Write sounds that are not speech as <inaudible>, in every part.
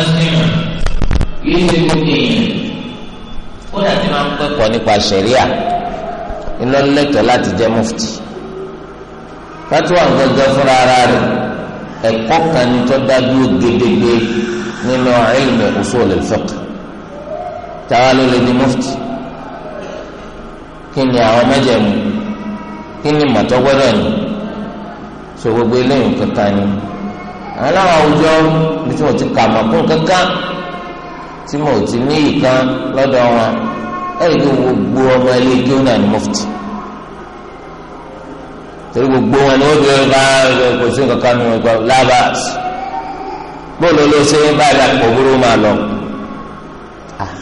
ẹsìnmù kìí ṣe gbogbo èèyàn kódà tí wọ́n kẹ́kọ̀ọ́ nípa sẹ̀ríà ńlọ́lẹ́tọ̀ láti jẹ́ mufti fatuwa gbẹgbẹ fúnra ara rẹ̀ ẹ̀kọ́ kan ní tó dájú gédégbé nínú ilmi usul al-fiqh táwa ló lè di mufti kí ni àwọn mẹ́jẹ̀mú kí ni màtọ́ ni so gbogbo eléyìí kankan ni àwọn aláwọ̀ àwùjọ ibi tí mo ti kà mọ̀ fún kankan tí mo ti ní ìkan lọ́dọ̀ wọn ẹ̀rí tó gbogbo ọmọ ilé kí ó náà torí gbogbo wọn ni ó bí ọba kò sí nǹkan kan nínú ẹgbẹ́ labas bóòlù ló ṣe báyìí àpò burú máa lọ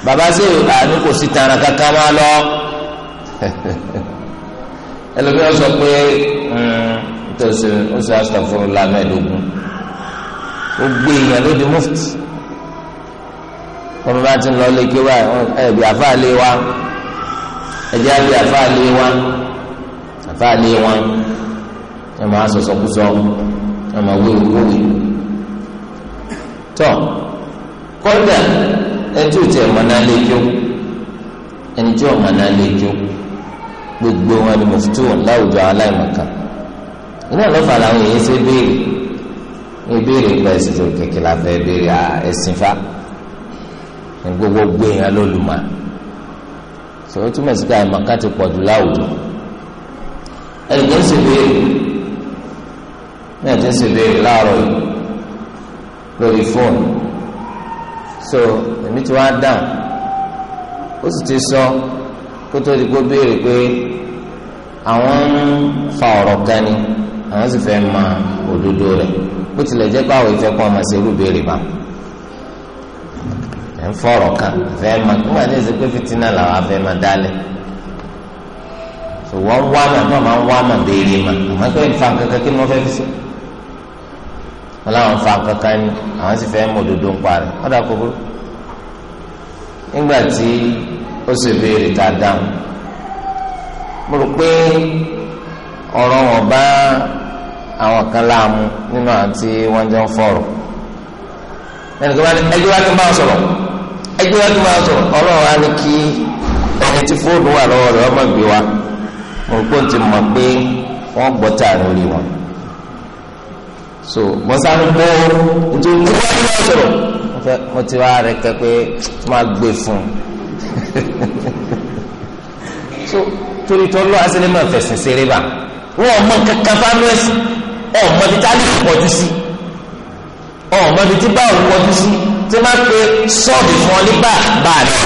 bàbá sì àánú kò sí tààrà kankan máa lọ <laughs> ẹlòmíràn sọ pé hmm, tó ṣe ó ṣe àṣà fún lamẹ́ẹ̀dógún gbogbo èèyàn ló di mufti wọn bá ti lọ lé kí wá ẹbí àfáàlé wa ẹjẹ àbí àfáàlé wa àfáàlé wa ẹ máa sọsọkúsọ ẹ máa wé òkúwé tọ kódà ẹtí ò tẹ ẹ mọ̀nà lẹ́jọ́ ẹni tí ò mọ̀nà lẹ́jọ́ gbogbo wọn ni mufti wọn láwùjọ aláìmọ̀kan iná lọ́fà làwọn èèyàn ṣe béèrè ìbéèrè gba ẹsìn tó kékeré la fẹ́ béèrè ẹsìn fa gbogbo gbẹ̀yìn alólùmọ̀ sọ̀rọ̀ túmọ̀ sí ká ẹ̀ma ká ti pọ̀jù láwùjọ ẹnìkan sì béèrè ní ẹ̀jẹ̀ sì béèrè láàárọ̀ lórí fóònù so èmi tí wọ́n á dáhùn ó sì ti sọ kó tó béèrè pé àwọn ń fa ọ̀rọ̀ kan ni àwọn sì fẹ́ mọ òdodo rẹ̀ bó tilẹ̀ jẹ́ pé àwọn ìfẹ́ kan ọmọ ṣe olúbèrè bá ẹ̀ ń fọ̀rọ̀ kan fẹ́ mọ nígbà tí èsì pé fìtínà làwọn afẹ́ máa dálẹ̀ tó wọ́n wá mà tó máa ń wá mà béèrè mà àmọ́ pé nfa kankan kí ni wọ́n fẹ́ fi ṣe wọn làwọn fa kankan ni àwọn sì fẹ́ mọ òdodo ń parẹ́ wọ́n dà kúkú nígbà tí ó sì béèrè tá dáhùn mo rò pé ọ̀rọ̀ wọn bá àwọn kan láàmú nínú àti wọn jọ ń fọ̀rọ̀ ẹnì kan bá ní ẹjọ́ wá kí n bá wọn sọ̀rọ̀ ẹjọ́ wá kí n bá wọn sọ̀rọ̀ ọlọ́run á ní kí ẹni tí fóònù wà lọ́wọ́ rẹ̀ ọmọ ìgbé wa mo rò pé n ti mọ̀ pé wọ́n gbọ́ tààrí orí wọn so mọ̀sánú gbọ́ nítorí ẹjọ́ wá kí n bá wọn mo ti wá rẹ kẹ pé máa gbé fún un <laughs> so torí tó lọ́wọ́ á sì lè máa fẹ̀sìn ṣeré bá wọn ò mọ kankan fáwọn ẹ̀sìn ọmọbi tí alif kọjú sí ọmọbi tí báwo kọjú sí tí máa pe sọọdù fún ọ ní bá báàlì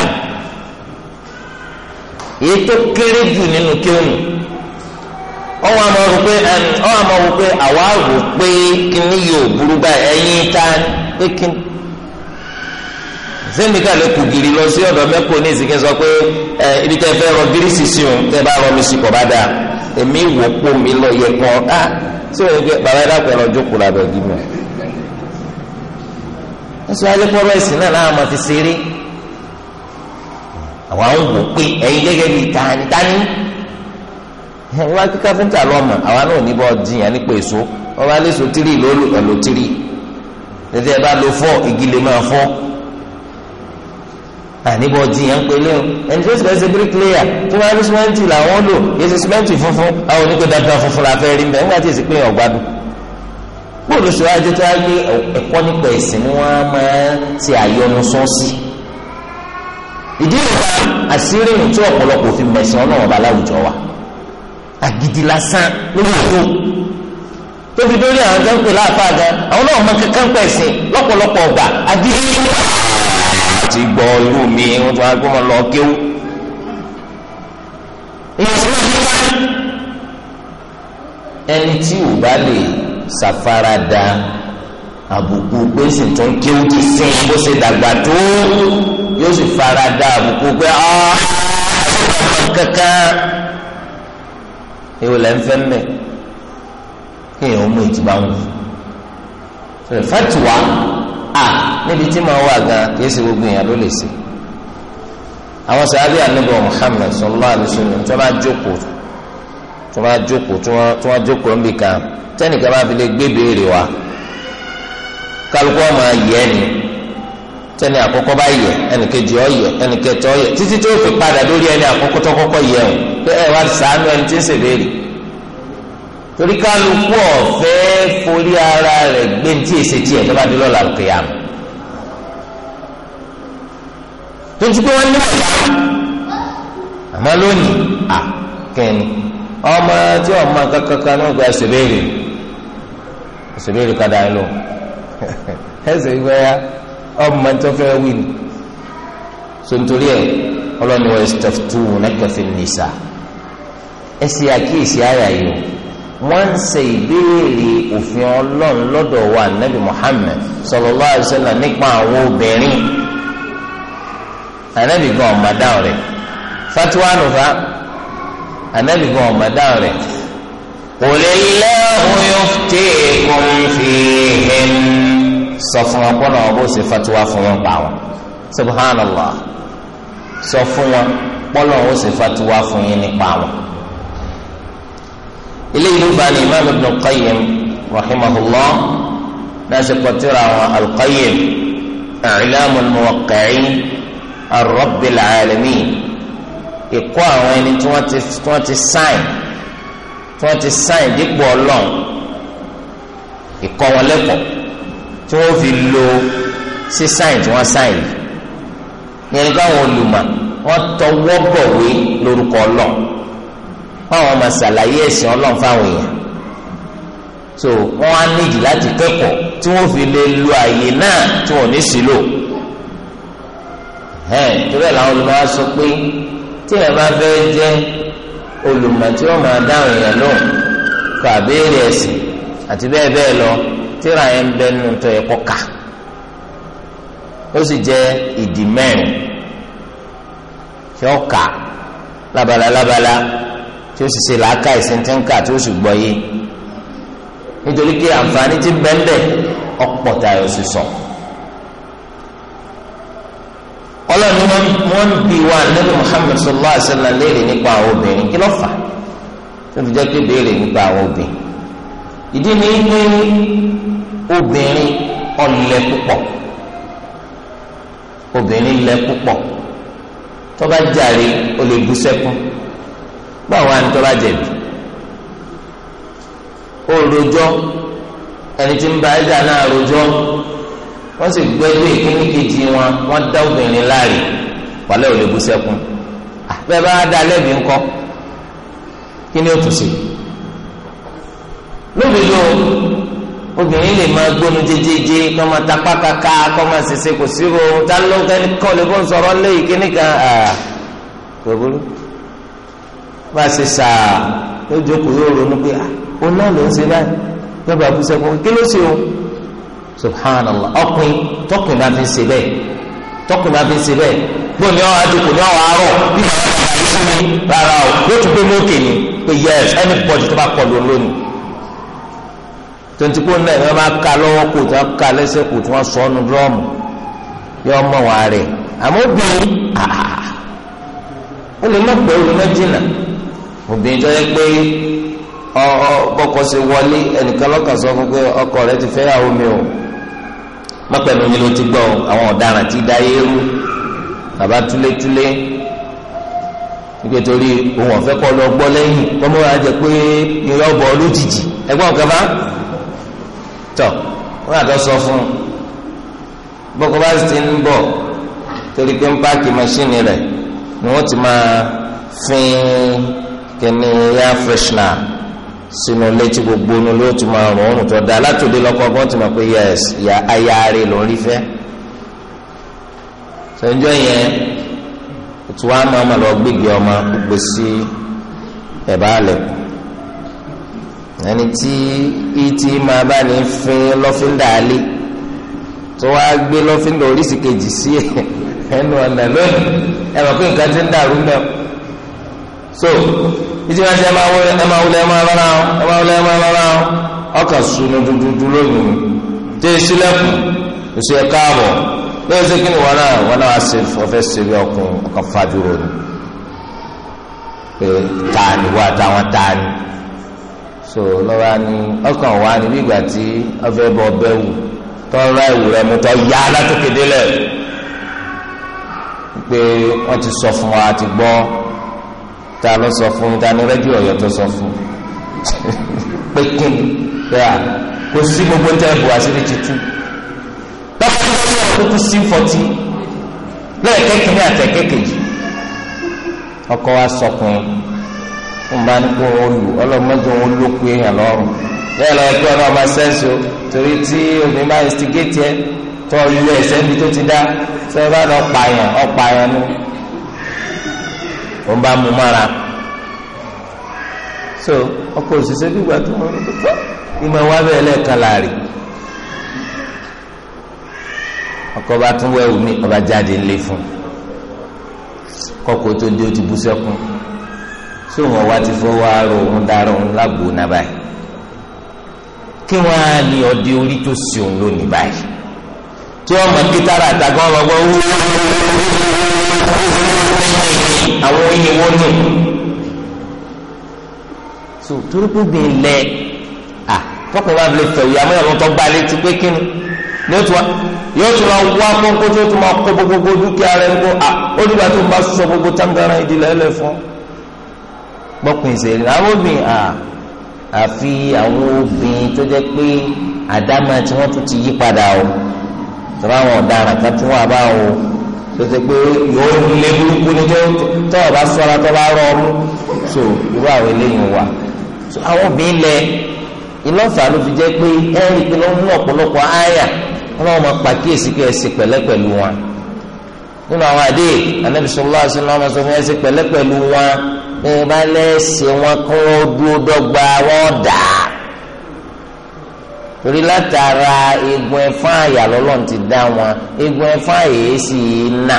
èyí tó kéré jù nínú kéwòn ọwọ àmọ rò pé ọwọ àmọ rò pé àwa rò pé kíní yóò burú báyìí ẹyin ta pé kíní sẹ́ńdíkà lè kù gìrì lọ sí ọ̀dọ̀ mẹ́kọ ní ìsìnkí sọ pé ẹ ibi tẹ fẹ́ rọ gírísì sí òun tẹ bá rọ mi sí kọ̀ bá dáa èmi wò pò mí lọ yẹ kàn á ah, tí o gbé bàbá dàpọ̀ ẹ̀rọ jókòó labẹ́ bí mi. wọ́n sọ alẹ́ kọ́rọ́ ẹ̀sìn náà láwọn máa fi ṣeré àwọn àwọn wò pé ẹ̀yin gẹ́gẹ́ bíi tàǹtàní wọ́n á kí káfíńtà lọ́mọ àwa náà ní bọ́ jiyàn nípa èso wọ́n bá lè so tírì lólu ẹ̀lò tírì tètè ẹ bá lo fọ́ igi lè máa fọ́ àníbọ̀ jiyàn pé léwu ẹni tó sì fẹ́ ṣe bíríkìlẹ́yà tó máa ní sìmẹ́ǹtì làwọn lò yẹsẹ sìmẹ́ǹtì funfun àwọn oníkó dandan funfun la fẹ́ rí mbẹ́ nígbà tí èsì pé ọ̀gbádùn bóòlù ṣọ́ ajé tó ayé ẹ̀kọ́ nípa ẹ̀sìn ni wọ́n máa ti àyọnu sọ́ sí ìdí ìta àṣírí tí ọ̀pọ̀lọpọ̀ fi mẹ̀sán náà wà láwùjọ wa àgídí lásán lórí ètò tóbi dórí àwọn tó ń pè láàfáà gan àwọn náà mọ kankan pẹ̀sìn lọ́pọ̀lọpọ̀ ọ̀gbà àgídí lásán ti gbọ́ ìlú mi wọ́n ti wá gbọ́ mọ́ lọ kéwú. ẹni tí ò bá lè ṣàfaradà àbùkù pé sì tó ń kéwú ti sìn bó ṣe dàgbà tó yóò sì faradà àbùkù pé ah, kankan ìwò ń fẹ́ mẹ́ kéèyàn mú ìtìbá ń wù à níbi tí màá wà gan kìí ṣe gbogbo èèyàn ló lè ṣe àwọn sàábì ànábì Muhammad sallallahu alaihi wasallam tí wọ́n bá jókòó tí wọ́n bá jókòó tí wọ́n jókòó níbi kan tẹ́nìkan bá fi lè gbé béèrè wa kálukú ọmọ yẹ ni tẹ́ni àkọ́kọ́ bá yẹ ẹnìkejì ọ yẹ ẹnìkẹtọ yẹ títí tó fi padà lórí ẹni àkọ́kọ́ tó kọ́kọ́ yẹ o pé ẹ wá ṣàánú ẹni tí ń ṣèbéèrè torí kálukú ọ̀fẹ́ forí ara rẹ̀ gbé ní tí èsì tiẹ̀ tó bá dé lọ́la òkè yà mọ́ tó ti pé wọ́n ní ọ̀la àmọ́ lónìí à kẹ́ni ọmọ tí ọmọ kankankan náà gba ṣèbéèrè ṣèbéèrè kadà ń lò ẹsẹ̀ ìgbà ya <laughs> ọmọ tó fẹ́ wí ni sontori ọlọ́ni wọ́n ẹ̀ stọ̀tù nẹ́kẹ̀fẹ̀ nìsa ẹ sì àkíyèsí àyà yìí o wọ́n ń ṣe ìbéèrè òfin ọlọ́run lọ́dọ̀ wa nabi muhammed sallallahu alaihi wasallam nípa àwọn obìnrin anabi gan ọ̀mọ̀dáwọ̀ rẹ̀ fatiwa nufa anabi gan ọ̀mọ̀dáwọ̀ rẹ̀ qulillahu yuftikum fihin sọ fún wọn kọ́nà ọ̀bọ̀ ṣe fatiwa fún wọn pa wọn subhanallah sọ fún wọn kọ́nà ọ̀bọ̀ ṣe fatiwa fún yín nípa wọn eléyìí ló bá ní imam ibn qayyim rahimahullah láti kọtira àwọn alqayyim i'lamu al-muwaqqi'in ar-rabbil alamin ìkó àwọn ẹni tí wọ́n ti tí wọ́n ti sáìn tí wọ́n ti sáìn dípò ọlọ́run ìkọ́ wọn lẹ́kọ̀ọ́ tí wọ́n fi lo sí sáìn tí wọ́n sáìn yìí yẹn ní káwọn olùmọ̀ wọ́n tọwọ́ bọ̀wé lórúkọ ọlọ́run. fáwọn ọmọ ṣàlàyé ẹ̀sìn ọlọ́run fáwọn èèyàn so wọ́n á nídìí láti kẹ́kọ̀ọ́ tí wọ́n fi lè lo àyè náà tí wọ́n ní sílò ẹn torí ẹ̀ làwọn olùmọ̀ á sọ pé tí ẹ̀ bá fẹ́ jẹ́ olùmọ̀ tí wọ́n máa dáhùn èèyàn lóhùn kà béèrè ẹ̀sìn àti bẹ́ẹ̀ bẹ́ẹ̀ lọ tíra ẹ̀ ń bẹ́ nínú tọ́ ẹ̀kọ́ ká ó sì jẹ́ ìdí mẹ́rin tí ó tí ó sì ṣe làákà ìsìntínká tí ó sì gbọ́ yé nítorí pé àǹfààní ti bẹ́ńbẹ́ ọ̀pọ̀ tayọ sí sọ. ọlọ́ni wọ́n ń bi wa nínú Muhammad sallallahu alaihi wasallam léèrè nípa àwọn obìnrin kí ló fà tó fi jẹ́ pé béèrè nípa àwọn obìnrin. ìdí ni pé obìnrin ọ̀lẹ púpọ̀ obìnrin lẹ púpọ̀ tó jàre ó lè bú sẹ́kún. báwo wá ní tó bá jẹ̀bi ó ẹni tí ń ba ẹ̀dá náà rojọ́ wọ́n sì ike ìkíní kejì wọn wọ́n dá obìnrin láàrin wàlẹ́ ò lè bú sẹ́kún bẹ́ẹ̀ bá dá lẹ́bi ńkọ́ kí ni ó tún sí lóbi yóò obìnrin lè máa gbónú jẹjẹjẹ kọ́ máa tapá kaka kọ́ máa bá a ṣe sàá yóò jókòó yóò ronú pé ah, òun náà ló ń ṣe báyìí yóò bá bú sẹ́kọ̀ọ́ kí ló ṣe o subhanallah ọkùnrin tọkùn bá fi ṣe bẹ́ẹ̀ tọkùn bá fi ṣe bẹ́ẹ̀ gbọ́n ní ọ̀hún adìkù ní ọ̀hún arọ̀ bí wọ́n bá bá yín mi rárá o yóò tún gbé lókè ni pé yes anybody tó bá kọ lọ lónìí tonti kó náà yọ máa ka lọ́wọ́ kó tí wọ́n lẹ́sẹ̀ kó tí wọ́n sọ ọ́nù drọ́ọ̀mù yọ mọ̀ wá rẹ̀ àmọ́ obìnrin ó lè má pẹ́ ó lè jìnnà obìnrin tó yẹ pé ọkọ ṣe wọlé ẹnìkan lọ́kàn sọ fún pé ọkọ rẹ ti fẹ́ yàwó mi o mọ́pẹ́nu mi ló ti gbọ́ àwọn ọ̀daràn ti da eérú bàbá túlétúlé nítorí òun ọ̀fẹ́ kọ́ lọ gbọ́ lẹ́yìn kọ́mọ́ wa jẹ pé irọ́ bọ̀ lójijì ẹgbọ́n kan bá tọ̀ wọ́n àtọ́ sọ fún un bọ́kọ bá sì ti ń bọ̀ torí pé ń páàkì mọ́ṣíìnì rẹ̀ ni wọ́n ti máa fín in kíní air freshener sínú létí gbogbo nu ló ti máa rùn òórùn tó da látòdì lọkọ gan ti mọ yes ya aya rẹ ló ń rí fẹ sọjọ yẹn òtù wa máa ma lọ gbégbé ọmọ gbogbo sí ẹ̀bá àlẹ̀ ẹni tí ìtì e máa bá ní fín lọ́fíńdà alẹ́ tó wá gbé lọ́fíńdà oríṣìí kejì sí <laughs> ẹnu ọ̀nà lónìí ẹ̀rọ pé nǹkan ti ń dàrú mẹ́wọ́ so ìdí máa ṣe ẹ máa wọlé ẹ máa wọlé ẹ máa rárá o ẹ máa wọlé ẹ máa rárá o ọkà sunu dúdúdú lónìí tẹ ẹ sílẹ̀kùn oṣù ẹ káàbọ̀ lóyún sí kí ni wọn náà wọn náà ṣe ọfẹ ṣe bí ọkùn ọkàn fàdúró ni pé tani wà táwọn tani so lọ́wọ́ ni ọkàn wà ní bí ìgbà tí ọfẹ bọ ọbẹ̀ wù tọ́ra ìwù rẹ mú tọ́ yá látòkè délẹ̀ pé wọ́n ti sọ fún wa ti gbọ́ ta ló sọ fún mi ta ni rẹ́díò ọ̀yọ́ tó sọ fún pé kí ni yà kò sí gbogbo tẹ́ bu àṣírí títú bákan náà ní ọ̀kúkú sí fọtí lẹ́ẹ̀kẹ́ kìíní àtẹ̀kẹ́ kejì ọkọ wa sọkùn ń bá ní kó wọn lù ọlọ́mọdé wọn lóko èèyàn lọ́rùn bẹ́ẹ̀ lọ́wọ́ pé ọlọ́run máa sẹ́ǹsì o torí tí omi máa instigate ẹ tó ilé ẹ̀sẹ̀ níbi tó ti dá sọ bá lọ pààyàn ọ̀pààyàn ni ó ń bá mu mára so ọkọ òṣìṣẹ́ bí gbàtú wọn ló tó ìmọ̀ wá bẹ́ẹ̀ lẹ́ẹ̀kan láàrin ọkọ bá tún wẹ́wù mí ọba jáde ńlé fún kọ́kọ́ tó dé ó ti bú sẹ́kún tí wọn wá ti fọwọ́ arọ òun dára òun lágbo náà báyìí kí wọn á ní ọdẹ orí tó sí òun lónìí báyìí tí wọ́n mọ̀ kítara àtàgọ́ ọmọ gbọ́ àwọn oyin wo nù. so torípé bí ilẹ̀ à tọkùn bá lè fẹ̀ ìyàmú ẹ̀rọ tó gba létí pé kíni yóò tún wá yóò tún wá wá kókó tó tún máa kó gbogbo dúkìá rẹ̀ ńkó à ó dìgbà tó ń bá sọ gbogbo táǹgàrà ìdílé ẹlẹ́ fún gbọ́kùn ìṣèlú àwọn obìnrin à àfi àwọn obìnrin tó jẹ́ pé àdámà tí wọ́n tún ti yí padà o tọ́ba àwọn ọ̀daràn kan tún wà báwo tètè pé yóò lé burúkú ni tó ọba sọ́ra tó bá rọ ọmú so irú àwọn eléyìí wà so àwọn obìnrin lẹ ìlọ́fà ló fi jẹ́ pé ẹ̀rí pé ló ń mú ọ̀pọ̀lọpọ̀ àyà wọn máa pàkíyèsí pé ẹsẹ̀ pẹ̀lẹ́ pẹ̀lú wọn nínú àwọn àdé anabi sọlá ṣe ní wọn máa sọ fún ẹsẹ̀ pẹ̀lẹ́ pẹ̀lú wọn ní ìbálẹ̀ ẹsẹ̀ wọn kó dúró dọ́gba wọn dàá torí látara egun ẹ̀fọn àyà lọ́lọ́run ti dá wọn egun ẹ̀fọn àyè sì nà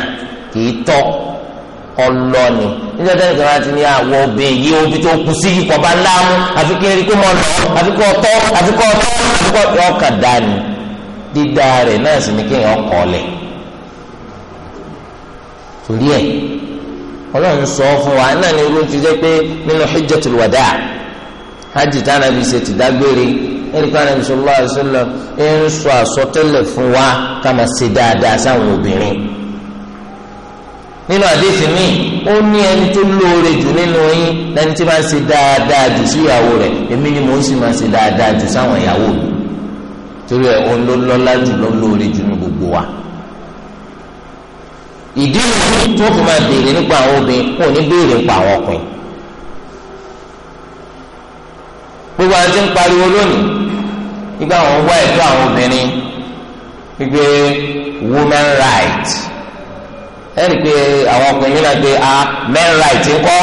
kì í tọ́ ọlọ́ni nígbà tí ẹnìkan láti ní àwọ̀ obìnrin yìí obi tó kú sí ikọ̀ bá láàmú àfi kí erí kó mọ̀ nà ọ́ àfi kó ọtọ́ àfi kó ọtọ́ àfi kó ọtọ́ ọkà dání dídá rẹ̀ náà sì ní kéèyàn kọ́ lẹ̀ torí ẹ̀ ọlọ́run sọ fún wa náà ni irú ti jẹ́ pé nínú hijjatul wada hajj tánàbí ṣe ti dágbére ẹ̀ríkà ní bisalòlá àṣẹlẹ̀ ń sọ àsọtẹ́lẹ̀ fún wa ká máa ṣe dáadáa sáwọn obìnrin nínú àdéhùn mi ó ní ẹni tó lóore jù nínú yín lẹni tí máa ń ṣe dáadáa jù sí ìyàwó rẹ̀ èmi ni mò ń sì máa ṣe dáadáa jù sáwọn ìyàwó mi torí ẹ̀ òun ló lọ́lá jù ló lóore jù ní gbogbo wa ìdí nìyí tó fi máa béèrè nípa àwọn obìnrin kò ní béèrè nípa àwọn ọkùnrin gbogbo àti ń pariwo lónìí nígbà àwọn wá ẹ̀tọ́ àwọn obìnrin wípé women right ẹnì pé àwọn ọkùnrin náà pé ah men right ńkọ́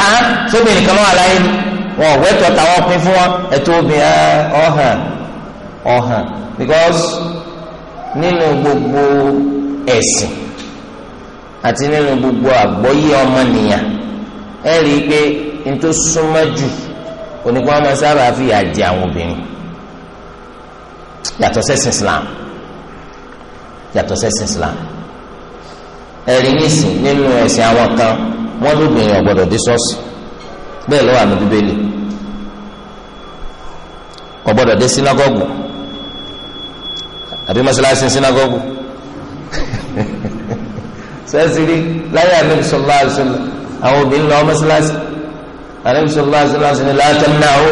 ah sóbì nìkan náà aláyé ni wọn ò wẹ́tọ̀ táwọn pín fún wọn ẹ̀tọ́ obìnrin ah, ọ̀hàn ọ̀hàn because nínú gbogbo ẹ̀sìn àti nínú gbogbo àgbọ́yé ọmọnìyàn ẹ rí i pé n tó súnmọ́ jù onípa ọmọ sábà fi àjẹ àwọn obìnrin yàtọ̀ sẹ́sìn islam yàtọ̀ sẹ́sìn islam ẹ̀rí nísìn nínú ẹ̀sìn àwọn kan wọ́n lóbìnrin ọ̀gbọ́dọ̀ dé ṣọ́ọ̀ṣì bẹ́ẹ̀ lọ́wọ́ àmì bíbélì ọ̀gbọ́dọ̀ dé sínágọ́gù àbí mọ́ṣáláṣí sínágọ́gù sẹ́sìrì <laughs> láyé ànábì sallallahu alaihi wasallam àwọn obìnrin lọ́wọ́ mọ́ṣáláṣí ànábì sallallahu alaihi wasallam ni la tamna'u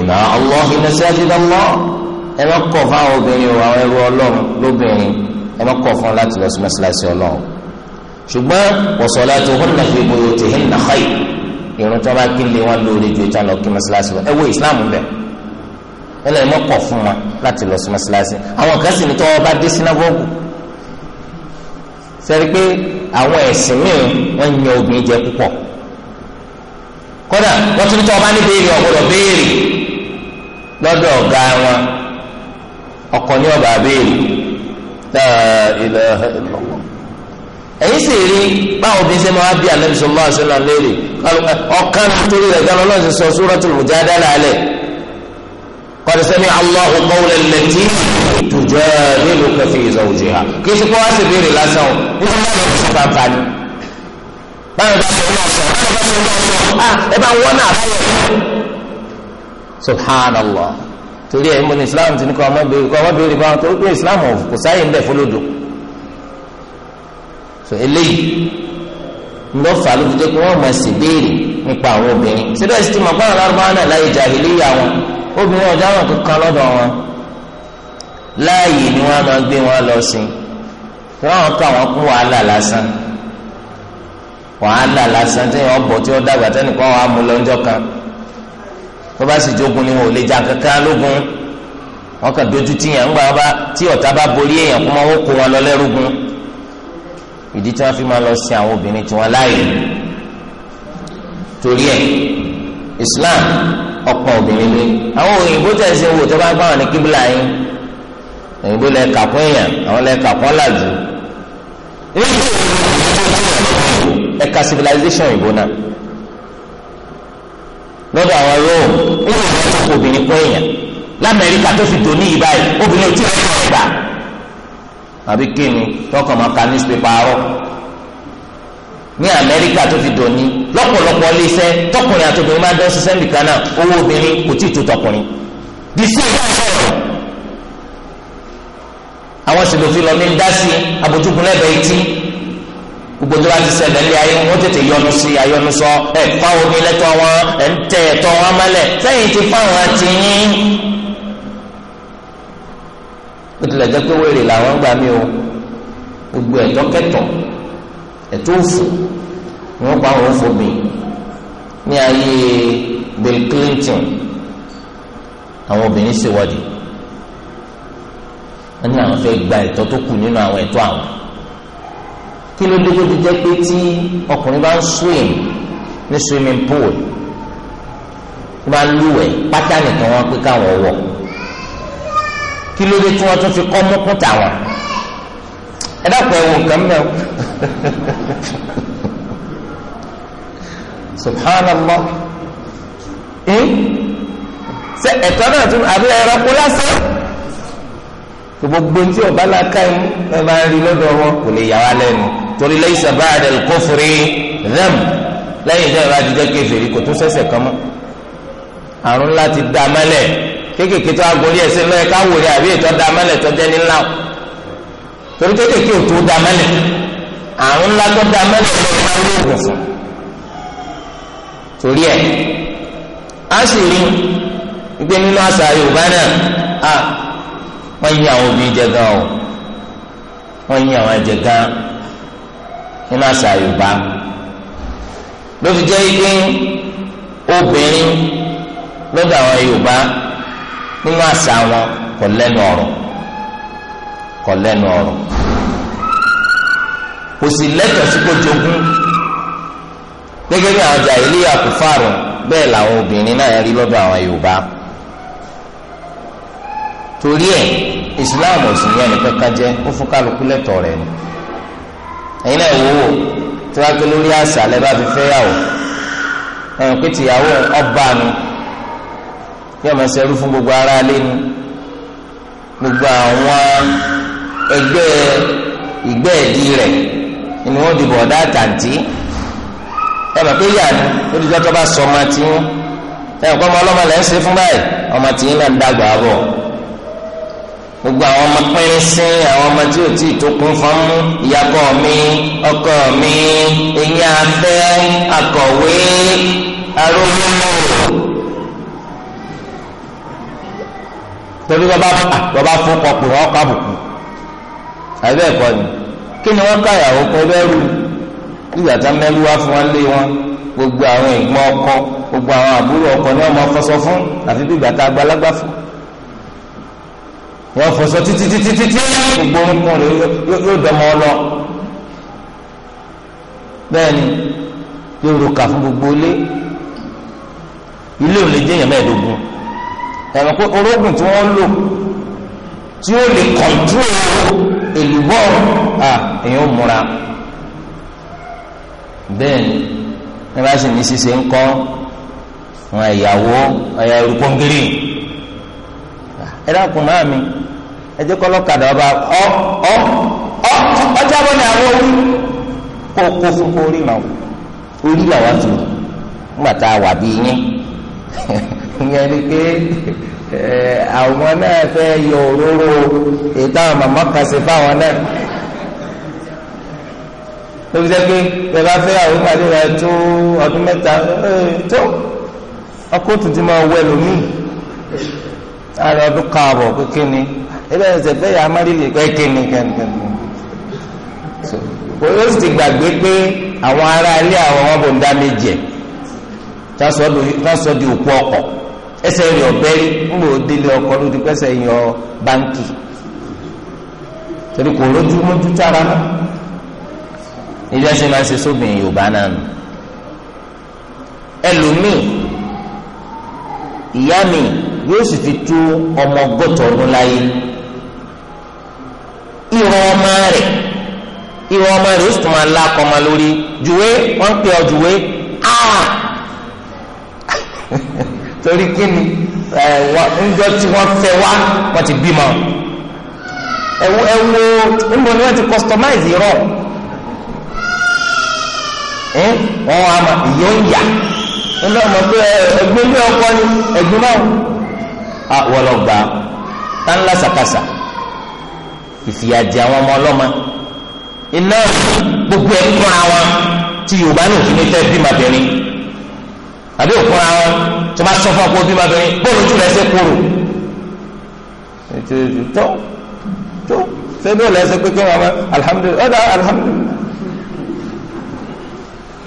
ima Allahi masajid Allah ẹ má kọ̀ fáwọn obìnrin o àwọn ẹrú ọlọ́run lóbìnrin ẹ má kọ̀ fún láti lọ sí mọ́ṣáláṣí ọlọ́run ṣùgbọ́n wọ̀sọ̀ láti wọ́n nà fi gbòòrò tì hìn nà xayì irun tó bá kí lè wọn lórí ju ìtàn lọ kí mọ́ṣáláṣí wọn ẹ wo ìsìláàmù bẹ̀ ẹ lọ́ọ́ ẹ má kọ̀ fún wọn láti lọ sí mọ́ṣáláṣí àwọn kan sì ní tọ́wọ́ bá dé sinagogu sẹ́ni pé àwọn ẹ̀sìn míì wọ́n yan obìnrin jẹ púpọ̀ kódà wọ́n tún ní tọ́wọ́ bá ní béèrè ọ̀gbọ́dọ̀ béèrè lọ́dọ̀ ọ̀gá wọn ọkọ ní ọba abéèrè náà ilẹ̀ ẹ̀dọ̀lọ́wọ́ ẹ̀yin sì rí báwọn obìnrin ṣe máa bí anabi sọlá àṣẹlá léèrè ọ̀kan nítorí rẹ̀ gánà ọlọ́run ṣe sọ suratul mujadala lẹ̀ qad sami'a Allahu qawla allati tujadiluka fi zawjiha kì í ṣe kó wá sí ìbéèrè lásán o nítorí báwọn sọ báwọn torí ẹ̀ ń bọ̀ ní islam ti ní kọ́ ọmọ ìbéèrè kọ́ ọmọ ìbéèrè bá wọn tó pé islam kò sáyè ń bẹ̀ fọlọ́dọ̀ so eléyìí ńlọ fà ló fi jẹ́ pé wọ́n mọ̀ sí béèrè nípa àwọn obìnrin síbẹ̀ sí ti mọ̀ pé àwọn arúgbó náà láyé jàhílíyà wọn obìnrin ọ̀dọ́ àwọn kankan lọ́dọ̀ wọn láàyè ni wọ́n máa gbé wọn lọ sí wọ́n kọ́ àwọn kún wàhálà lásán wàhálà lásán tí wọ́n bọ̀ tí wọ́n dàgbà tẹ́nìkan wàá mú lọ́jọ́ kan tó bá sì jogun ni wọn ò lè jà kankan lógun wọn kàn dojú tíyàn ń gbà bá tí ọ̀tá bá borí èèyàn kó máa wọ́n kó wọn lọ lẹ́rúgun ìdí tí wọ́n fi máa lọ sí àwọn obìnrin tí wọ́n láàyè torí ẹ̀ Islam ọ̀pọ̀ obìnrin lé àwọn òyìnbó tẹ̀ ṣe wò tó bá gbà wọn ní kíbla yín òyìnbó lẹ kàkún èèyàn àwọn lẹ kàkún ọ̀làjú ẹ̀ka civilization òyìnbó náà lọ́dọ̀ àwọn róòm ó lè wọ́n sọ̀kò obìnrin pé èèyàn lamẹ́ríkà tó fi tò ní ìbá yìí obìnrin ò tí ì rẹ̀ gbà. àbí kíni tọkàn máa ka newspaper arọ ní amẹ́ríkà tó fi dòní lọ́pọ̀lọpọ̀ iléeṣẹ́ tọkùnrin àtọkùnrin máa dán ṣiṣẹ́ nìkan náà owó obìnrin kò tí ì tó tọkùnrin. di sí ìyá sọ̀rọ̀ àwọn sèlófin lọ ní ń dá sí abojúkun lẹ́bẹ̀ẹ́ gbogbo tó bá ti ayé wọn tètè yọnu sí ayọnu sọ ẹ fáwọn omi lẹ́tọ̀ wọn ẹ ń tẹ ẹ̀tọ́ wọn mọ́lẹ̀ sẹ́yìn ti fáwọn àti yín. bó tilẹ̀ pé wèrè làwọn gbà mí o gbogbo ẹ̀tọ́ kẹtọ̀ ẹ̀tọ́ òfò wọn pa àwọn òfò mi ní ayé Bill Clinton àwọn obìnrin ṣèwọ́de wọn ní àwọn fẹ́ gba ẹ̀tọ́ tó kù nínú àwọn ẹ̀tọ́ àwọn kí ló dé tó ti jẹ́ pé tí ọkùnrin bá ń swim ní swimming pool tó bá ń lúwẹ̀ pátá nìkan wọn pé káwọn wọ̀ kí ló dé tí wọ́n tún fi kọ́ mọ́kún tàwọn ẹ dákun ẹ wo nǹkan mẹ́ <laughs> subhanallah ee ṣe ẹ̀tọ́ náà tún àbí ẹranko lásán gbogbo ntí ọba làákàyè ẹ máa ń rí lọ́dọ̀ wọn kò lè yà wá lẹ́nu torí laysa ba'da al-kufri dẹ́m lẹ́yìn ìjọba bá ti jẹ́ kèfèrí kò tó sẹ́sẹ̀ kan mọ́ àrùn ńlá ti dá mẹ́lẹ̀ kéékèèké tó agbórí ẹsẹ̀ lọ́yẹ káwòrẹ́ àbí ètò dá mẹ́lẹ̀ tó jẹ́ nílá torí kéékèèké ò tó dá mẹ́lẹ̀ àrùn ńlá tó dá mẹ́lẹ̀ lọ́yẹ máa ń lóògùn fún torí ẹ̀ á sì rí gbé nínú àṣà Yorùbá náà a wọ́n yí àwọn obìnrin jẹ gan o wọ́n yí àwọn ẹ̀jẹ̀ gan o nínú àṣà yorùbá ló fi jẹ́ pé obìnrin lọ́dọ̀ àwọn yorùbá nínú àṣà wọn kò lẹ́nu ọ̀rọ̀ kò lẹ́nu ọ̀rọ̀ kò sì lẹ́tọ̀ọ́ sí kó jogún gẹ́gẹ́ bí àwọn jàìlíyà kò bẹ́ẹ̀ làwọn obìnrin náà rí lọ́dọ̀ àwọn yorùbá torí ẹ̀ islam ò sì ní kankan jẹ́ ó fún kálukú lẹ́tọ̀ọ́ rẹ̀ ni ẹ̀yin náà wò wò tí wàá pé lórí àṣà lẹ́bàá fi fẹ́ yàwó ẹ̀yìn pé tìyàwó ọba nu yóò máa ṣerú fún gbogbo ara lé nu gbogbo àwọn ẹgbẹ́ ìgbẹ́ ẹ̀dí rẹ̀ ni wọ́n dìbò ọ̀dá àtàǹtí ẹ mọ̀ pé yà ni ó dìjọ́ tó bá sọ ọmọ tí wọ́n ẹ̀yìn pé ọmọ ọlọ́mọ lẹ́ fún báyìí ọmọ tí yín náà ń dàgbà bọ̀ gbogbo àwọn ọmọ pínrínsín àwọn ọmọ tí ò tí ì tó kún fún mú ìyàbọ̀ mi ọkọ mi eyín afẹ́ akọ̀wé arógbómọ̀ torí bàbá bàbá fún kọpọ̀ wọn kọ àbùkù àbẹ́ ẹ̀kọ́ ni kí ni wọ́n káyàwó kọ bẹ́rù ìgbà tá mẹ́rù wá fún wọn lé wọn gbogbo àwọn ìgbọ́n ọkọ gbogbo àwọn àbúrò ọkọ ni wọ́n mọ fọṣọ fún àfi bí ìgbà tá àgbàlagbà fún wọ́n fọṣọ títí títí títí gbogbo orúnkún rẹ̀ yóò dọmọ ọlọ bẹ́ẹ̀ni yóò rò kà fún gbogbo ilé ilé ò lè jẹ èèyàn mẹ́ẹ̀ẹ́dógún ẹ̀rọ pé orógùn tí wọ́n lò tí ó lè kọ̀ǹtúrò èlùbọ́ à èèyàn múra bẹ́ẹ̀ni ní bá sì ní ṣíṣe ń kọ́ wọn ẹ̀yàwó ẹ̀yà eruku ń gírí mi. ẹjẹ kọlọkadà ọba ọ ọ ọ ọjà bọ àwọn orí kó kó fún kó rí màá orí làwọn tó ńgbà tá a wà bí yín ìyẹn ni pé àwọn náà fẹ́ yọ òróró ètò àwọn màmá kan sí fáwọn náà lórí jẹ́ pé bẹ́ẹ̀ bá fẹ́ àwọn ìpàdé tó ọdún mẹ́ta tó ebe ẹsẹ pé ya amárìlì pé kíni kankan so ó sì ti gbàgbé pé àwọn ará ilé àwọn wọn bò ń dá méjì ẹ tásọ di òkú ọkọ ẹsẹ rẹ ọbẹ rí ń bò délé ọkọ lójú pẹsẹ yan báńkì torí kò lójú mójú tára náà ilé ẹsẹ máa ń ṣe sóbìn yorùbá náà nù ẹlòmíì ìyá mi yóò sì fi tú ọmọ ọgọ́tọ̀ ọdún láyé ìrọ̀ ọmọ rẹ̀ ìrọ̀ ọmọ rẹ̀ ó sì tún máa lá akọ ọmọ lórí jùwé wọ́n ń pè ọ jùwé á <laughs> torí kí ni ńjọ tí wọ́n fẹ́ wá wọ́n ti bímọ ẹ̀wọ́ ẹ̀wọ́ ńbọ ni wọ́n ti customize ìrọ̀ wọ́n wá ma ìyó ń yà ńlọ mọ̀ pé ẹ̀gbẹ́ ilé ọkọ ni ẹ̀gbẹ́ náà wọ́n lọ gbà á ńlá sàkàsà ìfìyàjẹ àwọn ọmọ ọlọ́mọ iná gbogbo ẹ̀ kúnra wọn tí yorùbá ní òfin fẹ́ bímọbìnrin àbí òkúnra wọn tó bá sọ fún ọkọ bímọbìnrin bóòlù tún lẹ́sẹ̀ kúrò tó tó sẹ́ni ò lẹ́sẹ̀ pé kí wọ́n máa alihamudulilayi ọ̀dà alihamudulilayi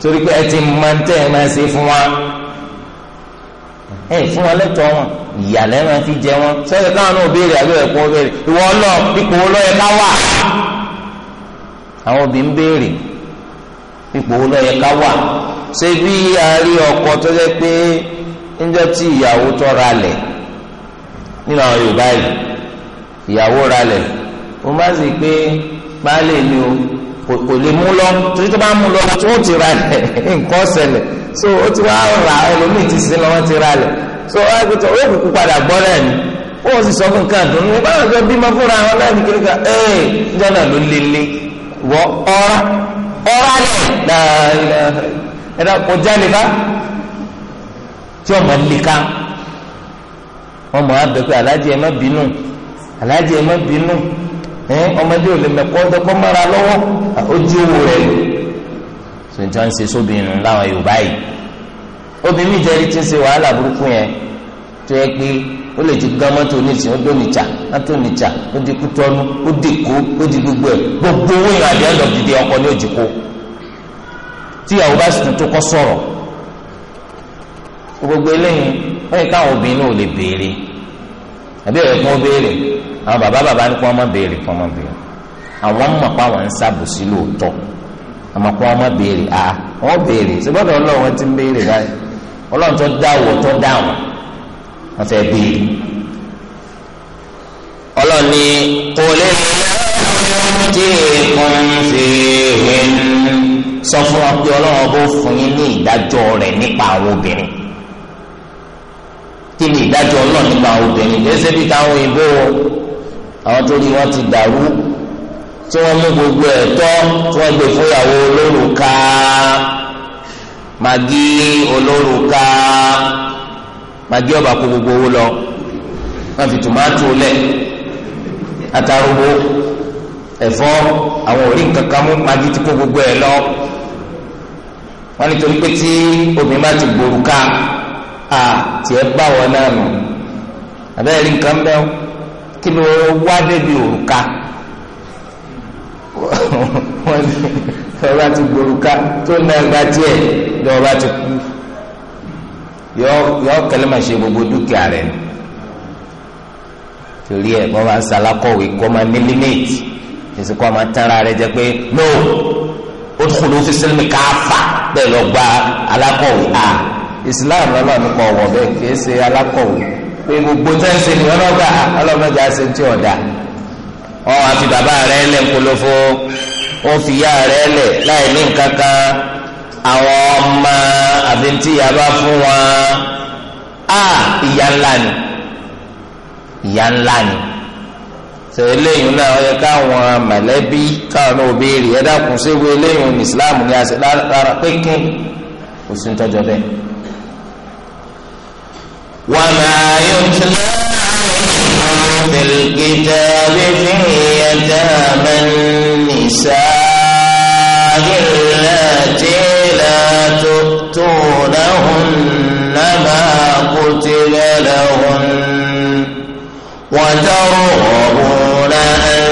torí pé ẹ ti máa ń tẹ̀ ẹ máa ṣe fún wa ẹ fún wọn lẹ́tọ̀ọ́ wọn ìyàlẹ́ máa fi jẹ wọn sẹ́yìn káwọn náà béèrè àbí ẹ̀kọ́ béèrè ìwọ lọ ipò wo lọ́yẹ ká wà àwọn òbí ń béèrè ipò wo lọ́yẹ ká wà ṣé bí àárí ọkọ tó jẹ́ pé níjọ́ tí ìyàwó tó ralẹ̀ nínú àwọn Yorùbá yìí ìyàwó ralẹ̀ mo bá sì pé baálé ni o kò lè mú lọ torí tó bá mú lọ tó ti ralẹ̀ <laughs> nǹkan ṣẹlẹ̀ so ó ti wá ra ẹlòmíì ti sin lọ́wọ́ ti ra lẹ̀ so ó wá gbẹtọ̀ ó kúkú padà gbọ́ náà ni ó sì sọ fún bímọ fúnra wọn ee ìjọ náà ló lélẹ̀ wọ ọ̀rá ọ̀rá náà ẹ̀dá kò jáde bá tí ọmọ má bínú má bínú ọmọdé ò lè sèǹtàn ṣe sóbìnrin láwọn yorùbá yìí obìnrin ìjẹrí ti ń ṣe wàhálà burúkú yẹn tó yẹ pé ó lè ti gán mọ́tò oníṣẹ́ ó dó nìjà látò nìjà ó di kútọ́nù ó di kó ó di gbogbo ẹ̀ gbogbo owó ìrìn àdé ọ̀dọ̀ dìde ọkọ ní òjì kó tíyàwó bá sì tún tó kọ́ sọ̀rọ̀ gbogbo eléyìí wọ́n yìí káwọn obìnrin náà ò lè béèrè àbí ẹ̀rọ kan ó béèrè àwọn bàbá bàbá ní kí wọ́n má béèrè kí wọ́n má béèrè àwọn mọ̀ pé àwọn ń sábòsí lóòótọ́ àmọ́ kó wọn má béèrè à wọn béèrè ṣùgbọ́dọ̀ ọlọ́run ti ń béèrè báyìí ọlọ́run tó dáwọ̀ tó dáwọ̀ wọn fẹ́ béèrè ọlọ́run ní kò lè tí kún fi hìn sọ fún wọn pé ọlọ́run bó fún yín ní ìdájọ́ rẹ̀ nípa àwọn obìnrin kí ni ìdájọ́ ọlọ́run nípa àwọn obìnrin lẹ́sẹ̀ bí táwọn òyìnbó àwọn tó rí wọn ti dàrú tí wọ́n mú gbogbo ẹ̀tọ́ tí wọ́n gbé fúyàwó olórùka magi olórùka magi ọba kó gbogbo owó lọ wọ́n fi tòmátò lẹ̀ àtàrúgbó ẹ̀fọ́ àwọn òrí kankan mú magi ti kó gbogbo ẹ̀ lọ wọ́n nítorí pé tí obìnrin bá ti gbòrùka à tiẹ̀ bá wọn náà nù abẹ́rẹ́ nǹkan bẹ́ẹ̀ kí ló wá débi òrùka wọ́n ní ọba ti gbòrúkà tó ná ẹgbàá tiẹ̀ ní ọba ti kú yọ kẹlẹ́ máa ṣe gbogbo dúkìá rẹ̀ torí ẹ̀ wọ́n máa ń salakọ̀wé kọ́ máa ní límẹ̀tì èsì kọ́ máa tẹ́ra rẹ̀ jẹ́ pé no ó tún ló fi sílẹ̀ káfà bẹ́ẹ̀ lọ gba alákọ̀wé a Islam lọ́nà nípa ọ̀wọ̀ bẹ́ẹ̀ kì í ṣe alákọ̀wé pé gbogbo tẹ́sí ni ọlọ́gbà ọlọ́mọdé àṣẹ tí ọ̀dà ọ wàá fi bàbá rẹ lẹ ńkolofo ó fi yá rẹ lẹ láì ní nǹkankan àwọn ọmọ àbíntìyà bá fún wọn a ìyá ńlá ni ìyá ńlá ni sọ eléyìí náà ọyẹ káwọn mọ̀lẹ́bí káwọn náà béèrè ẹ dákun séwu eléyìí ní islam ní àṣẹ rárá pínpín kò sí ń tọjọ bẹ́ẹ̀. wàmà ayọ̀ ń tilẹ̀. في الكتاب في يتامى النساء التي لا تؤتونهن ما قتل لهن وترغبون أن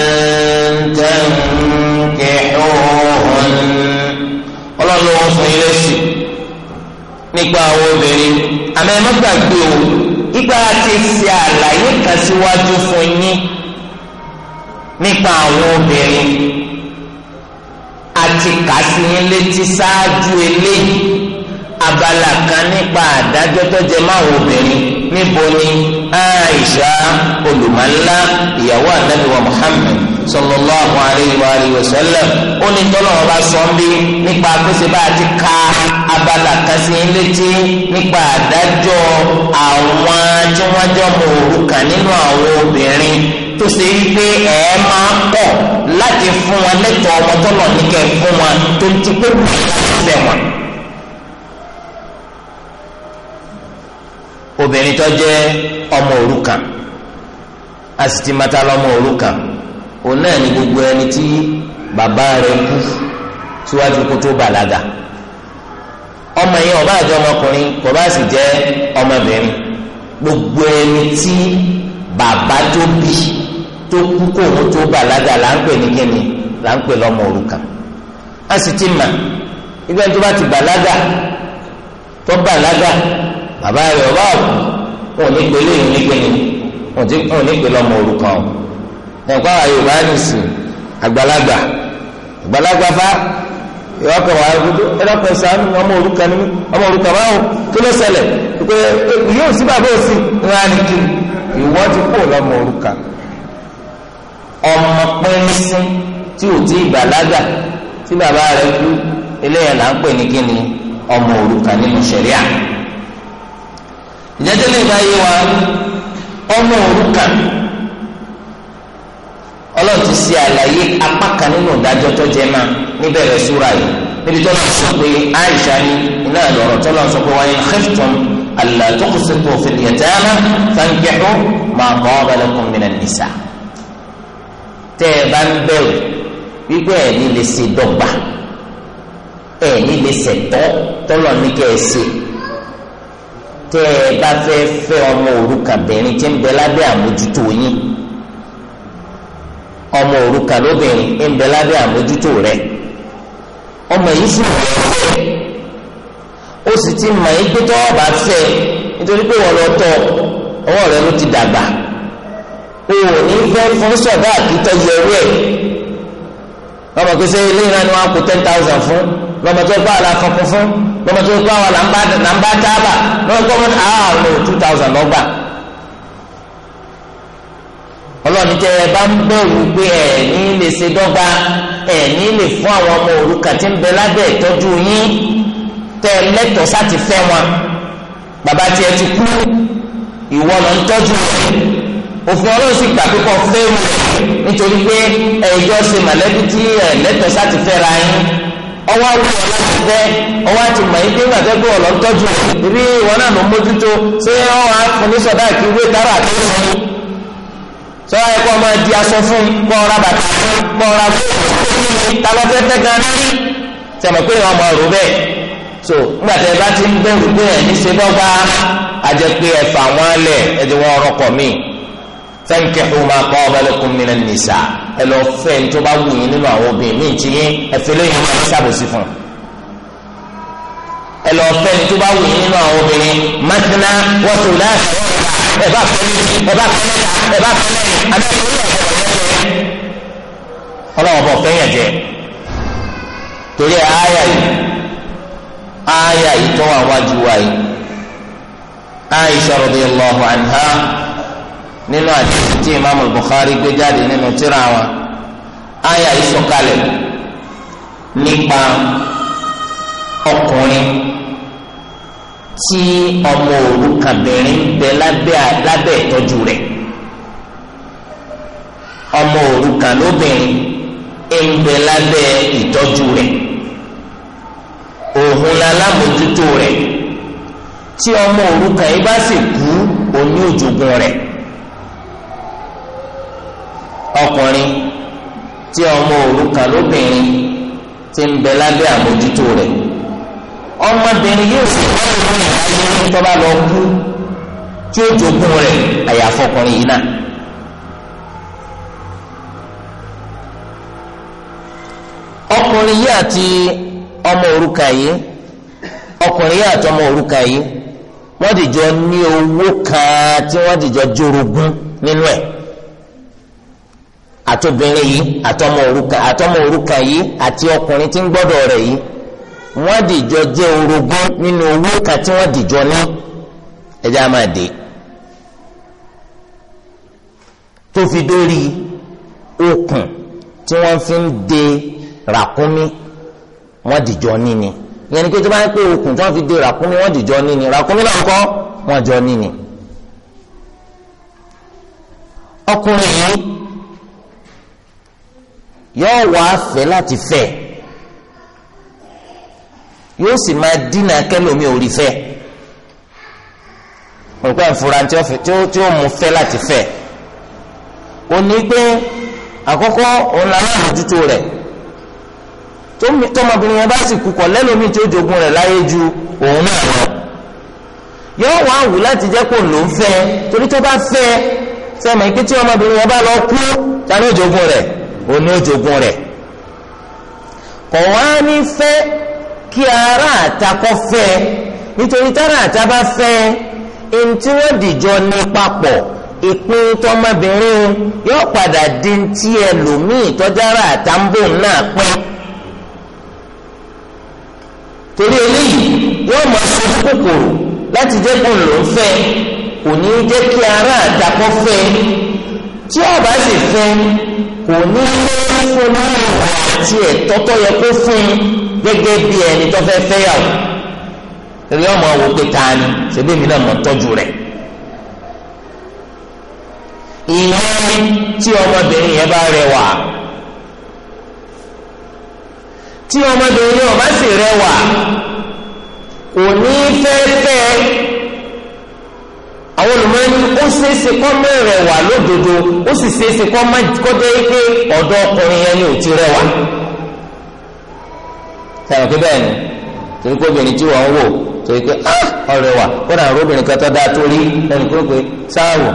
تنكحوهن ọlọ́run ló ń fún ilé sí nípa àwọn obìnrin nígbà tí ṣe àlàyé kan síwájú fún yín nípa àwọn obìnrin àti kàṣíyín létí ṣáájú eléyìí abala kan nípa àdájọ́ tó jẹ máwọn obìnrin níbo ni Aisha olùmọ̀lá ìyàwó ànábì wa Muhammad sallallahu alayhi wa alihi wa sallam ó ní tọ́lọ́wọ́ bá sọ ń bí nípa pèsè bá a ti ka abala kasi létí nípa àdájọ́ àwọn tí wọ́n jọ mọ̀ òrukàn nínú àwọn obìnrin tó ṣe é pé ẹ máa pọ̀ láti fún wọn lẹ́tọ̀ọ́ ọmọ tọ́lọ̀ ní kẹ́ fún wọn tó ti pé kò wọn. obìnrin tó jẹ́ ọmọ òrukàn a sì ti máa ta lọ́mọ òrukàn. òun náà ni gbogbo ẹni tí bàbá rẹ̀ kú síwájú kó tó bàlágà ọmọ yẹn ọba àjọ ọmọkùnrin kò bá sì jẹ́ ọmọbìnrin gbogbo ẹni tí bàbá tó bí tó kú kó òun tó bàlágà là ń pè ní kíni là ń pè a sì ti mà ìgbà tó bá ti bàlágà tó bàlágà bàbá rẹ̀ ọba ọ̀kùn ìrìn ẹ̀kọ́ àwọn yorùbá nìsín àgbàlagbà àgbàlagbà fa ìwọ́pẹ̀ wà lóko ẹ̀dọ́pẹ̀ sàánù ọmọ òrùka ni ọmọ òrùka báwo kí ló ṣẹlẹ̀ pé yóò sí bàbá òsì ńlá ni kí ìwọ́ ti kó lọ́mọ òrùka ọmọ pẹ́ńsín tí ò tí ìgbàlagbà tí bàbá rẹ̀ kú eléyà là ń ni ọmọ òrùka nínú wa ọmọ ọlọ́run ti ṣe àlàyé apá kan nínú ìdájọ́ tó jẹ máa níbẹ̀rẹ̀ súra yìí níbi tó náà sọ pé Aisha ni iná ìlọrọ tó náà sọ pé wáyé khiftum alla tuqsitu fil yatama fankihu ma qaba lakum minan nisa tẹ́ ẹ bá ń bẹ̀rù wípé ẹ̀ ní lè ṣe dọ́gba ẹ̀ ní lè ṣẹ̀tọ́ tọ́lọ̀ ní kẹ́ ẹ ṣe tẹ́ ẹ bá fẹ́ fẹ́ ọmọ òrukàn tí ń bẹ lábẹ́ àmójútó yín ọmọ òrukàn lóbìnrin ń bẹ lábẹ́ àmójútó rẹ̀ ọmọ yìí sì mọ̀ ẹ́ fẹ́ ó sì ti mọ̀ ẹ́ pé tọ́wọ́ bá fẹ́ nítorí pé wọ́n lọ tọ́ ọwọ́ rẹ̀ ló ti dàgbà o ò ní fẹ́ fún sọ̀dá àtúntọ́ yẹ owó ẹ̀ lọ́mọ pé sẹ́yìn lẹ́yìn náà ni wọ́n á kó ten thousand fún lọ́mọ tó kọ́ àlà kankan fún lọ́mọ tó kọ́ àwọn là ń bá tábà lọ́mọ tó kọ́ àwọn two thousand lọ́gbà ọlọ́run tẹ ẹ bá ń bẹ̀rù pé ẹ ní lè ṣe dọ́gba ẹ ní lè fún àwọn ọmọ òrukàn tí ń bẹ lábẹ́ ìtọ́jú yín tẹ ẹ lẹ́tọ̀ọ́ sáti fẹ́ wọn bàbá tí ẹ ti kú ìwọ lọ ń tọ́jú rẹ̀ òfin ọlọ́run sì gbà pípọ̀ fẹ́rù nítorí pé ẹ̀yọ́ ṣe mọ̀lẹ́bí tí ẹ sáti fẹ́ ra yín ọwọ́ àwọn ọ̀la ọwọ́ àti mọ̀yìn pé nígbà tó gbé ọ̀lọ́ ń tọ́jú ìwọ náà ló mójútó ṣé wọ́n á fún ní sọ̀dá ìkíwé dára àti ìsọ̀rọ̀ sọ́wọ́ yẹ kó máa di aṣọ fún kó ọ̀rá bàtà fún kó ọ̀rá fún ta ló fẹ́ fẹ́ gan náà rí sẹ́mi pé ìwọ̀n máa rò bẹ́ẹ̀ so nígbà tẹ́ ẹ bá ti ń bẹ̀rù pé ẹ̀ ní ṣe dọ́gba àjẹ́ pé ẹ fà wọ́n lẹ̀ ẹ ti wọ́n rọ́kọ̀ míì fankihu ma qaba lakum minan nisa ẹ lọ fẹ́ ní tó bá wù yín nínú àwọn obìnrin míì tí yín ẹ fi lóyún máa ń ṣàbòsí fún ẹ lọ fẹ́ ní tó bá wù yín nínú àwọn obìnrin mathna wa thulatha ẹ̀bá pẹ́ẹ́lí ẹ̀bá pẹ́ẹ́lẹ́ta ẹ̀bá pẹ́ẹ́lẹ́yìn abẹ́rẹ́ ọlọ́wọ́n bọ̀ fẹ́yàn jẹ torí àyà yìí àyà yìí tó wà wájú wa yìí Aisha radiyallahu anha nínú àdìsí tí imaamu Bukhari gbé jáde nínú tírà wọn àyà yìí sọ̀kalẹ̀ nípa ọkùnrin tí ọmọ òrukànbìnrin ń bẹ lábẹ́ ìtọ́jú rẹ̀ ọmọ òrukàn lóbìnrin ń bẹ lábẹ́ ìtọ́jú rẹ̀ òun lalámòjútó rẹ̀ tí ọmọ òrukàn yìí bá sì kú òní òjògùn rẹ̀ ọkùnrin tí ọmọ òrukàn ti ń bẹ lábẹ́ àmójútó rẹ̀. ọmọbìnrin yóò sì kọ́ ìdájọ́ ní tọ́ba lọ kú tí ó jogún rẹ̀ yìí náà. ọkùnrin yìí àti ọmọ òrùka yìí ọkùnrin yìí àti ọmọ òrùka yìí wọ́n dìjọ ní owó kan tí wọ́n dìjọ jorogún nínú ẹ̀ yìí òrùka yìí àti wọ́n dìjọ jẹ́ orogún nínú owó kan tí wọ́n dìjọ ní ẹja máa dé tó fi dórí okùn tí wọ́n fi ń de ràkúnmí wọ́n dìjọ ní ni ìyẹn ni pé tó bá ń pé okùn tí wọ́n fi de ràkúnmí wọ́n dìjọ ní ni ràkúnmí náà kọ́ wọ́n jọ ní ni ọkùnrin yìí yóò wá fẹ́ láti fẹ́ ẹ̀ yóò sì máa dínà kẹlòmí orí fẹ́ òpè ìfura tí ó mú fẹ́ láti fẹ́ ò ní pé àkọ́kọ́ òun làwọn àmójútó rẹ̀ tọmọbìnrin yẹn bá sì kúkọ lẹ́lòmí tí ó jogun rẹ̀ láyé ju òun náà lọ yóò wá wù láti jẹ́ kó ló ń fẹ́ torí tó bá fẹ́ sẹ́mi kí tí ọmọbìnrin yẹn bá lọ kú ta ní òjògùn rẹ̀ òun ní òjògùn rẹ̀ kọ̀ wá ní fẹ́ kí ara àta kọ́ fẹ́ nítorí tára àta bá fẹ́ ẹni tí wọ́n dìjọ ní papọ̀ ìpín tọmọbìnrin yóò padà di ti ẹlòmíì tọ́jára àta ń bò náà pẹ́ torí eléyìí yóò máa ṣe kòkòrò láti jẹ́ kó ló ń fẹ́ kò ní jẹ́ kí ara àta kọ́ tí ó bá sì fẹ́ kò ní fẹ́ fún un àti ẹ̀tọ́ tó yẹ kó fún un gẹ́gẹ́ bí ẹni tó fẹ́ fẹ́yàwó torí ọmọ wò pé ta ni ṣebí mi náà mọ̀ tọ́jú rẹ̀ ìyẹn tí ọmọbìnrin yẹn bá rẹwà tí ọmọbìnrin yẹn bá sì rẹwà kò ní fẹ́fẹ́ àwọn olùmọ̀ọ́ni ó ṣeéṣe kọ́ mẹ́rẹ̀wà lódodo ó sì ṣeéṣe kọ́ jẹ́ pé ọ̀dọ́ ọkùnrin yẹn ni ò ti rẹwà sẹ́wọ̀n kí bẹ́ẹ̀ ni torí pé obìnrin tí wọ́n ń wò torí pé ah, ọ̀rẹ́ wà kódà àwọn obìnrin kan tó dáa tó rí lẹ́nu kúrò pé sáàwọ̀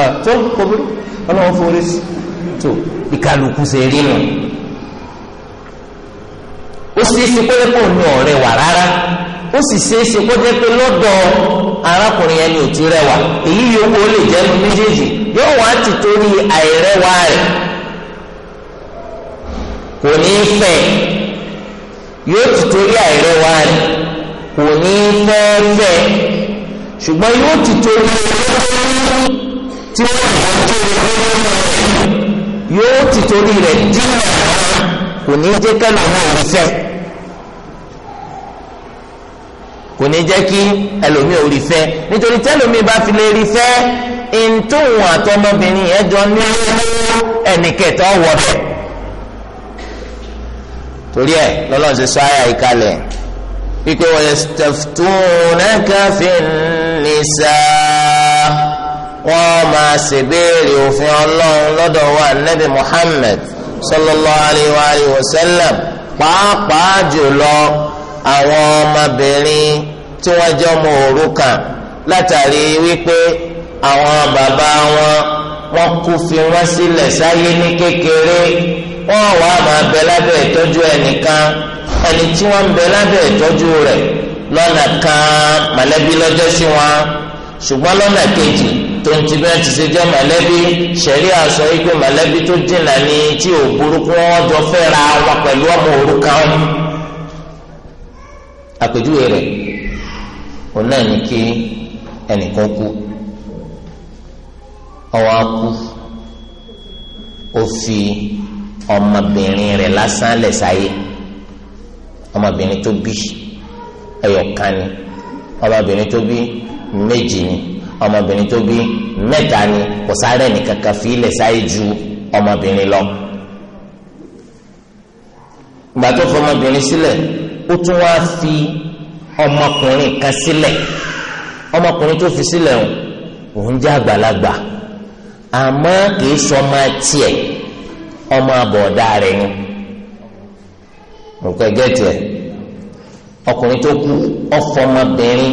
ah, tó kò burú ọlọ́run forí tó ìkàlùkù ṣe rí nù. ó sì ṣe pé kò ní ọ̀rẹ́ wà rárá ó sì ṣe é ṣe kó jẹ́ pé lọ́dọ̀ arákùnrin yẹn ni ò ti rẹwà èyí yòówó lè jẹ́ nu méjèèjì yóò wá ti torí àìrẹwà rẹ̀ kò ní í fẹ́ yóò ti torí àìrẹwà rẹ̀ kò ní fẹ́ẹ́fẹ́ ṣùgbọ́n yóò ti torí tí wọ́n yàn tó lọ́wọ́ rẹ̀ yóò ti torí rẹ̀ dínà kò ní jẹ́ kẹ́lọ́ náà rí fẹ́ kò ní jẹ́ kí ẹlòmíì ò rí fẹ́ nítorí tẹ́lòmíì bá fi lè rí fẹ́ ntòhun àtọmọbìnrin yẹn jọ ní ẹnìkẹtọ wọbẹ̀ torí ẹ lọ́lọ́run ṣe sọ àyà yìí kalẹ̀ pípé wa yastaftunaka fin nisa wọ́n máa ṣèbéèrè òfin ọlọ́run lọ́dọ̀ wa nabi Muhammad sallallahu alayhi wa sallam pàápàá jùlọ àwọn ọmọbìnrin tí wọ́n jẹ́ ọmọ òrukàn látàrí wípé àwọn bàbá wọn wọ́n kú fi wọ́n sílẹ̀ sáyé ní kékeré wọ́n wà á máa bẹ lábẹ́ ìtọ́jú ẹnìkan ẹni tí wọ́n ń bẹ lábẹ́ ìtọ́jú rẹ̀ lọ́nà kan mọ̀lẹ́bí lọ́jọ́ sí wọn ṣùgbọ́n lọ́nà kejì tó ń ti bẹ́ẹ̀ ti ṣe jẹ́ mọ̀lẹ́bí ṣẹ̀rí àṣọ ìgbé mọ̀lẹ́bí tó jìnnà ní tí ò burúkú wọn jọ fẹ́ wọn pẹ̀lú ọmọ òrukàn àpèjúwe rẹ̀ òun náà ní kí ẹnìkan kú ọwọ́ á kú ó ọmọbìnrin rẹ̀ lásán lẹsàáyé ọmọbìnrin tó bí ẹyọkan ni ọmọbìnrin tó bí méjì ni ọmọbìnrin tó bí mẹ́ta ni kò sáré nìkan kan fi lẹsàáyé ju ọmọbìnrin lọ ìgbà tó fọmọbìnrin sílẹ̀ ó tún wá fi ọmọkùnrin kan sílẹ̀ ọmọkùnrin tó fi sílẹ̀ òun jẹ́ àgbàlagbà àmọ́ kìí sọ ọmọ tiẹ̀ ọmọ àbọ̀dá rẹ̀ ni nǹkan gẹ́tì ẹ̀ ọkùnrin tó kú ọfọmọbìnrin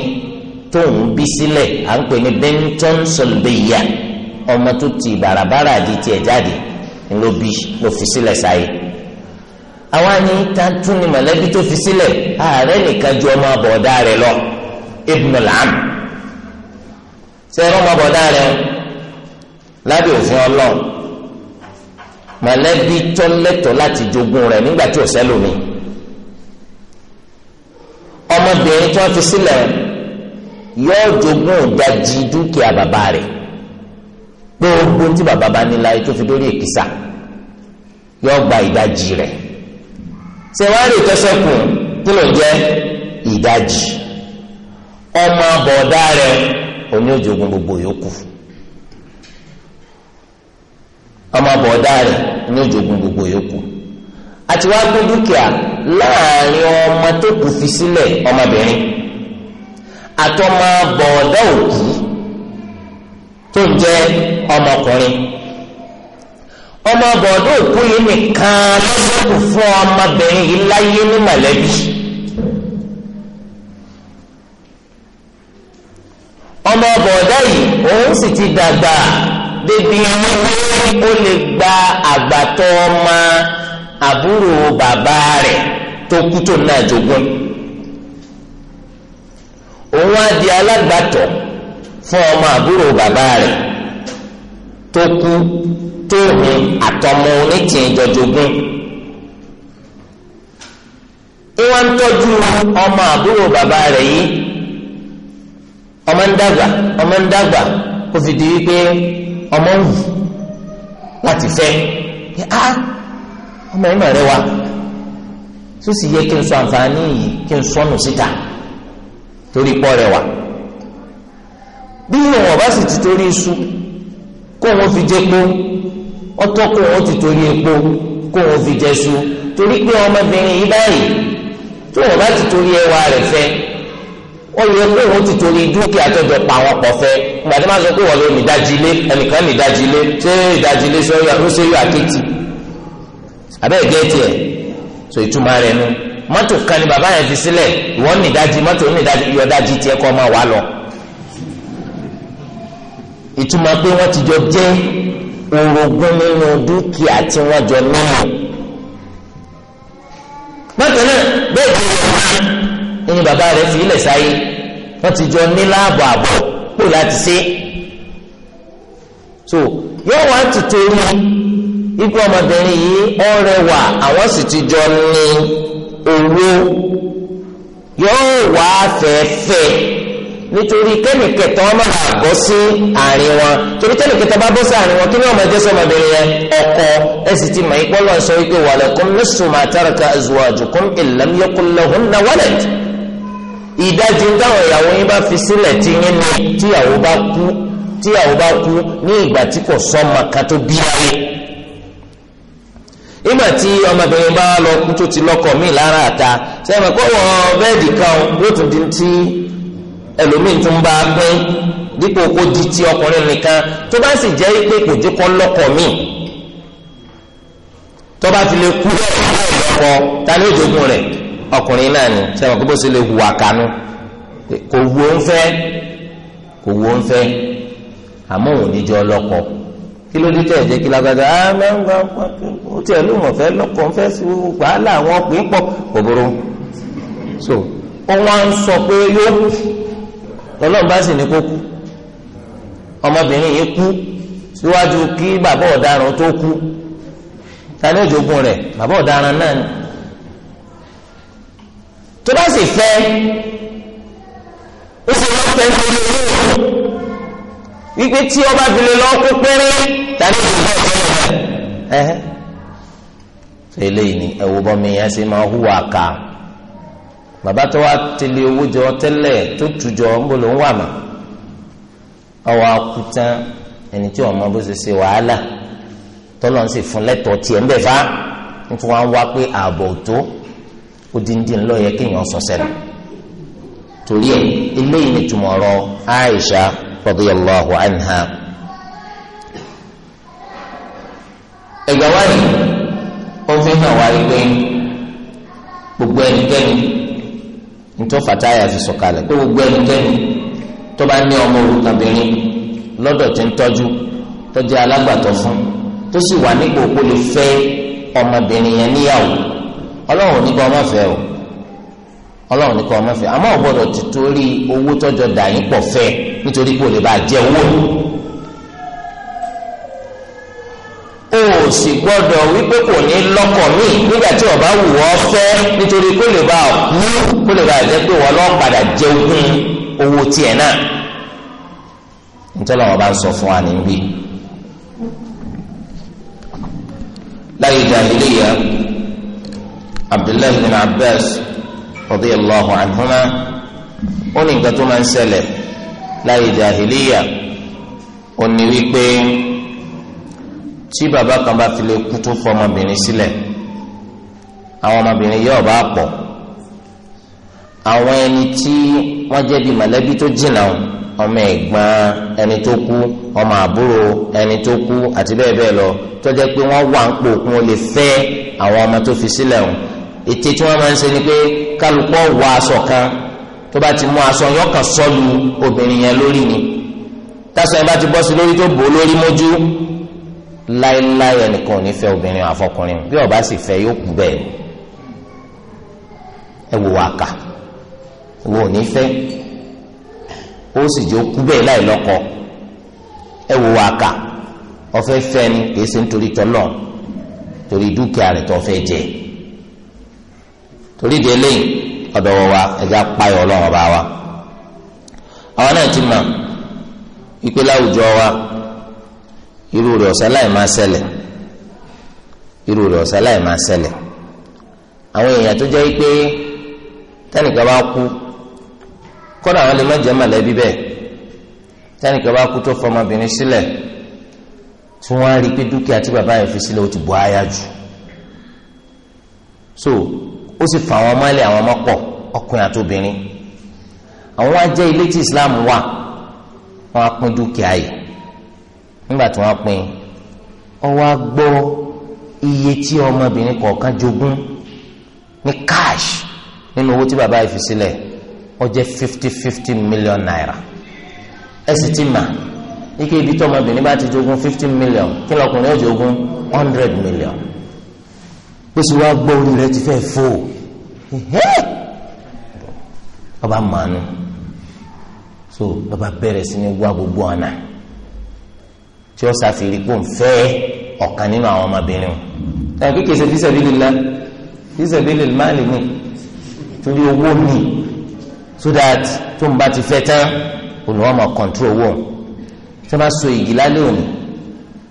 tó ń bí sílẹ̀ à ń pè ní Benton Solbeya ọmọ tó ti bàràbàrà di tiẹ̀ jáde ló bí ló fi sílẹ̀ sáyé àwa ni tàǹtún ni mọ̀lẹ́bí tó fi sílẹ̀ ààrẹ nìkan ju ọmọ àbọ̀dá rẹ̀ lọ ibùdó làánù sẹ́yìn ọmọ àbọ̀dá rẹ̀ lábẹ́ òfin ọlọ́run mọ̀lẹ́bí tó lẹ́tọ̀ọ́ láti jogún rẹ̀ nígbà tí ò sẹ́lómi ọmọbìnrin tí wọ́n fi sílẹ̀ yóò jogún ìdajì dúkìá bàbá rẹ̀ gbogbo tí bàbá bá ní láyé tó fi dórí èkìsà yóò gba ìdajì rẹ̀ ṣé wàá rí ìtọ́sẹ́kùn kí ló jẹ́ ìdajì ọmọ bọ̀dá rẹ̀ òní ó gbogbo yòókù. ọmọ bọ̀dá rẹ̀ ní ìjogún gbogbo yòókù àti gbé dúkìá láàrin ọmọ tó kù fi sílẹ̀ ọmọbìnrin àtọmọ bọ̀dá òkú tó ń jẹ́ ọmọkùnrin ọmọ bọ̀dá fún ọmọbìnrin yìí láyé ní mọ̀lẹ́bí. ọmọ bọ̀dá yìí òun sì ti débi wípé ó lè gba àgbàtọ́ ọmọ àbúrò bàbá rẹ̀ tó kú tó náà jogún òun di fún ọmọ àbúrò bàbá rẹ̀ tó kú tóhun àtọmọ onítìyẹn jogún wọ́n ń tọ́jú ọmọ àbúrò bàbá rẹ̀ yìí ọmọ ń dàgbà ọmọ ń dàgbà kó ọmọ wù láti fẹ́ ẹ á ah, ọmọ ẹ̀ máa rẹwà tó sì yẹ kí n sọ àǹfààní yìí kí n sọnù síta torí pọ́ rẹwà bí ìwọ̀n bá sì ti torí iṣu kó wọn fi jẹ pé ọtọ́ kó wọn ti torí epo kó wọn fi jẹ iṣu torí pé ọmọbìnrin yìí báyìí tó wọn bá ti torí ẹwà rẹ̀ fẹ́ ó yẹ pé òun ti torí dúkìá tó jọ pa àwọn pọ̀ fẹ́ ìgbà tí wọ́n sọ pé wọ́n lè ní ìdajì ilé ẹnìkan ní ìdajì ilé ṣé ìdajì ilé ṣe ó ṣe yọ àkéètì abẹ́ ìgẹ́ tiẹ̀ so ìtumọ̀ rẹ̀ nu mọ́tò kan ni bàbá yẹn fi sílẹ̀ ìwọ́n ní ìdajì mọ́tò ní ìdajì ìyọ̀dajì tiẹ̀ kọ́ máa wà lọ ìtumọ̀ pé wọ́n ti jọ jẹ́ orogún nínú dúkìá tí wọ́n jọ nímọ̀ bákan náà bẹ́ẹ̀ ní bàbá rẹ̀ fi ilẹ̀ sáyé wọ́n ti jọ ní láàbọ̀ àbọ̀ kó láti ṣe so yóò wá tìtorí ikú ọmọbìnrin yìí ọrẹwà àwọn sì ti jọ ní owó yóò wá fẹ́ẹ́fẹ́ nítorí kẹ́nìkẹ́tọ́ máa bọ́ sí àárín wọn torí kẹ́nìkẹ́tọ́ bá bọ́ sí àárín wọn kí ni ọmọ ẹjẹ́ sọmọbìnrin yẹn ọkọ ẹ sì ti mọ̀ ẹ́ pọ́lọ́ sọ wípé walakum nisfu ma taraka azwajukum in lam yakun lahunna walad. ìdajì táwọn ìyàwó yín bá fi sílẹ̀ tí yín ni tíyàwó bá kú tíyàwó bá kú ní ìgbà tí kò tó bí tí ọmọbìnrin bá lọ ti lọkọ mi lára àta sẹ́wọ̀n kó wọ bẹ́ẹ̀dì kan tún di ti ẹlòmíì tún bá a dípò kó di ti ọkùnrin nìkan tó bá sì jẹ́ pé kò jókòó ọkùnrin náà ni sẹ́wọ̀n kó bó ṣe lè hùwà kánú kò wù ń fẹ́ kò wù ń fẹ́ àmọ́ òun níjọ́ kí ló dé tẹ̀ jẹ́ kí lágbàdá á ah, mẹ́ńgbà ó tiẹ̀ mọ̀ fẹ́ lọ́kọ̀ ń fẹ́ sí wàhálà àwọn so ó wá ń sọ pé yóò kú ọlọ́run sì kó kú ọmọbìnrin yìí kú síwájú kí bàbá ọ̀daràn tó kú tó bá sì fẹ́ ó sì lọ fẹ́ wípé tí ọba fi lè kó péré tàbí ìgbà ìgbà ẹ̀hẹ́ tó ni ẹ̀wò bọ́mi yẹn ṣe máa hùwà ká bàbá tó wá tẹ̀lé owó jọ tẹ́lẹ̀ tó tù jọ ń bọ̀ ló ń wà mà ọwọ́ akután ẹni tí ọmọ bó ṣe ṣe wàhálà odindi ńlọ yẹ kéèyàn sọ sẹ́nu torí ẹ eléyìí ni túmọ̀ ọ̀rọ̀ Aisha radiyallahu anha. ẹ̀gbà wáyé ó fi hàn wá wípé gbogbo ẹnikẹ́ni nítorí fataya fi sọ̀kalẹ̀ pé gbogbo ẹnikẹ́ni tó bá ní ọmọ òrukàbìnrin lọ́dọ̀ tí ń tọ́jú tó alágbàtọ́ fún tó sì wà nípò kó lè fẹ́ ọmọbìnrin yẹn ọlọ́run ní kọ́ ọmọ fẹ́ o ọlọ́run ní kọ́ ọmọ fẹ́ àmọ́ ọ̀gbọ́dọ̀ ti torí owó tọ́jọ dàyín pọ̀ fẹ́ nítorí pé o lè bá jẹ owó o sì gbọ́dọ̀ wípé kò ní lọ́kọ̀ mí nígbà tí ọba wù ọ́ fẹ́ nítorí pé o lè bá mú kó lè bá jẹ́ pé wọ́n lọ́ọ́ padà jẹ ogún owó tiẹ̀ náà nítorí àwọn bá ń sọ fún wa ní wí. láyé ìjà ìlú yẹn abdullahi bin abbas radiyallahu anhuma ó ní nǹkan tó máa ń ṣẹlẹ̀ láyé jahiliya ó ní wípé tí bàbá kan bá fi lè kú tó fọmọbìnrin sílẹ̀ àwọn ọmọbìnrin yóò bá pọ̀ àwọn ẹni tí wọ́n jẹ́ bí mọ̀lẹ́bí tó jìnnà ọmọ ẹ̀gbọ́n ẹni tó kú ọmọ àbúrò ẹni tó kú àti bẹ́ẹ̀ bẹ́ẹ̀ lọ tó jẹ́ pé wọ́n wà ń pò kún ó lè fẹ́ àwọn ọmọ tó fi sílẹ̀ ọ̀hún ète tí wọ́n máa ń ṣe ni pé kálukú wọ aṣọ kan tó bá ti mú aṣọ yọ kàn sọ́lu obìnrin yẹn lórí ni tásán yẹn bá ti bọ́ sí lórí tó bò lórí mójú láéláé ẹnìkan ò ní fẹ́ obìnrin àfọkùnrin bí ó sì fẹ́ yóò kú bẹ́ẹ̀ ẹ wò wá kà wò ní fẹ́ ó sì jẹ́ kú bẹ́ẹ̀ láì lọ́kọ ẹ wò wá kà ọfẹ fẹ́ ni kì í ṣe nítorí tọlọ torí dúkìá rẹ̀ tó jẹ torí de lẹ́yìn ọ̀dọ̀ wọ̀ wa ẹ̀já payọ̀ ọlọ́run ọba wa àwọn náà ti mọ̀ ìpè láwùjọ wa irú rẹ̀ ọ̀sẹ̀ láì máa ṣẹlẹ̀ irú rẹ̀ ọ̀sẹ̀ láì máa ṣẹlẹ̀ àwọn èèyàn tó jẹ́ pé tẹ́nìkan bá kú kọ́nà àwọn lè má jẹ́ mọ̀lẹ́bí bẹ́ẹ̀ tẹ́nìkan bá kú tó fọmọbìnrin sílẹ̀ tí wọ́n á rí i pé dúkìá tí bàbá yẹn fi sílẹ̀ ó ti bọ́ àyà so ó sì fa àwọn ọmọlẹ àwọn ọmọ pọ̀ ọkùnrin àti obìnrin àwọn wá jẹ́ ilé tí islam wà wọ́n á pín dúkìá yìí nígbà tí wọ́n pin pín ọwọ́ á iye tí ọmọbìnrin kọ̀ọ̀kan jogún ní cash nínú owó tí bàbá yìí fi sílẹ̀ ó jẹ́ fifty fifty million naira ẹ sì ti mà ike ibi tí ọmọbìnrin bá ti jogún fifty million kí lọkùnrin ó jogún hundred million. ó sì wá gbọ́ orí rẹ̀ ti fẹ́ fò ọba mànú so lọba bẹ̀rẹ̀ sí ní wá gbogbo ọ̀nà tí ó ṣàfihàn pò ń fẹ́ ọ̀kan nínú àwọn ọmọbìnrin ẹ̀ kí kèsè fisabilillah fisabilil mali ni torí owó mi so that tó ń bá ti fẹ́ tán olùwọ́n mọ̀ kọ̀ǹtúrò owó tí wọ́n bá so ìgì lálẹ́ òní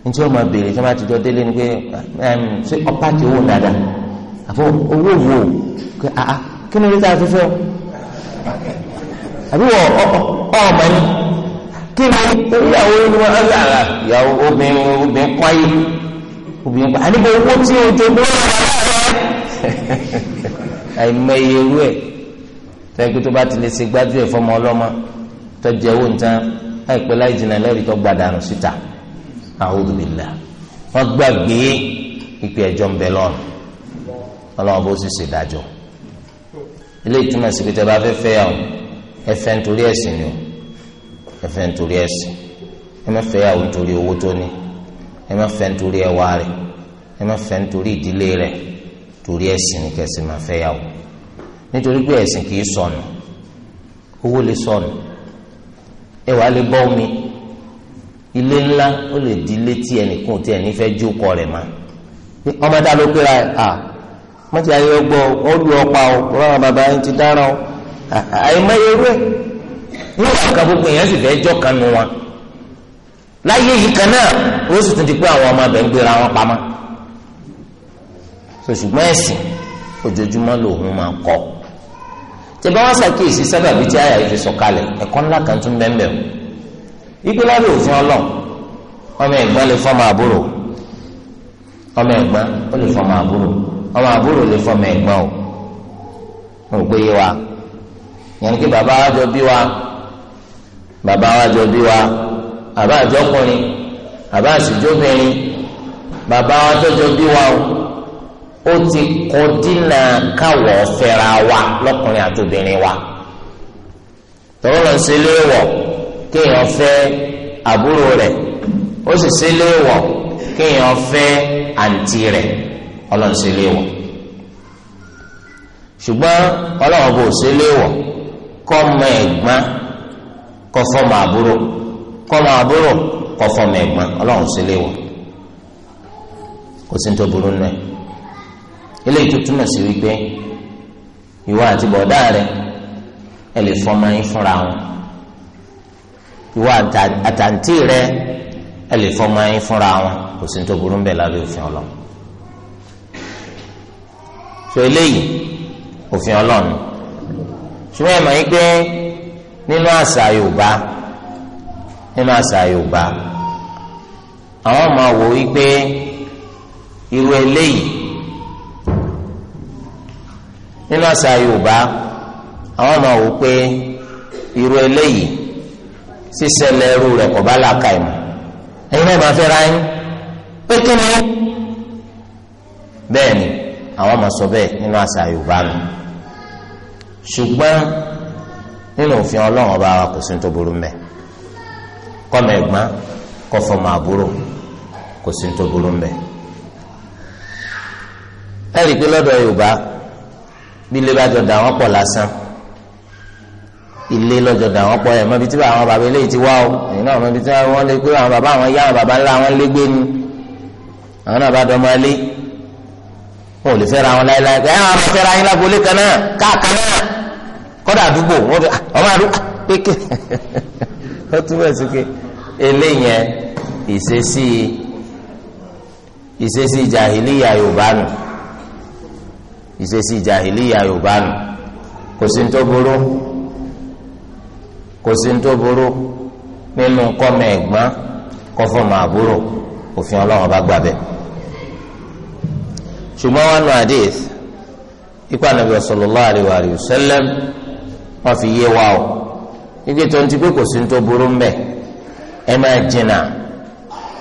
ní tí wọ́n máa béèrè tí wọ́n bá ti jọ délé ni pé ṣé ọ̀pá ti owó dáadáa àfọ owó wo pé àá ah, ah, kí ni lítà fífẹ́ àbí wọ ọmọ ni kí ni ìyàwó ni wọ́n á lára ah, ìyàwó obìnrin obìnrin kwáyé obìnrin kwáyé àníbo owó tí o jẹ <laughs> owó rẹ àìmọye ewu ẹ̀ tẹ́gbẹ́ tó bá ti lè ṣe gbájú ẹ̀ fọmọ ọlọ́mọ tọ́jú ẹ̀ wò ń tán láìpẹ́ láì jìnnà lẹ́rìí tó gbàdánù síta a'udhu billah wọ́n gbàgbé ìpè ẹjọ́ ń bẹ lọ́rùn ọlọ́wọ́n bó sì ṣèdájọ́ ilé ìtumọ̀ sí pété bá fẹ́ fẹ́ yà ó ẹfẹ́ nítorí ẹ̀sìn ni ó ẹfẹ́ nítorí ẹ̀sìn ẹ má fẹ́ yà ó nítorí owó tó ní ẹ má fẹ́ nítorí ẹwà rẹ̀ ẹ má fẹ́ nítorí ìdílé rẹ̀ torí ẹ̀sìn ni kẹsì máa fẹ́ yà ó nítorí pé ẹ̀sìn kì í sọnù owó lè sọnù ẹwà lè bọ́ omi ilé ńlá ó lè di ilé tí ẹnìkan tí ẹni fẹ́ jó kọ rẹ̀ ma ọmọ dá ló pé à mọ́tì ayé ọgbọ́ ó lu ọpa o rárá bàbá yẹn ti dára o àìmọye irú ẹ̀ irú àkàkà gbogbo èèyàn sì fẹ́ jọ́ kan nu wọn láyé yìí kan náà ó sì tún ti pé àwọn ọmọ abẹ ń gbéra wọn pamọ́ ṣùgbọ́n ẹ̀sìn ojoojúmọ́ lòun máa kọ́ tẹ̀bá wọn ṣàkíyèsí sábàbí tí àyà ìfi sọ̀kalẹ̀ ẹ̀kọ́ ńlá kan tún bẹ́ẹ̀ bẹ́ẹ̀ o ipe lábẹ́ òfin ọlọ́run ọmọ ẹ̀gbọ́n lè fọmọ àbúrò ọmọ ẹ̀gbọ́n ó lè fọmọ àbúrò ọmọ àbúrò lè fọmọ ẹ̀gbọ́n o mo gbé yé wa yẹn ni kí bàbá wa jọ bí wa bàbá wa jọ bí wa bàbá àjọkùnrin bàbá àṣìjọbìnrin bàbá wa tó jọ bí wa o ó ti kọ dínà káwọ̀ fẹ́ra wa lọ́kùnrin àtòbìnrin wa tọ́lọ́ lọ sí ilé wọ̀. kéèyàn fẹ́ àbúrò rẹ ó sì ṣe léèwọ̀ kéèyàn fẹ́ àǹtí rẹ̀ ọlọ́run ṣe léèwọ̀ ṣùgbọ́n ọlọ́run bò ṣe léèwọ̀ kọ́ ọmọ àbúrò àbúrò kò sí tó burú nù eléyìí tó túmọ̀ sí wípé ìwọ àti bọ̀dá rẹ ẹ lè fọmọ yín fúnra wọn ìwọ àtàntì rẹ ẹ lè fọmọ yín fúnra wọn kò sí tó burú bẹ́ẹ̀ lábẹ́ òfin ọlọ́run so eléyìí òfin ọlọ́run ṣùgbọ́n ẹ̀ mọ̀ yín pé nínú àṣà yorùbá nínú àṣà yorùbá àwọn máa wò wípé irú eléyìí nínú àṣà yorùbá àwọn máa wò pé irú eléyìí sísẹlẹ̀ ẹrú rẹ̀ kọ̀ bá làákà ìmọ̀ ẹ̀yin náà máa fẹ́ ra yín pé kí ni bẹ́ẹ̀ ni àwọn máa sọ bẹ́ẹ̀ nínú àṣà Yorùbá mi ṣùgbọ́n nínú òfin Ọlọ́run ọba wa kò sí ní tó burú mẹ́ kọ́mọ ẹ̀gbọ́n kọ́ fọmọ àbúrò kò sí ní tó burú mẹ́ ẹ̀rí pé lọ́dọ̀ Yorùbá bí ilé bá jọ dà wọ́n pọ̀ lásán ilé lọ́jọ́ dà wọ́n pọ̀ ẹ̀ mọ́bi tí àwọn bàbá eléyìí ti wá o èyí náà mọ́bi tí wọ́n lé pé àwọn bàbá àwọn yá àwọn bàbá ńlá wọn lé gbé ni àwọn náà bá dọ́mọ ilé wọn ò lè fẹ́ra wọn láéláé ẹ̀ àwọn máa fẹ́ra yín lágbolé kan náà káàkan náà kọ́dà àdúgbò wọ́n fi ọmọ àdúgbò pékè ó túbọ̀ sí pé eléyẹn ìṣesí ìṣesí jàhìlíyà Yorùbá nù ìṣesí jàhìlíyà Yorùbá nù kò sí ní tó burú. kò sí ní tó burú nínú kọ́mọ ẹ̀gbọ́n kọ́ fọmọ àbúrò òfin ọlọ́run bá gbà bẹ́ẹ̀. ṣùgbọ́n wọn ipa nàbí sallallahu alaihi wa sallam wọn fi yé wa o igi tó ń ti pé kò sí ní tó burú mbẹ ẹ máa jìnnà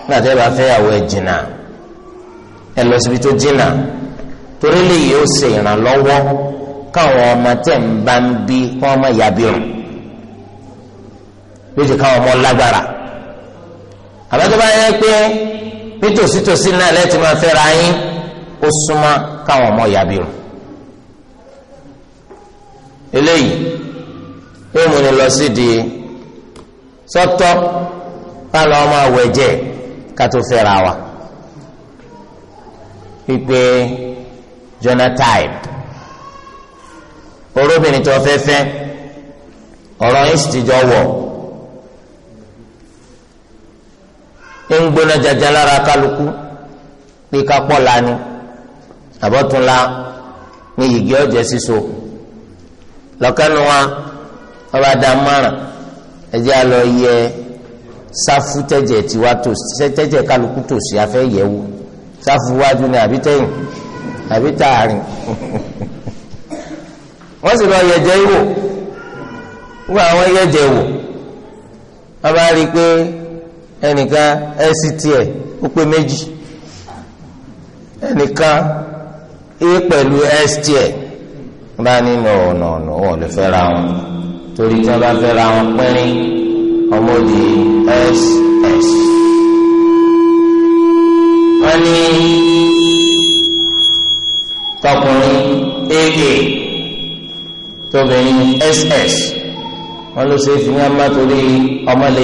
nígbà tí ẹ bá fẹ́ yàwó ẹ jìnnà ẹ lọ síbi tó jìnnà torí lè yóò ṣe ìrànlọ́wọ́ méjì káwọn ọmọ lágbára àbẹ́tọ́ bá yẹ pé nítòsítòsí náà lẹ́tì máa fẹ́ra yín ó súnmọ́ káwọn ọmọ yàbírù eléyìí yóò múni lọ sí di sọ́tọ́ káwọn ọmọ àwẹ̀jẹ̀ ká tó fẹ́ra wa pípé jonathan orobìnrin tó fẹ́ fẹ́ ọ̀rọ̀ yín sì ti jọ wọ̀. ń gbóná jaja lára kálukú pé kápọ̀ la ni àbọ̀túnla ní yìgì ọ̀jẹ̀ síso lọ́kànnù wa ọba dá márùn ẹjẹ́ àlọ́ yẹ sáfù tẹ̀jẹ̀ tiwa tó tẹ̀jẹ̀ kálukú tó sí afẹ́ yẹ̀ wò sáfù wájú ni àbí tẹ̀yìn àbí tààrin <laughs> wọ́n sì lọ yẹ̀jẹ̀ wò wọ́n àwọn yẹ̀jẹ̀ wò wọ́n bá ẹnìkan ẹsìtìẹ ó pé méjì ẹnìkan é pẹ̀lú ẹsìtìẹ bá nínú ọ̀nà ọ̀nà wọn lè fẹ́ ra wọn torí tí wọn bá fẹ́ ra wọn pẹ́rín di ss. wọ́n ní tọkùnrin tóbìnrin ss ló ṣe fi má torí ọmọ lè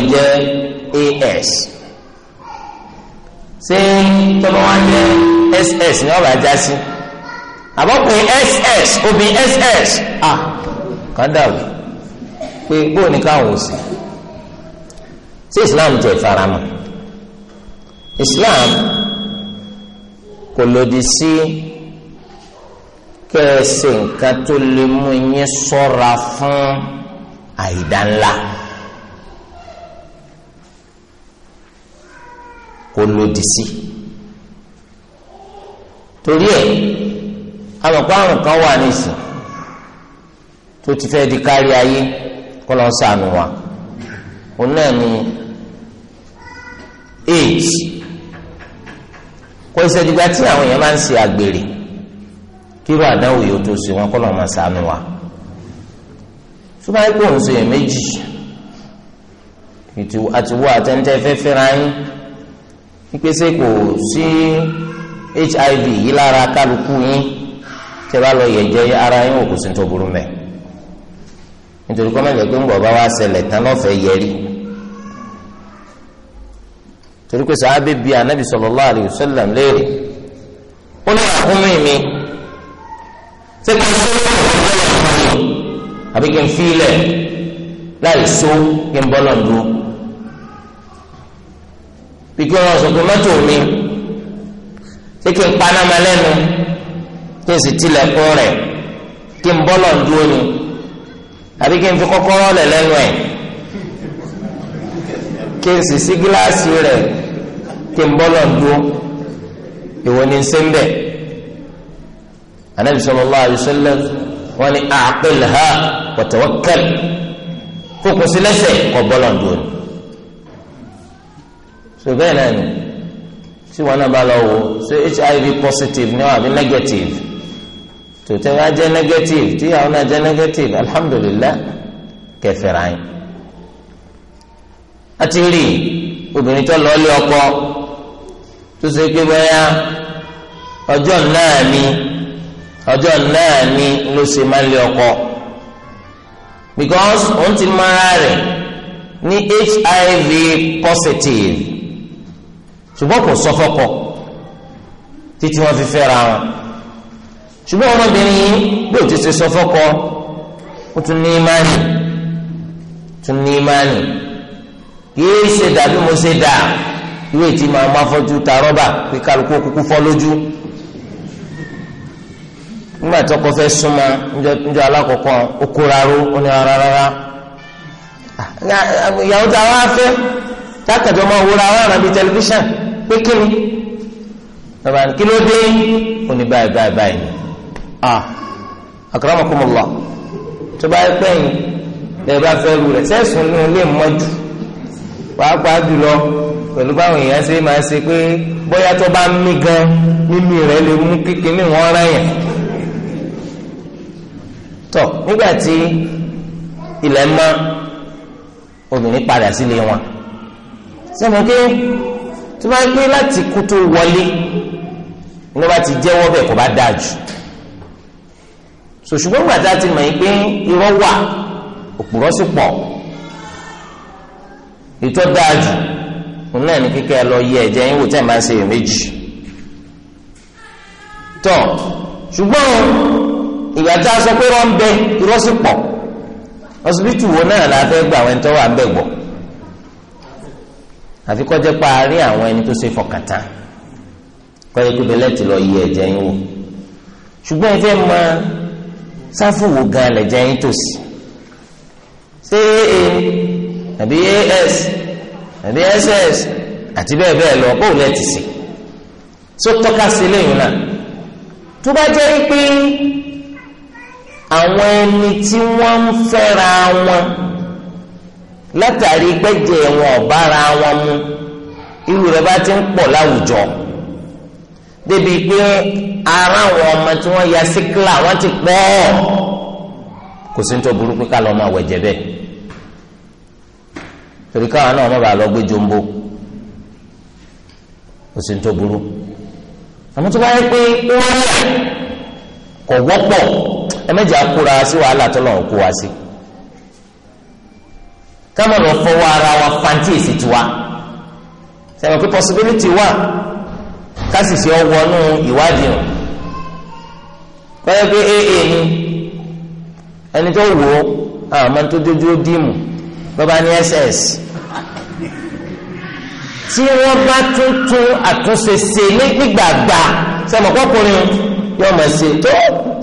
as ṣé tọ́lọ́ wá jẹ́ ss ni ọba já sí àbọ̀pin ss obìn ss ah kàn dàrú pé bóun ni káwọn ò sí sí islam tẹ faramọ́ islam kò lòdì sí kẹsì nǹkan tó lè mú yín ṣọ́ra fún àìdá ńlá. kó lòdì sí torí ẹ àmọ̀pá àrùn kan wà nísìn tó ti fẹ́ di kárí ayé kọ́ lọ́n sànù wa òun náà ni AIDS kó ṣe dìgbà tí àwọn èèyàn máa ń ṣe àgbèrè kíró àdáwò yóò tó ṣe wọn kọ́ lọ́n máa sànù wa tó bá yẹ kó òun ṣe èèyàn méjì àtiwọ́ àtẹ̀ntẹ́ fẹ́ fẹ́ra yín ìpèsè kò sí hiv yìí lára kálukú yín tẹ́ bá lọ yẹ̀jẹ̀ ara yín ò kò sí tó burú mẹ́ nítorí kọ́ mẹ́jọ pé ń bọ̀ bá wá ṣẹlẹ̀ tán lọ́fẹ̀ẹ́ yẹrí torí pé sàábẹ́ bíi anabi sallallahu alayhi wa sallam léèrè ó ní àkúnmí mi ṣé kí n sọ lọ́wọ́ àbí kí n fi ilẹ̀ láì só kí n bọ́ lọ́ndún bí kí wọ́n sọ pé mọ́tò mi ṣé kí n panama lẹ́nu kí n sì tilẹ̀kùn rẹ̀ kí n bọ́ lọ́n dúró ni àbí kí n fi kọ́kọ́rọ́ lẹ̀ lẹ́nu ẹ̀ kí n sì sí gíláàsì rẹ̀ kí n bọ́ lọ́n dúró ìwọ ni n ṣe ń bẹ̀ anabi sallallahu alaihi wasallam wọn ni a'qilha wa tawakkal kókò sí lẹ́sẹ̀ kọ́ bọ́ lọ́n dúró ni ṣùgbọ́n náà ni tí wọn náà bá lọ wò ṣé hiv positive ni wọn àbí negative tòtẹ́ wọn á jẹ́ negative tíyàwó náà jẹ́ negative alhamdulillah kẹfẹ́ra yín. a ti rí obìnrin tó lọ́ọ́ lé ọkọ tó ṣe pé bóyá ọjọ́ náà ni ọjọ́ náà ni ló ṣe máa lé ọkọ because òun ti mara rẹ̀ ní hiv positive. ṣùgbọ́n kò sọ fọ́kọ títí wọ́n fi fẹ́ra wọn ṣùgbọ́n ọmọbìnrin yìí bí ó ti ṣe sọ fọ́kọ ó tún ní ìmánì tún ní ṣe dàbí mo ṣe dà ìwé tí màá má fọ́jú ta rọ́bà pé kálukú kúkú fọ́ lójú nígbà tí ọkọ fẹ́ súnmọ́ níjọ alákọ̀ọ́kọ́ okóraró ó ní ara ah, ìyàwó tí a wá fẹ́ máa wúra wá rà bí tẹlifíṣàn. pékéré bàbá kí ló dé òní báyìí báyìí báyìí ni a akramakumullah tó bá yẹ pẹ́yìn lè bá fẹ́ ru rẹ̀ sẹ́sùn ní ilé mọ́jú pàápàá jùlọ pẹ̀lú báwọn èèyàn ṣe máa ṣe pé bóyá tó bá ń mí gan mímí rẹ̀ lè mú kékeré wọn rẹ̀yìn tọ nígbà tí ilẹ̀ mọ́ obìnrin padà sílé wọn sẹ́mi pé tí wọ́n á pé láti kú tó wọlé ní wọ́n ti jẹ́wọ́ bẹ́ẹ̀ kó bá dáa jù sòṣùgbọ́n gbàtà ti mọ̀ yín pé irọ́ wà òpùrọ́ sì pọ̀ ìtọ́ dáa jù òun náà ní kíkẹ́ lọ yẹ ẹ̀jẹ̀ yín wò tẹ́ ẹ̀ máa ń ṣe èméjì tọ́ ṣùgbọ́n ìgbà tá a sọ pé irọ́ ń bẹ irọ́ sì pọ̀ ọsibítù wo náà la fẹ́ gbà àwọn ẹni tó wà ń bẹ̀ gbọ́ àfi kọjá pa àárín àwọn ẹni tó ṣe fọkàtà kọjá pé bẹ́lẹ̀ ti lọ yí ẹ̀jẹ̀ yín wò ṣùgbọ́n ẹ fẹ́ mọ sáfùwò gan lẹ̀jẹ̀ yín tòsí ṣé àbí as àbí ss àti bẹ́ẹ̀ bẹ́ẹ̀ lọ bóun lẹ́ ti sè tó tọ́ka sí lẹ́yìn náà tó bá jẹ́ pé àwọn ẹni tí wọ́n ń fẹ́ra wọn látàrí gbẹ́jẹ̀ wọn ọ̀bára wọn mu irú rẹ̀ bá ti ń pọ̀ láwùjọ débi pé ara àwọn ọmọ tí wọ́n ya síkìlà wọ́n ti pọ̀ kò sí ní tó burú pé ká lọ́ọ́ máa wẹ̀jẹ̀ bẹ́ẹ̀ torí káwọn náà má bàa lọ gbé jombo kò sí ní burú àmọ́ tó bá yẹ pé ó wọ́pọ̀ kò wọ́pọ̀ ẹ méjì á kóra sí wàhálà tó lọ́ọ́ kó wa sí. Si káwọn lọ fọwọ́ ara wa fanti èsì tiwa sẹ́wọ̀n pé possibility wà kásìsì ọwọ́nú ìwádìí o kọ́yọ́ pé aa ni ẹni tó wò ó àwọn ọmọ tó dójú ó dìímù bàbá ní ss tí wọ́n bá tuntun àtúnṣe ṣe nígbàgbà sẹ́wọ̀n kọ́kùnrin yóò mọ̀ ṣe tó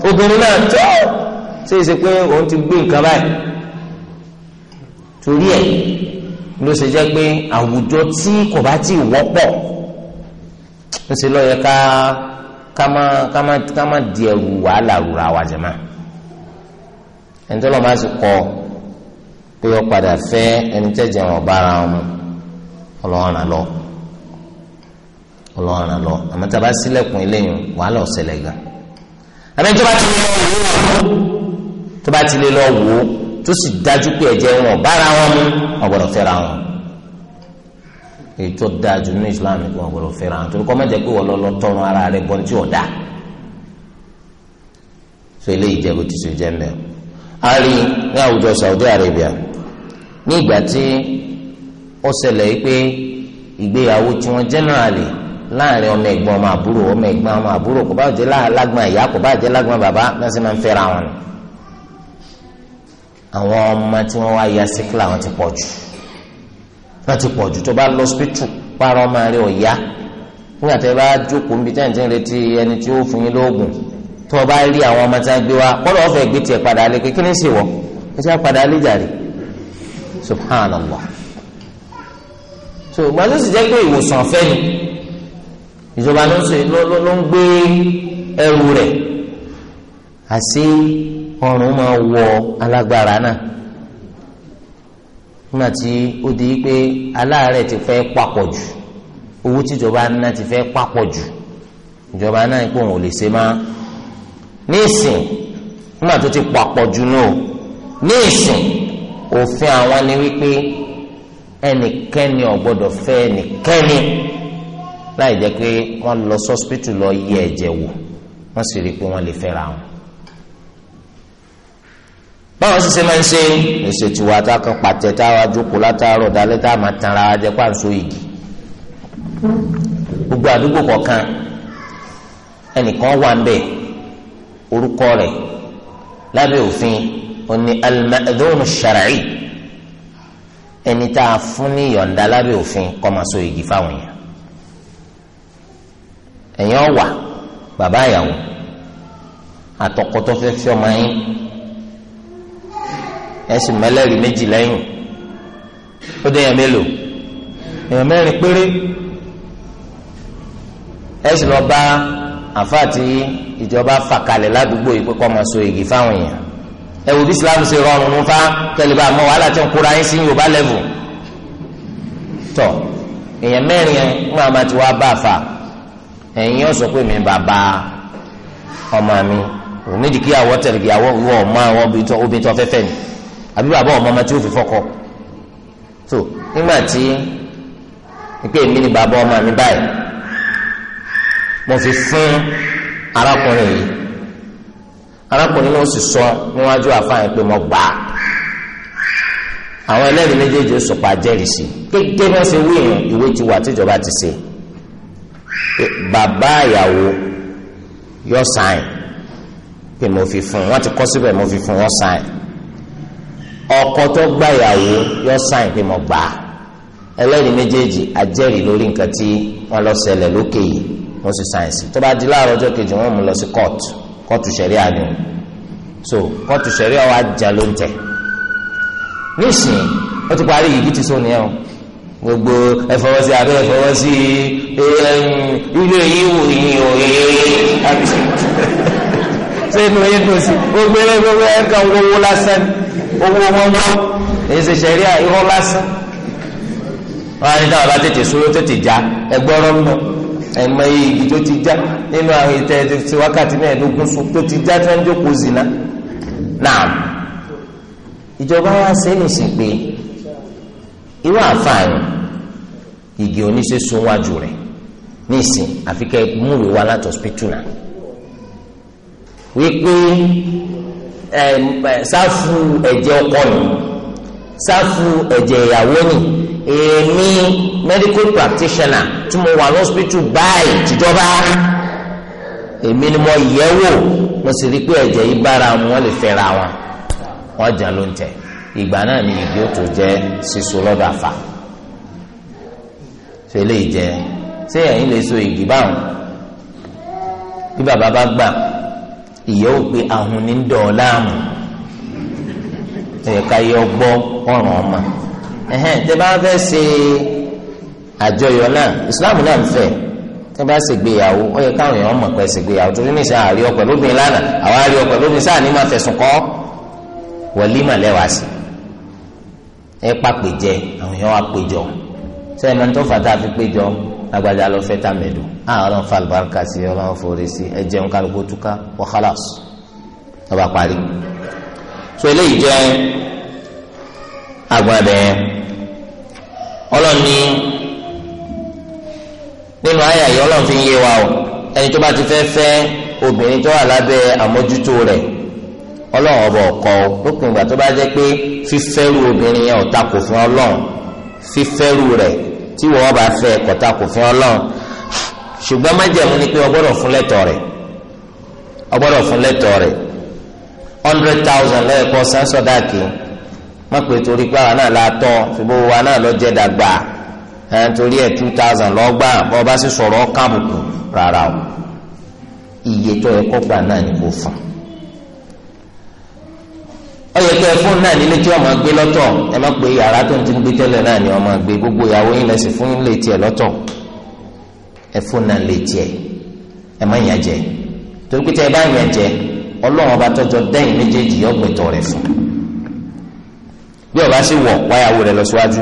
obìnrin náà tó ṣe é ṣe pé òun ti gbé nǹkan báyìí torí ẹ̀ ló ṣe jẹ́ pé àwùjọ tí kò bá tí ì wọ́pọ̀ ń ṣe lọ́yẹ ká ká má ká má ká má di ẹrù wàhálà rúra wa jẹ̀ máa ẹni tó lọ́ọ́ máa sì kọ́ pé ó padà fẹ́ ẹni tẹ́jẹ̀ wọn bára wọn ọlọ́run àlọ́ ọlọ́run àlọ́ àmọ́ tá a bá sílẹ̀kùn eléyìí wàhálà ọ̀sẹ̀lẹ̀ gan àmì tó bá ti lè lọ wò ó tó bá ti lè lọ wò ó tó sì dájú pé ẹ̀jẹ̀ wọn bára wọn mú wọn fẹ́ra wọn èyí tó dájú ní islam kí wọn gbọ́dọ̀ fẹ́ra wọn torí kọ́ mẹ́jẹ pé wọ́n lọ lọ tọrun ara rẹ bọ́n tí ò so eléyìí jẹ́ bó ti so jẹ́ mbẹ́ a rí ní àwùjọ Saudi Arabia ní ìgbà tí ó ṣẹlẹ̀ yìí pé ìgbéyàwó tí wọ́n generally láàrin ọmọ ẹ̀gbọ́n ọmọ àbúrò ọmọ ẹ̀gbọ́n ọmọ àbúrò kò bá jẹ́ lágbọ́n ìyá kò bá jẹ́ lágbọ́n bàbá náà sì máa ń fẹ́ra wọn ni àwọn ọmọ tí wọ́n wá ya síkìlà wọn ti pọ̀ jù wọ́n ti pọ̀ jù tó bá lọ sípítù pààrọ̀ ọmọ rẹ̀ ọ̀yá nígbà tí wọ́n bá jókòó níbi tẹ́ǹtì ń retí ẹni tí ó fún yín lóògùn tó o bá rí àwọn ọmọ tí wọ́n gbé wá kọ́dọ̀ ọ̀fẹ́ gbé tiẹ̀ padà lé kékeré ní ìsìwọ̀ ẹ ti wá padà lé jàre subhanallah so gbàdúrà sì jẹ́ pé ìwòsàn ọ̀fẹ́ ni ìjọba ló ń gbé ẹrù rẹ̀ àti ọrùn máa wọ alágbára náà nígbà tí ó di pé aláàárẹ̀ ti fẹ́ papọ̀ jù owó tíjọba náà ti fẹ́ papọ̀ jù ìjọba náà kò wọ́n lè ṣe má ní ìsìn nígbà tó ti papọ̀ jù náà ní ìsìn òfin àwọn ni wípé ẹnikẹ́ni ò fẹ́ ẹnikẹ́ni láì jẹ́ pé wọ́n lọ sọ́spítù lọ yẹ ẹ̀jẹ̀ wò wọ́n sì rí i pé wọ́n lè fẹ́ra wọn báwọn ṣiṣẹ́ máa ń ṣe èsè tiwa tá a kan pàtẹ tá a wá jókòó látàárọ̀ dalẹ́ tá a máa tan ara jẹ pàǹso igi gbogbo àdúgbò kọ̀ọ̀kan ẹnìkan wà ń bẹ̀ orúkọ rẹ̀ lábẹ́ òfin òní al-ma'dhun ash-shar'i ẹni tá a fún ní yọ̀ǹda lábẹ́ òfin kó máa so igi fáwọn èèyàn ẹ̀yàn wà bàbá àyàwó àtọkọ tó ọmọ yín ẹ̀sìn mẹ́lẹ́rì méjì lẹ́yìn ó dé èèyàn mélòó èèyàn mẹ́rin péré ẹ̀sìn lọ bá àfáà tí ìjọba fà kalẹ̀ ládùúgbò yìí pé kọ́ máa so igi fáwọn èèyàn ẹ wò bí Islam ṣe rọrùn ń fa kẹlẹ́bà mọ́ wàhálà tí ń kóra yín sí Yorùbá lẹ́vù tọ̀ èèyàn mẹ́rin yẹn ń máa ma ti wá bá àfà ẹ̀yin ọ̀sọ̀ pé mi bàbá ọmọ mi òun nídìí kí tẹ̀lé kí wọ̀ ọmọ àwọn obìnrin tó fẹ́fẹ́ ni àbí bàbá ọmọ ọmọ tí ó fi fọkọ tó nígbà tí pé èmi ni bàbá ọmọ mi báyìí mo fi fún arákùnrin yìí arákùnrin náà sì sọ níwájú àfáàyàn pé mo gbà á àwọn ẹlẹ́rìí méjèèjì sọ̀pọ̀ àjẹrìsì gẹ́gẹ́ bí wọ́n ṣe wí ìrìn ìwé ti wà tíjọba ti ṣe bàbá ìyàwó yọ sáìn pé mo fi fún wọn ti kọ́ síbẹ̀ mo fi fún wọn sáìn ọkọ tó gbàyàwó yọ sáìn pé mo gbà á ẹlẹ́rìí méjèèjì ajẹ́rìí lórí nǹkan tí wọ́n lọ ṣẹlẹ̀ lókè yìí wọ́n sì sáìn sí tó bá di láàárọ̀ ọjọ́ kejì wọ́n mú lọ sí kóòtù kóòtù ṣẹ̀rí àná so kóòtù ṣẹ̀rí ọ̀ ajá ló ń tẹ̀ nísìnyí ó ti parí yìí kí ti sóni ẹ̀ o gbogbo ẹfọwọsí abẹ ẹfọwọsí ilé yìí wò yìí o ṣé inú yín dùn sí gbogbo ẹ gbogbo ẹ kàn wọwọ lásán owó wọ́nwọ́n èyí ṣe ṣẹ̀rí à irọ́ lásán wọ́n á ní táwọn bá tètè sóró tètè já ẹgbọ́rọ́ mọ́ ẹ̀mọ igi tó ti já nínú àwọn ètò ẹ̀ ti wákàtí mẹ́ẹ̀ẹ́dógún fún tó ti já tí ń jókòó zìnà náà ìjọba wa ṣe é pé igi oníṣe sunwájú rẹ̀ nísìn àfi kẹ́ wa láti sáfù ẹ̀jẹ̀ ọkọ ni sáfù ẹ̀jẹ̀ ìyàwó ni èmi medical practitioner tí mo wà lọ́sibítù báyìí tìjọba èmi ni mo yẹ̀ wò mo sì rí pé ẹ̀jẹ̀ yìí bára wọn lè fẹ́ra wọn wọn jà ló ń tẹ ìgbà náà ni ìgbé tó jẹ sísun lọ́dọ̀ àfà fẹlẹ́ ìjẹ ṣé ẹ̀yin lè so igi bí bàbá bá gbà ìyá ò pé ahun ní dọ̀ọ́lá àmù ẹ̀ka yọ gbọ́ ọ̀ràn ọmọ ẹ̀hẹ́n tẹ bá fẹ́ ṣe àjọyọ̀ náà Islam náà ń fẹ́ tẹ bá ṣègbéyàwó ó yẹ káwọn èèyàn mọ̀ pé ṣègbéyàwó torí ní ìṣe àárí ọ̀pẹ̀ lóbìnrin lánàá àwọn àárí ọ̀pẹ̀ lóbìnrin sáà ní máa fẹ̀sùn kọ́ wọlímà lẹ́wàá sí ẹ pàpè jẹ àwọn èèyàn wá péjọ sẹ́yìn mẹ́tọ́ fàtà fi péjọ lágbájá lọ fẹ́ tàmẹ̀dù àwọn ah, ọlọ́run fa àlùbáríkà sí ọlọ́run forí sí ẹ jẹun kálukú túká wa khalas ọba parí. so eléyìí jẹ́ agbọ̀nabẹ̀ yẹn ọlọ́run ní nínú àyà yìí ọlọ́run fi ń yé wa o ẹni tó bá ti fẹ́ fẹ́ obìnrin tó wà lábẹ́ àmójútó rẹ̀ ọlọ́run ọba ọ̀kọ́ o lópin ìgbà tó bá jẹ́ pé fífẹ́rù obìnrin yẹn ò takò fún ọlọ́run fífẹ́rù rẹ̀ tí wọ́n bá fẹ́ kọ̀tà kò fún ọlọ́run ṣùgbọ́n májẹ̀mú ni pé ọgbọ́dọ̀ fún lẹ́tọ̀ rẹ̀ o fún lẹ́tọ̀ rẹ̀ hundred thousand lẹ́ẹ̀kọ́ sánsọ̀dáàkì torí pé àwa náà la tọ́ ṣùgbọ́n wa náà lọ jẹ́ dàgbà ẹ̀ torí ẹ̀ ọyọ kẹ fún náà nílé tí wọn máa gbé lọ́tọ̀ ẹ má pé yàrá tó ń ti gbé tẹ́lẹ̀ náà ni wọn máa gbé gbogbo ìyàwó yín lẹsìn fún ilé tiẹ̀ lọ́tọ̀ ẹ fún náà lé tiẹ̀ ẹ má yàn jẹ torí pé tẹ ẹ bá yàn jẹ Ọlọ́run ọba tọjọ dẹyìn méjèèjì ọgbẹtọ rẹ fún bí ọba sì wọ wáyàwó rẹ lọ síwájú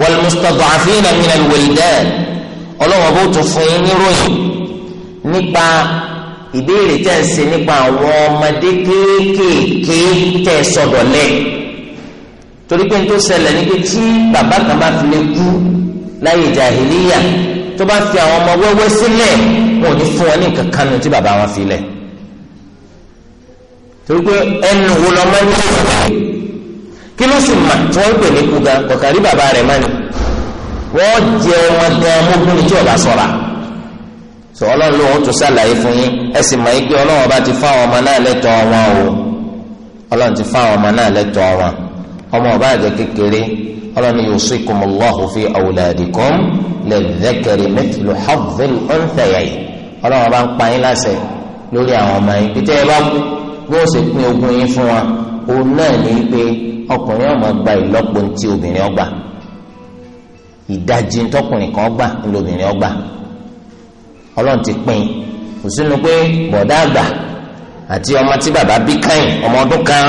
wal mustad'afina minal wildan Ọlọ́run ọba ó tún fún yín níròyìn nípa ìbéèrè tẹ́ ń ṣe nípa àwọn ọmọdé kéékèèké tẹ́ ẹ sọ̀dọ̀ lẹ̀ torí pé n tó ṣẹlẹ̀ ní pé tí bàbá kan bá fi lè kú láyé jàhìlíyà tó bá fi àwọn ọmọ wẹ́wẹ́ sílẹ̀ wọn ò ní fún wọn ní nǹkan kan tí bàbá wọn fi lẹ̀ torí pé ẹnu wo lọ máa ń yí ìgbà kí ló sì mà tí wọ́n pè ní kú gan kọ̀ọ̀kan rí bàbá rẹ̀ mọ́ni wọ́n jẹ ọmọ gan mọ́gbóni tí ọba sọ̀ra. sọ ọlọ́run lòun tún ṣàlàyé fún yín ẹ sì mọ̀ pé ọlọ́run ọba ti fáwọn ọmọ náà lẹ́tọ̀ọ́ wọn o ti fáwọn ọmọ náà lẹ́tọ̀ọ́ wọn ọmọ ọba àjẹ kékeré ọlọ́run yusikumullahu fi awladikum lidhakari mithlu hadhil unthayayn ọba ń pa yín lórí àwọn ọmọ yín pété ẹ bá kú bí sì pín yín fún wa òun náà ní pé ọkùnrin ọmọ gba ti ọlọ́run ti pín kò sínú pé bọ̀dá àgbà àti ọmọ tí bàbá bí káyìn ọmọ ọdún kan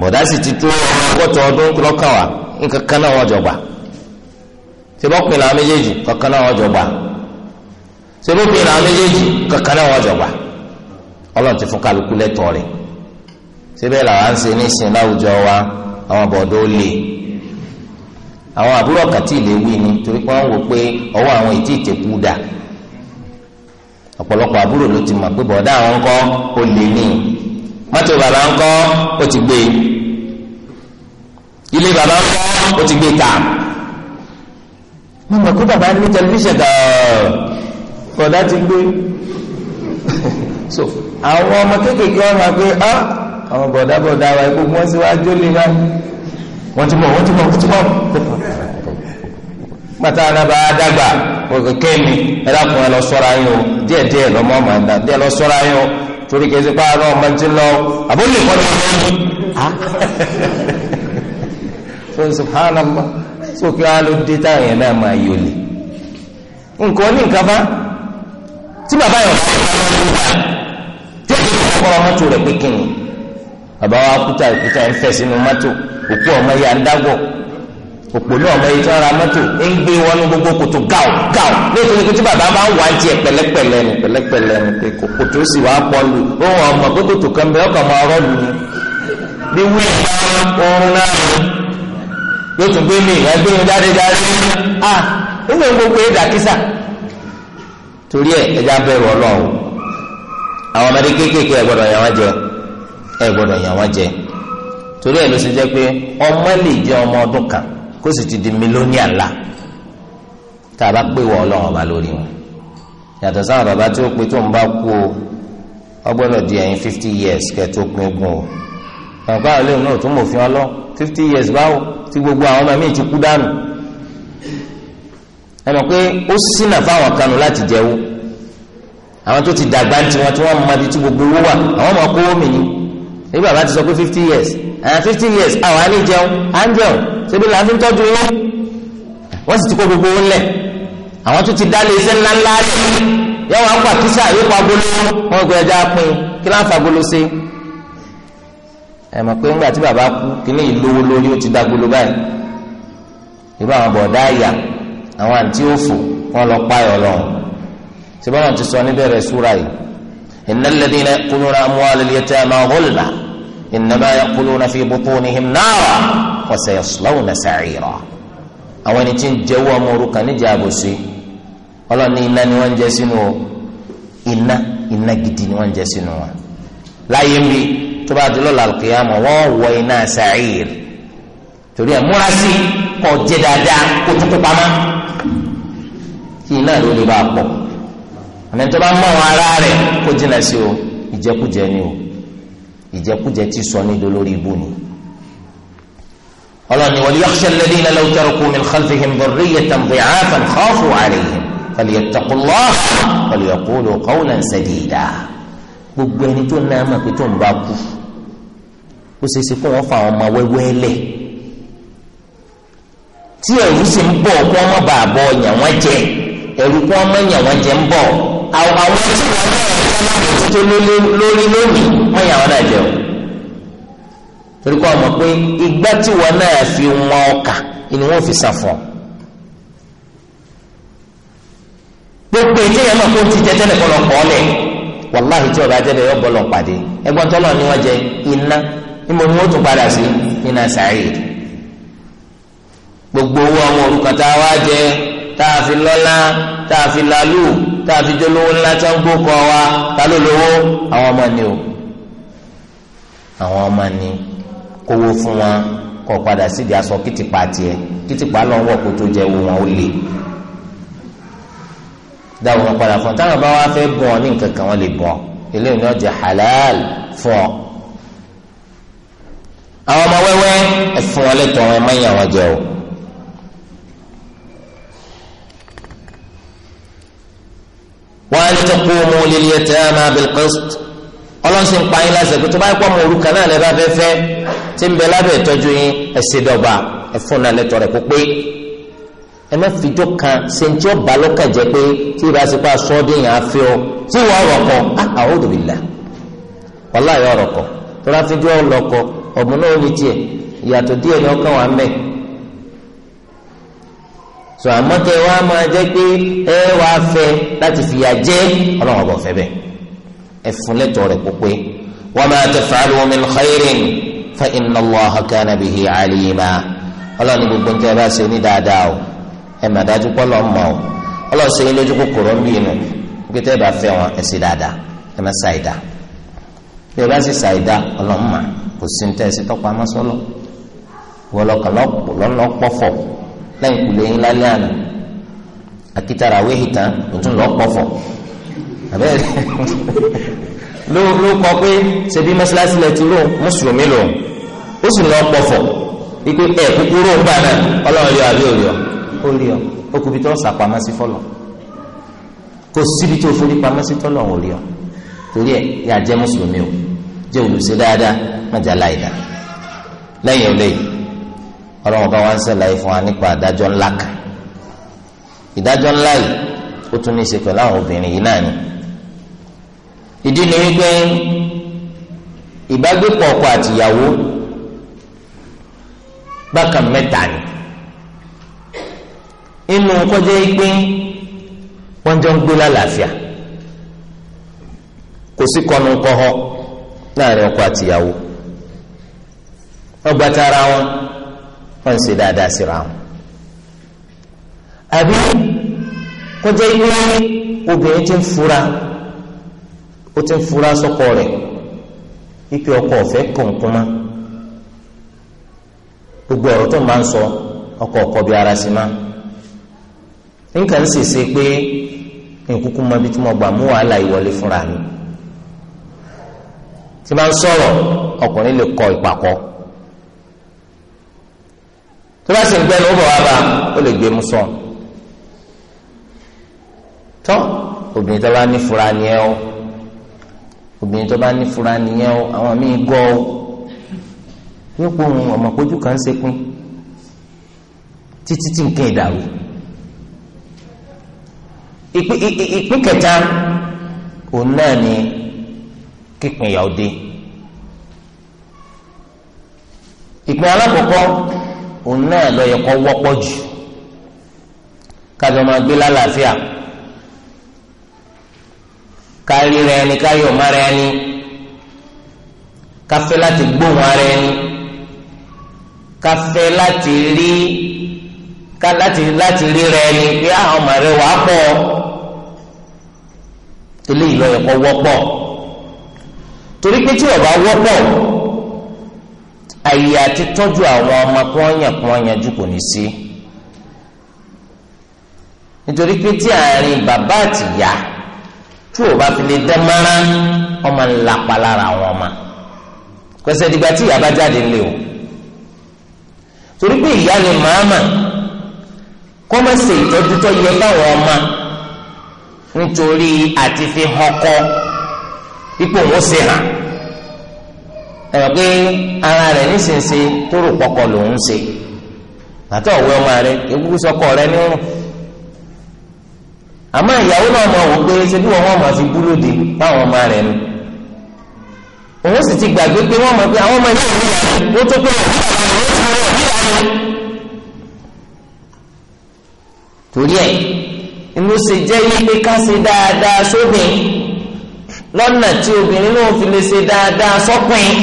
bọ̀dá sì ti tó ọmọ ọdún nǹkan kan náà wọ́n làwọn méjèèjì kankan náà wọ́n làwọn méjèèjì kankan náà wọ́n ọlọ́run ti fún kálukú lẹ́tọ̀ọ́ ṣe ní láwùjọ wa àwọn lè àwọn ọ̀pọ̀lọpọ̀ àbúrò ló ti mọ̀ pé bọ̀dá àwọn ńkọ́ ó lè ní mọ́tò bàbá ńkọ́ ó ti gbé ilé bàbá ńkọ́ ó ti gbé ta mo mọ̀ pé bàbá ní tẹlifíṣàn kà ti gbé so àwọn ọmọ kéékèèké wọn máa pé ah àwọn bọ̀dá bọ̀dá wa ikú wọn síwájú lè wá wọn ti mọ̀ wọn ti mọ̀ wọn ti mọ̀ pátá náà bá dàgbà òkèké mi ẹ dákun ẹ lọ sọ́ra yín o díẹ̀ díẹ̀ lọ́mọ ọmọ ẹ̀dá díẹ̀ lọ sọ́ra yín o torí kí ẹ ti pa àná ọmọ ti lọ àbólè kọ́ ni wọ́n ah. <laughs> so subhanallah so kí wọ́n á lọ dé táwọn yẹn náà máa yọ lè nǹkan ní nǹkan bá tí bàbá yọ̀ bá yọ̀ bá yọ̀ bá mọ́tò rẹ̀ pé kí bàbá wa kúta ìkúta ń fẹ̀ sínú mọ́tò òkú ọmọ yà ń dágbọ̀ òpò náà ọmọ yìí tó ra mọ́tò ń gbé wọnú gbogbo kòtò gáò gáò nítorí pé bàbá bá ń wá tiẹ̀ pẹ̀lẹ́pẹ̀lẹ́ ni pẹ̀lẹ́pẹ̀lẹ́ ni pé kòtò sì wá pọ́lù ó wọn ọmọ kótótó kan bẹ ọkọ̀ ọmọ ọrọ́ lu ni bí wúlò bá oorun náà ni yóò tún gbé mi ẹgbẹ́ mi dáadáa ah nínú gbogbo ẹ̀dá kísà torí ẹ ẹja bẹ̀rù ọlọ́run àwọn ọmọdé kéékèèké ẹ gbọ́dọ̀ yà wọ́n jẹ ẹ gbọ́dọ̀ yà wọ́n jẹ torí ẹ ló ṣe jẹ́ pé ọmọ lè jẹ ọmọ ọdún kan kó sì ti di mílíọ̀nìà ńlá tá a bá pè wọ ọlọ́run ọba lórí wọn yàtọ̀ sáwọn bàbá tí ó pe tó ń bá kú o ọgbọ́dọ̀ di ẹ̀yìn fifty years kẹ́ tó pin ogun o bàbá olóyún náà tó mòfin ọlọ fifty years báwo tí gbogbo àwọn ọmọ mi ti kú dànù pé kanu láti jẹ́wọ́ àwọn tó ti dàgbà gbogbo owó wà àwọn ní bàbá ti sọ pé fifty years fifty years àwọn á ní jẹun á ń jẹun ṣébi là ń fi tọ́jú yín wọ́n sì ti kó gbogbo wọn lẹ̀ àwọn tó ti dálé iṣẹ́ ńláńlá yìí yẹ wọn kó àkísà yóò pa gbolo wọn gbé ẹja pin kí láǹ fa gbolo ṣe ẹ mọ̀ pé ńgbà tí bàbá kú kí ní ìlówó lórí ó ti dá gbolo báyìí irú àwọn bọ̀dá àyà àwọn àǹtí òfò wọn lọ páyọ̀ lọ́hùn ṣé bọ́lá ti sọ níbẹ̀rẹ̀ súra yìí إن الذين يأكلون أموال اليتامى ظلما إنما يأكلون في بطونهم نارا وسيصلون سعيرا àwọn ẹni tí ń jẹ́wọ́ ọmọ òrukàn níjà àbòsí ọlọ́ni iná ni wọ́n ń jẹ́ sínú o iná iná gidi ni wọ́n ń jẹ́ sínú wa láyé ń bi tó bá dúró làlùkìyàmọ̀ wọ́n wọ iná sàáyìr torí ẹ̀ múra sí kọ̀ jẹ́ dáadáa kó tó kó pamọ́ kí iná ló lè bá a pọ̀ àmì tó bá mọ àwọn ará rẹ̀ kó jìnnà sí o ìjẹkújẹ ni o ìjẹkújẹ ti sọ ní dolórí ibú ni ọlọ́ni wal yakhsha alladhina law taraku min khalfihim dhurriyyatan dhi'afan khafu alayhim falyattaqullaha wal yaqulu qawlan sadida gbogbo ẹni tó náà mọ̀ pé tó ń bá kú ó ṣe é ṣe kó wọ́n fa ọmọ wẹ́wẹ́ lẹ̀ tí ẹ̀rù sì ń bọ̀ kó wọ́n bá bọ̀ yàn àwọn àwọn tí wọn náà ń bá láti tó lórí lónìí wọn yà wọn náà jẹ o torí kọ́ ọmọ pé igbá tí wọn náà fi wọn ọkà ni wọn fi ṣàfọ̀ gbogbo ètò yẹn mọ̀ ti jẹ tẹ́lẹ̀ kọ́ lọ kọ́ lẹ̀ wàláhì tí ọba jẹ́bẹ̀ yọ bọ́lọ̀ pàdé ẹgbọ́n tọ́lọ̀ ni wọ́n jẹ iná níbo ni wọ́n tún padà sí gbogbo owó ọmọ òrukàn tá a tá a fi lọ́lá tá a fi làlù tá a fi jólówó ńlá tí wọ́n ń gbókọ̀ wa ta ló lówó àwọn ọmọ ni o àwọn ọmọ ni kówó fún wọn kọ padà sídìí aṣọ kìtìpá tiẹ̀ kìtìpá lọ wọ̀ kó tó jẹ́ wo wọn ó lè dáwọn wọn padà fún ọ táwọn bá wá fẹ́ bùn ọ ní nǹkan kan wọ́n lè bùn ọ eléyìí ni wọ́n jẹ́ halal fún ọ àwọn ọmọ wẹ́wẹ́ ẹ fún wọn lẹ́tọ̀ọ́ wọn ẹ má yàn jẹ o. wa an taqumu lil yatama bil qist ọlọ́sìn ń pa yín lásìkò pé tó bá yẹ kó ọmọ òrukàn náà lè bá fẹ́ fẹ́ tí ń bẹ lábẹ́ ìtọ́jú yín ẹ ṣe dọ́gba ẹ náà lẹ́tọ̀ rẹ̀ pípé ẹ má fìjọ kan ṣe ń tí ó bá lọ́kàn jẹ́ pé tí ìbá ṣe pa sọ́ọ́dún yẹn á fi ọ tí ìwọ ọ̀rọ̀ kọ ah, a'udhu billah wallahi ọ̀rọ̀ kọ tó bá dúró lọ́kọ ọ̀gbun náà ó ní tiẹ̀ sọ àmọ́ tẹ wá máa jẹ́ pé ẹ wá fẹ́ láti fìyà jẹ ọlọ́run ọ̀bọ̀ fẹ́ bẹ́ẹ̀ ẹ fún lẹ́tọ̀ọ́ rẹ̀ pópé wa ma taf'alu min khairin fa inna Allaha kana bihi alima ọlọ́run ní gbogbo nǹkan ẹ bá ṣe ní dáadáa o ẹ mà dájú pọ́ lọ́ mọ́ o ọlọ́run ṣe yín lójú kòkòrò ń bí inú pé ẹ bá fẹ́ wọn ẹ ṣe dáadáa ẹ má ṣàìdá bí ẹ bá sì ṣàìdá ọlọ́run mà kò sí ní tẹ́ ẹ ṣe tọ́pọ̀ amásọ́lọ́ wọ́n lọ́kàn lọ́pọ̀ lọ́pọ̀ fọ̀ lẹ́yìn kù lẹ́yìn lálẹ́ àná akitara awéhi tán òtún lọ pọ̀fọ̀ abẹ́rẹ́ ló ló kọ pé ṣebí mọ́ṣáláṣí lẹ ti rò mùsùlùmí lò ó sì lọ pọ̀fọ̀ ipe ẹ̀ kúkúrú gbà náà ọlọ́run yọ àbí òrìọ́ ó rí ọ ó kúbi tó sàpamọ́ sí fọlọ́ kò síbi tó forí pamọ́ sí tọ́lọ̀ ò rí ọ torí ẹ̀ yà jẹ́ mùsùlùmí o jẹ́ olùṣe dáadáa má jà láì dá lẹ́yìn ọ̀lẹ́yìn ọlọ́run bá wa ń ṣàlàyé fún wa nípa àdájọ́ ńlá kan ìdájọ́ ńlá yìí ó tún ní í ṣe pẹ̀lú àwọn obìnrin yìí náà ni ìdí ni wípé ìbágbépọ̀ ọkọ àtìyàwó bákan mẹ́ta ni inú kọjá ìpín wọ́n jọ ń gbé lálàáfíà kò sí kọnu kọ́họ́ láàrin ọkọ àtìyàwó ọgbà tara wọn. wọ́n ń ṣe dáadáa síra wọn. àbí kọjá ilé obìnrin ti ń fura ó ti ń fura sọ́kọ rẹ̀ ipe ọkọ ofe kọ̀ǹkọ́má gbogbo ọ̀rọ̀ tó ń bá ń sọ ọkọ ọkọ bíi ara sí máa nǹkan ń sèse pé nkúkú mọ ibi tí mo gbà mú wàhálà ìwọlé fúnra mi tí máa ń ọkùnrin lè kọ ìpàkọ́. tó bá sì ń gbẹ́nu ó bọ̀ wá bá ó lè gbé mú sàn tọ́ obìnrin tó ní fura ni ẹ o obìnrin tó bá ní fura ni ẹ o àwọn míì gọ́ ọ yóò pọ̀ ohun ọ̀mọ̀pọ̀jù kan ṣe pín títí tí nǹkan ìdàrú ìpín kẹta òun náà ni kíkùn ìyàwó dé ìpín alákọ̀ọ́kọ́ òun náà ló yẹ kó wọ́pọ̀ jù kájọ máa gbé lálàáfíà kárí rẹ ni káyọ̀ má rẹ ni káfẹ́ láti gbóhùn ara ẹni káfẹ́ láti rí ká láti láti rí rẹ ni pé àwọn ah, ọmọ rẹ wàá pọ̀ eléyìí ló yẹ kó wọ́pọ̀ torí pé tí ó bá àyè àti tọ́jú àwọn ọmọ kí wọ́n yàn kí wọ́n yanjú kò ní sí nítorí pé tí àárín bàbá àtìyá tí ò bá fi lè dán mọ́ra ọmọ ńlá pa lára àwọn ọmọ kọsẹ̀ dìgbà tí ìyá bá jáde ńlẹ̀ o torí pé ìyá ni màámà kọ́ máa ṣe ìtọ́jú tó yẹ báwọn ọmọ nítorí àti fi hàn kọ́ ipò òun ṣe hàn ẹ̀rọ pé ara rẹ̀ nísinsì tó rò pọ̀kọ lòún ṣe àti ọ̀wẹ́ ọmọ rẹ̀ egungun sọkọ rẹ̀ ní rùn àmọ́ ìyàwó náà mọ̀ wò pé ṣe bí wọn máa fi bú lóde báwọn ọmọ rẹ̀ ni òun sì ti gbàgbé pé wọn mọ̀ pé àwọn ọmọ yìí ní ìyàwó tó pé wọn bí àwọn ọmọ yìí ní ìyàwó torí ẹ̀ inú ṣe jẹ́ yí pé ká ṣe dáadáa sóbìn lọ́nà tí obìnrin náà fi lè ṣe dáadáa sọ́pin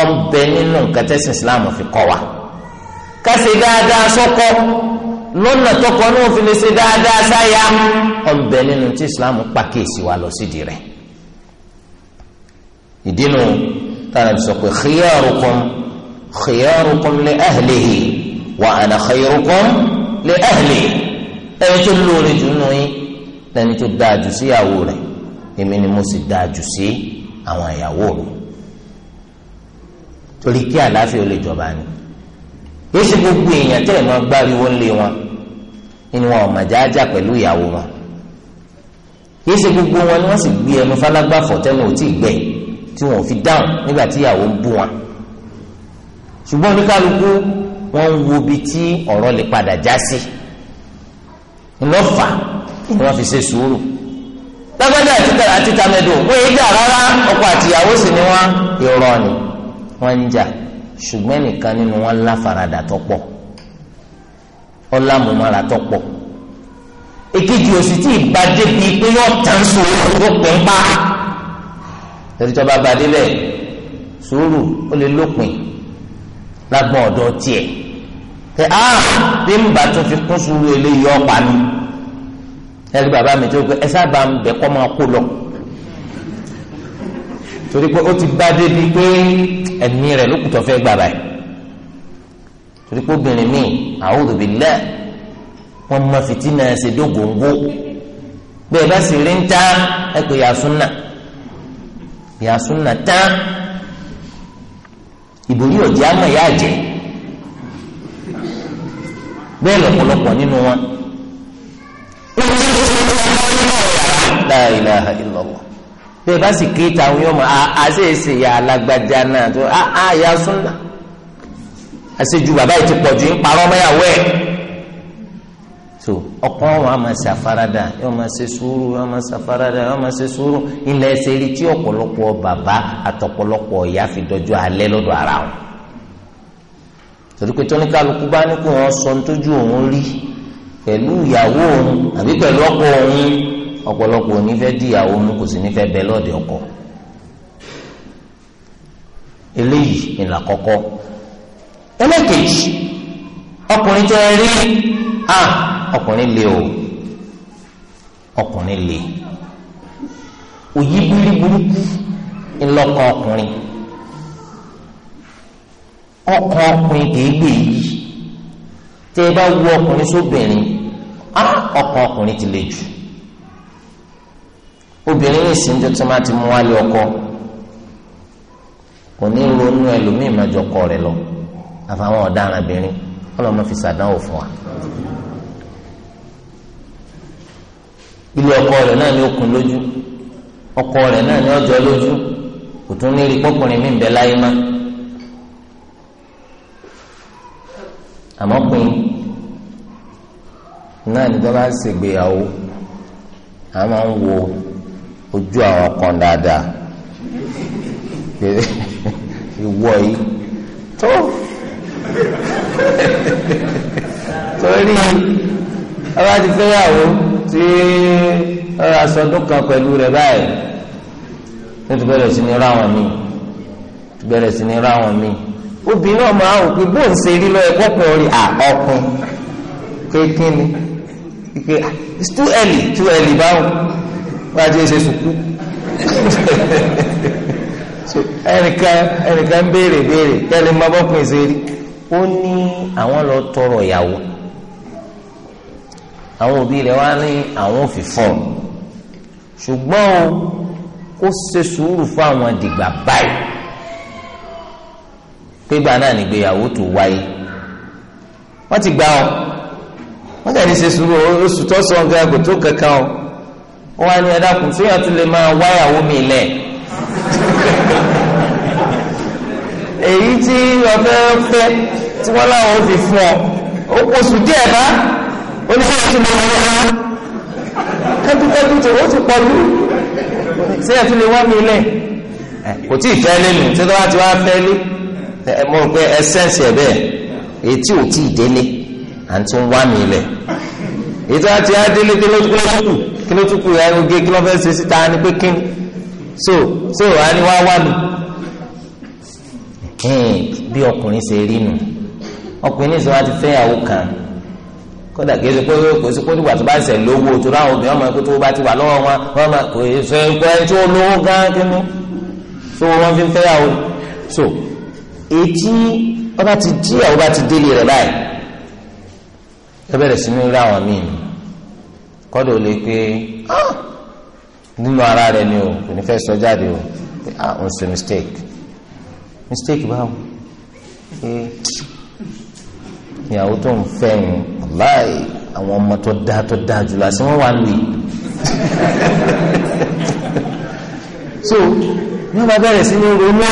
ọ̀bẹ nínú nǹkan tẹ́sí islam fi kọ́ wa ká ṣe dáadáa sọ́kọ lọ́nà tọkọ náà fi lè ṣe dáadáa sáyà ọ̀bẹ nínú tí islam pàkíyèsí wa lọ sídìí rẹ̀ ìdínú tààrà sọ pé khiyarukum khiyarukum li ahlihi wa ana khayrukum li ahli ẹni tó lóore jù yín lẹni tó dáa jù síyàwó rẹ̀ èmi ni mo sì dáa jù sí àwọn ìyàwó mi torí kí àlàáfíà ó lè jọba ni yóò ṣe gbogbo èèyàn tẹ́ ẹ̀ máa gbáriwo ńlé wọn nínú wọn ọ̀màjáàjà pẹ̀lú ìyàwó wọn yóò ṣe gbogbo wọn ni wọ́n sì gbé ẹnu falágbàfọ̀ tẹ́nu ò tí ì gbẹ tí wọn ò fi dáhùn nígbà tí ìyàwó ń bú wọn ṣùgbọ́n oníkálukú wọ́n ń wo ibi tí ọ̀rọ̀ lè padà já sí ńlọ́fà ni wọ́n fi ṣe sùúrù lágbájá àti tàmẹdò wọn èyí dà rárá ọkọ àtìyàwó sì ni wọn irọ́ ni wọn ń jà ṣùgbọ́n nìkan nínú wọn láfaradà tó pọ̀ ọlámùmára tó pọ̀ èkejì òsì tí ìbàdé bíi pé yọ tán sòrò tó pè ń pa torí tó bá ó lè lópin lágbọ́n ọ̀dọ́ tiẹ̀ pé a ah, bí ń bá fi kún sùúrù eléyìí ọ̀pá mi ẹrí bàbá mi tó gbé ẹ sábà ń bẹ kọ́ máa kó lọ torí pé ó ti bá débi pé ẹ̀mí rẹ̀ ló kùtọ̀ fẹ́ gbà báyìí torí pé obìnrin míì a'udhu billah wọ́n mọ fìtínà ẹsẹ̀ dógóńgó bẹ́ẹ̀ bá sì rí ń tá ẹ pé yasúnà yasúnà tán ìbòrí òjì àmọ̀ yá jẹ bẹ́ẹ̀ lọ́pọ̀lọpọ̀ nínú wọn. La ilaha illallah bẹ́ẹ̀ bá sì kéèta àwọn yọmọ àṣeéṣe ya alágbájá náà tó a ya súnà àṣejù bàbá yìí ti pọ̀ ju ń parọ́ mẹ́yàwó ẹ̀ so ọkàn wọn a máa ṣe àfaradà yóò máa ṣe sùúrù yóò máa ṣe àfaradà yóò máa ṣe sùúrù ilẹ̀ ẹsẹ̀ rí tí ọ̀pọ̀lọpọ̀ bàbá àtọ̀pọ̀lọpọ̀ ìyá fi dọjú alẹ́ lọ́dọ̀ ara wọn torí pé tóníkàlùkù bá ní kó wọn sọ ní òun rí pẹ̀lú ìyàwó òun àbí pẹ̀lú ọkọ òun ọ̀pọ̀lọpọ̀ òní fẹ́ di ìyàwó òun kò sì ní fẹ́ bẹ lọ́ọ̀dẹ ọkọ eléyìí ìlà kọ́kọ́ ẹlẹ́kejì ọkùnrin tẹ́ ẹ rí à ọkùnrin lè o ọkùnrin lè òyí búrúburú ńlọkọ ọkùnrin ọkọ ọkùnrin kìí gbè yìí tẹ́ ẹ bá wú ọkùnrin sóbìnrin. Ah, ọkàn ọkùnrin ti le jù obìnrin yìí sì ń tó tó máa ti mú wálé ọkọ kò ní ronú ẹlòmíì ọkọ lọ àfàwọn ọ̀daràn ọdara ọlọ́mọ fi ṣàdánwò fún wa ilé ọkọ rẹ náà ní okùn lójú ọkọ rẹ náà ní ọjọ́ lójú kò tún ní pọkùnrin náà ní tó bá ń ṣègbéyàwó a máa ń wo ojú àwọn kan dáadáa ìwọ yìí tó torí ọba ti fẹ́yàwó tí ọ̀rọ̀ asọdún kan pẹ̀lú rẹ̀ báyìí ní tó bẹ̀rẹ̀ sí ní ráwọn míì tó bẹ̀rẹ̀ sí ní ráwọn míì obìnrin náà máa ń wò pé bóun ṣe rí lọ́ọ́ ẹ̀kọ́ kan rí àkọ́kùn kékeré pé ah, it's too early too early báwo wọ́n á jẹ́ ṣe sùkú <laughs> ẹnìkan ẹnìkan ń béèrè béèrè kẹ́lẹ́ máa bọ́kùn ṣe rí ó ní àwọn lọ tọrọ ìyàwó àwọn òbí rẹ̀ wá ní àwọn ò fi fọ́ ṣùgbọ́n o kó ṣe sùúrù fún àwọn dìgbà báyìí pégbà náà nígbéyàwó tó wáyé wọ́n ti gbà ọ́ wọ́n dẹ̀ ní ṣe sùúrù oṣù tó sọ nǹkan kò tó kankan o wọ́n á ní ẹ̀dá kù sóyà tó lè máa wáyàwó mi lẹ̀ <laughs> èyí tí ọ̀fẹ́ fẹ́ tí wọ́n láwọn ó fi fún ọ oṣù díẹ̀ bá oníṣẹ́ tó máa wọ́n rárá kẹ́dúkẹ́dú tó ó ti pọ̀lú sóyà tó lè wá mi lẹ̀ kò tí ì fẹ́ lẹ́nu tí wọ́n ti wá fẹ́ lé mo rò pé ẹsẹ̀ǹsì ẹ̀ bẹ́ẹ̀ èyí tí ò tí ì délé à ń tún wá mi lẹ̀ ètò àti adélé kí ló tún kú kí ló tún kú ẹ oge kí ló fẹ́ ṣe síta ni pé kí ni so so a ni wá wá mi bí ọkùnrin ṣe rí nu ọkùnrin ní ìṣòro àti fẹ́yàwó kan kódà kìí ṣe pé kò sí kódìgbà tó bá ṣe lówó tó láwọn obìnrin ọmọ ẹgbẹ́ tó bá ti wà lọ́wọ́ wọn wọn máa kò ṣe pé ẹni tó lówó gan kínní so wọn fi ń fẹ́yàwó so ètí ọba ti jí àwọn ọba ti délé rẹ̀ báyìí ẹ bẹ̀rẹ̀ sí ní rí àwọn míì ni kọ́dọ̀ ó lè pé ah, nínú ara rẹ̀ ni o kò ní fẹ́ sọ jáde o pé ah n ṣe mistake mistake báwo ṣe ìyàwó tó ń fẹ́ yín láì àwọn ọmọ tó dáa tó dáa jù lọ àti wà lè <laughs> so ní ọba bẹ̀rẹ̀ sí ní ronú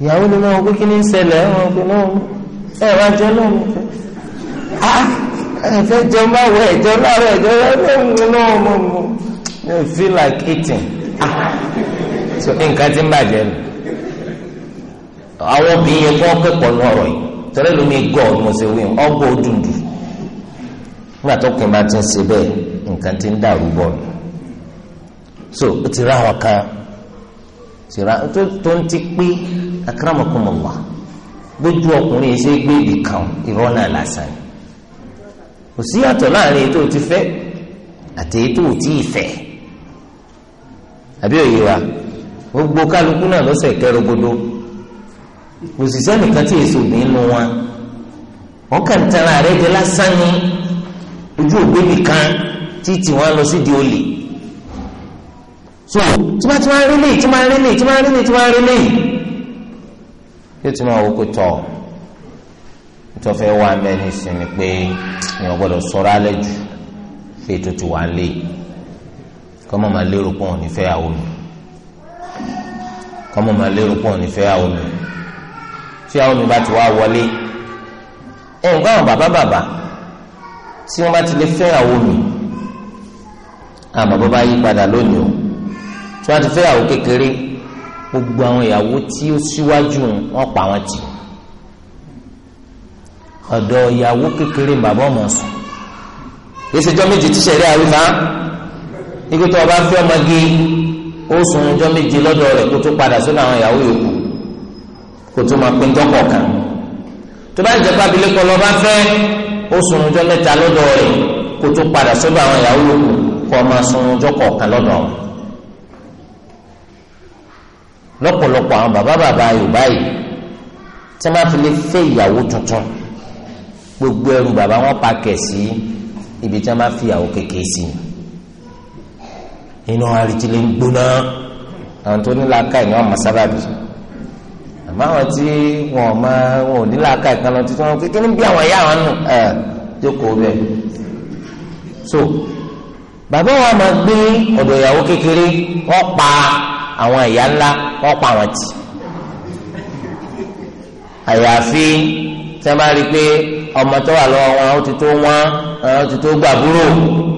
ìyàwó ni wọn kó kí ní ṣẹlẹ̀ wọn kó náà ẹ wá jẹ náà ẹfẹ jẹun báwo ẹjọ láàárọ̀ ẹjọ ẹfẹ mú náà mú mú I feel like eating so nǹkan ti ń bàjẹ́ nù àwọn obìnrin yẹn kó kẹ́kọ̀ọ́ ní ọ̀rọ̀ yìí tọ́lẹ́ lómi gọ̀ ọ́ mo ṣe wí nígbà tó kùn bá ti ń ṣe bẹ́ẹ̀ nǹkan ti ń dàrú bọ̀ so ó ti rá àwọn kan ti rá tó tó ń ti pé gbójú ọkùnrin yìí ṣe gbé ibì kan kò sí yàtọ̀ láàrin èyí ti fẹ́ àti èyí o ti fẹ́ àbí òye wa gbogbo kálukú náà lọ́sẹ̀ kẹrọgbodo kò sì sẹ́nìkan tí èso mi nu wọn wọn rẹ jẹ lásán ní ojú títí wọn lọ sí di olè so tí wọn ti máa rí lè tí wọn máa rí lè tí wọn máa rí lè tí wọn máa rí lè yóò máa tọ́fẹ́ wa mẹ́ni sinmi pé èèyàn gbọ́dọ̀ sọ̀rọ̀ alẹ́ jù fẹ́ tó ti wà lé kọ́mọ̀ máa lérò pọ̀ nífẹ̀ẹ́ àwọn mi kọ́mọ̀ máa lérò pọ̀ nífẹ̀ẹ́ àwọn mi tí àwọn mi bá ti wá wọlé nǹkan àwọn bàbá bàbá tí wọ́n bá ti lè fẹ́ àwọn mi àmọ́ bó bá yí padà lónìí o tí wọ́n ti fẹ́ àwọn kékeré gbogbo àwọn ìyàwó tí ó síwájú wọn pa wọn tì í ọ̀dọ̀ ìyàwó kékeré bàbá ọmọ sùn ìṣèjọ́ méje tíṣẹ̀ rí àríwá nígbà tó o bá fẹ́ ọmọge ó sùn ọjọ́ méje lọ́dọ̀ rẹ̀ kó tó padà sódà àwọn ìyàwó yòókù kó tó máa pín tọkọ̀ kan tó bá jẹ́ pábílẹ̀ kọ́ lọ́ bá fẹ́ ó sùn ọjọ́ mẹ́ta lọ́dọ̀ rẹ̀ kó tó padà sódà àwọn ìyàwó yòókù kó o sùn ọjọ́ kọ̀ọ̀kan lọ́dọ̀ rẹ̀ lọ́pọ̀lọpọ̀ àwọn bàbá bàbá Yorùbá yìí tí wọ́n fi lè fẹ́ ìyàwó tuntun gbogbo ẹrù bàbá wọn pa kẹsì ibi tí wọn bá fi àwọn kékeré sí inú àrìtìlẹ ń gbóná àwọn tó nílò aka ìní wọn mọ sábàbí àmọ́ àwọn tí wọn mọ wọn ò nílò aka ìkan lọ títí wọn kékeré ń bí àwọn ẹyà wọn nù ẹ jókòó bẹ́ẹ̀ so bàbá wa máa gbé ọ̀dọ̀ ìyàwó kékeré wọn pa àwọn ìyá ńlá wọn pa àwọn tì àyàfi tí wọn bá rí i pé ọmọ tó wà lọ́wọ́ wọn ó ti tó wọn ó ti tó gbàbúrò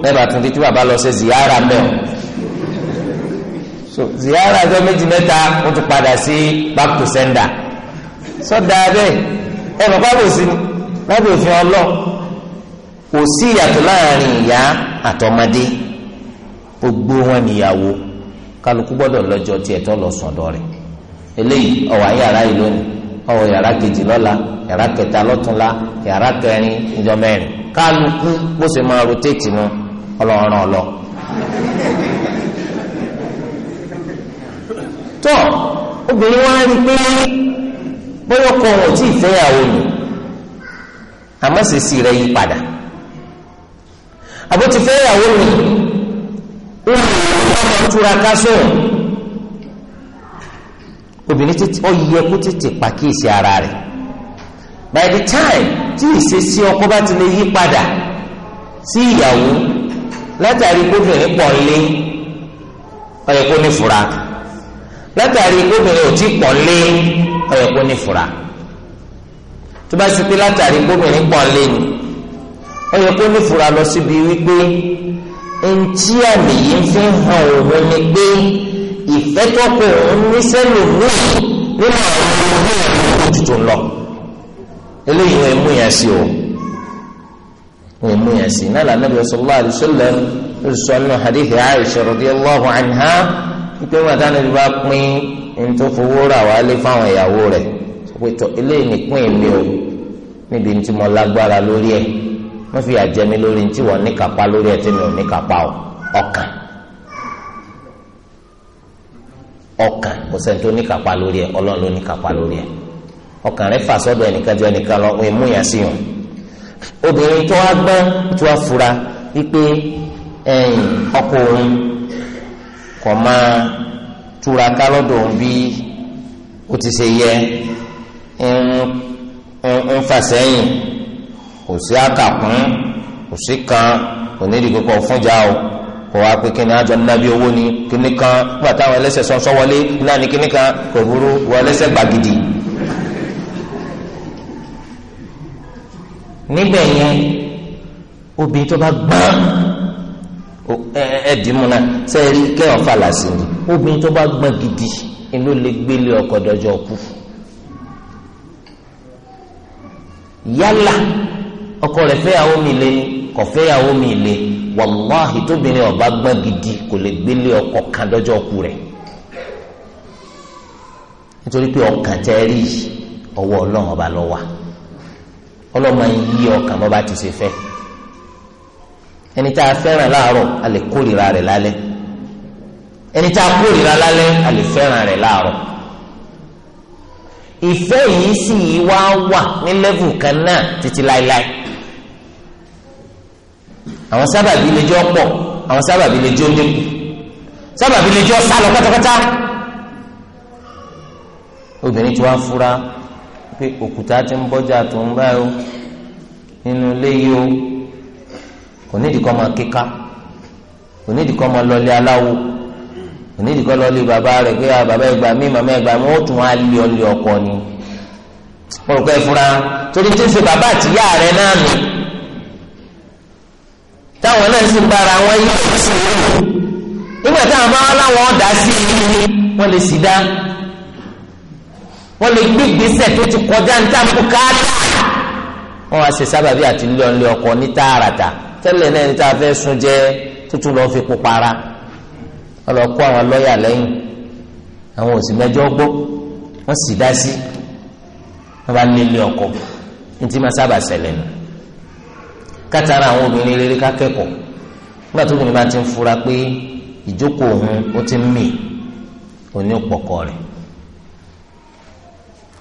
lẹ́bàá tó ń di bàbá lọ ṣe ziyara mẹ́wọ̀n so ziyara ẹgbẹ́ méjì mẹ́ta ó ti padà sí back to sender sọ́dà bẹ́ẹ̀ ẹ bàbá bò sí ni lábẹ́ òfin ọlọ́ kò sí ìyàtọ̀ láàrin ìyá àtọmọdé gbogbo wọn níyàwó kálukú gbọ́dọ̀ lọ́jọ́ tiẹ̀ tó lọ sọ̀dọ̀ rẹ̀ eléyìí ọ̀wá yàrá yìí lónìí ọwọ́ yàrá kejì lọ́la yàrá kẹta lọ́túnla yàrá kẹrin ìjọ mẹ́rin kálukú bó ṣe máa rotéètì nu ọlọ́run ọlọ. tó obìnrin wa rí i pé bóyá ọkọ wọn ò tí ì fẹ́yàwó nù àmọ́ sèṣì yí padà àbó ti fẹ́yàwó ó wù ú ọmọ túra ká sóun obìnrin títí ó yẹ kó tètè pàkíyèsí ara rẹ̀ by the time tí ìṣesí ọkọ bá ti lè yí padà sí ìyàwó látàrí kóbìnrin pọ̀ lé ó yẹ kó ní fura látàrí kóbìnrin ò tí pọ̀ lé ó yẹ kó ní fura tó bá ti pé látàrí kóbìnrin pọ̀ lé ni ó yẹ kó ní fura lọ síbi wípé ntí àmì yìí fi hàn òun ni pé ìfẹ́ tó kù òun níṣẹ́ lò ní nínú àwọn ọmọ náà ló tuntun lọ eléyìí wọn mú yẹn sí o wọn mú yẹn sí náà lànà bíi sallallahu alaihi wasallam olùsọ̀nù hadithi Aisha radiyallahu anha wípé wọn àtàwọn ẹni bá pín ntòfowó rà wá lé fáwọn ìyàwó rẹ̀ pé tọ eléyìí nìpín èmi o níbi ntí mo lágbára lórí ẹ̀ wọn fi àjẹmí lórí ntí wọn níkàpá lórí ẹ̀ tí mi ò níkàpá o ọkàn. ọkàn kò sẹ́ni tó ní kápá lórí ẹ̀ ọlọ́run ló ní kápá lórí ẹ̀ ọkàn rẹ̀ fà sọ́dọ̀ ẹnìkan ju ẹnìkan lọ òun mú yàn sí yàn obìnrin tó wá gbọ́n tó wá fura wípé ẹ̀yìn ọkọ òun kò máa túra ká lọ́dọ̀ òun bí ó ti ṣe yẹ ń fà sẹ́yìn kò sí àkàkùn kò sí kan kò ní ìdí kókó fúnjà o kò wá pé kí ni àjọ nàbí owó ni kí ni kan nígbà táwọn ẹlẹ́sẹ̀ sọ́nsọ́ wọlé náà ni kí ni kan kò burú wọ ẹlẹ́sẹ̀ gbàgìdì. níbẹ̀ yẹn obìnrin tó bá gbọ́n ẹ̀ẹ́dìmú náà sẹ́ẹ̀rí kẹ́hìn fàlàsì ni obìnrin tó bá gbọ́n gidi inú lè gbélé ọkọ dọjọ́ kú yálà ọkọ rẹ̀ fẹ́yàwó mi lé kọ̀ fẹ́yàwó mi lé wàláhì tóbìnrin ọba gbọ́n gidi kò lè gbélé ọkọ kan dọ́jọ́ ku rẹ̀ nítorí pé ọkàn tẹ́ rí ọwọ́ ọlọ́run ọba lọ́wọ́ ọlọ́mọ yí ọkàn bọ́ba ti ṣe fẹ́ ẹni tá a fẹ́ràn láàárọ̀ a lè kórìíra rẹ̀ lálẹ́ ẹni tá a kórìíra lálẹ́ a lè fẹ́ràn rẹ̀ láàárọ̀ ìfẹ́ yìí sì wá wà ní lẹ́vù kan náà títí láéláé àwọn sábàbí lè jọ pọ̀ àwọn sábàbí lè jọ dínkù sábàbí lè jọ sálọ pátápátá obìnrin tí wàá fura pé òkúta ti ń bọ́jà tó ń báyìí o nínú ilé yìí o kò nídìí kọ́ máa kíká kò nídìí kọ́ máa lọlé aláwo kò nídìí kọ́ lọlé bàbá rẹ̀ pé bàbá ẹgbà mí màmá ẹgbà mí ó tún á lé ọlé ọkọ ni mo rò pé fura torí tí ń ṣe bàbá àtìyá rẹ̀ náà nù táwọn náà sì bára wọn yí sí i nígbà táwọn bá wọn láwọn ọ̀dà sí i wọn lè sì dá wọn lè gbé ìgbésẹ̀ tó ti kọjá ní táàmù káàdà wá ṣe sábàbí àti lílọ nílé ní tààràtà tẹ́lẹ̀ náà ní tá a fẹ́ sun tuntun lọ́ọ́ fi pupa ara wọn lọ kó àwọn lọ́ọ̀yà lẹ́yìn àwọn òsì mẹ́jọ gbọ́ wọn sì dá sí wọn bá nílé ọkọ ní tí máa sábà ṣẹlẹ̀ nù kátàrà àwọn obìnrin rere kákẹ́kọ̀ọ́ nígbà tó obìnrin bá ti ń fura pé ìjókòó òun ó ti ń mì òní òpọ̀kọ rẹ̀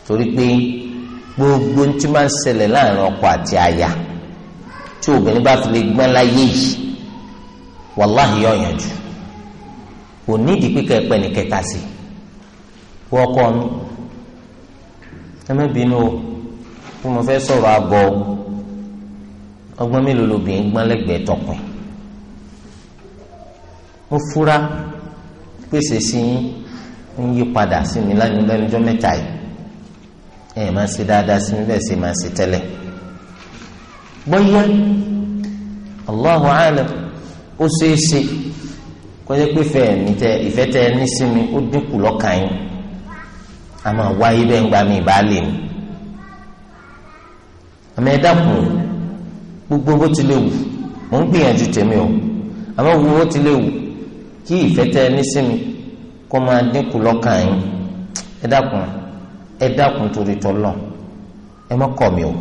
torí pé gbogbo ní tí máa ń ṣẹlẹ̀ láàrin ọkọ àti aya tí obìnrin bá fi lè gbọ́n láyé yìí wàláhì yóò yanjú kò nídìí pípẹ́ pẹ́ ní kẹta sí wọ́n kọ́ mi ẹ má o bí mo fẹ́ sọ̀rọ̀ àgọ́ o ọgbọ́n mélòó lobìnrin gbọ́n lẹ́gbẹ̀ẹ́ tọkùn ó fura pèsè sí yín ń yí padà sí mi lẹ́nujọ́ mẹ́ta yìí ẹ̀ máa ṣe dáadáa sí mi bẹ́ẹ̀ ṣe máa ṣe tẹ́lẹ̀ gbọ́yá Allahu alam ó ṣeé ṣe kọjá pé fẹ́ mi tẹ ìfẹ́ tẹ ní sí mi ó dínkù lọ́kàn yín wáyé gbogbo bó ti lè wù mò ń gbìyànjú tèmi o àmọ́ wo bó ti lè wù kí ìfẹ́ tẹ ní sí mi kó máa dínkù lọ́kàn yín ẹ dákun ẹ dákun torí tọ́lọ̀ ẹ má kọ̀ mí o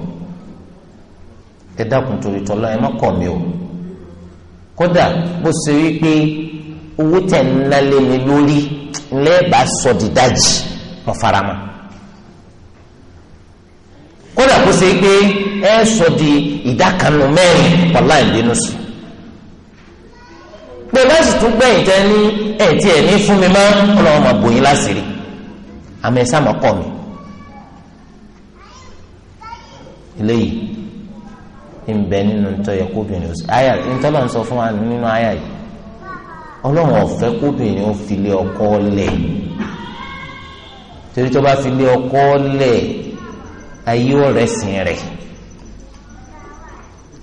ẹ dákun torí tọ́lọ̀ ẹ má kọ̀ mí o kódà bó ṣe wí pé owó tẹ̀ ń lálé mi lórí lẹ́ẹ̀bà sọ dídájì mo fara mọ́ kódà bó ṣe wí pé. ẹ sọ di ìdákanu mẹ́rin wàhálà ìbínú sùn pé láti tún gbẹ̀yìn tẹ ní ẹ̀ tí ẹ̀ ní fún mi mọ́ ọlọ́run mi eléyìí ń bẹ nínú yẹ kóbìnrin àyà ń sọ fún wa nínú àyà yìí ọlọ́run ọ̀fẹ́ kóbìnrin ó fi lé ọkọ lẹ̀ torí tó bá fi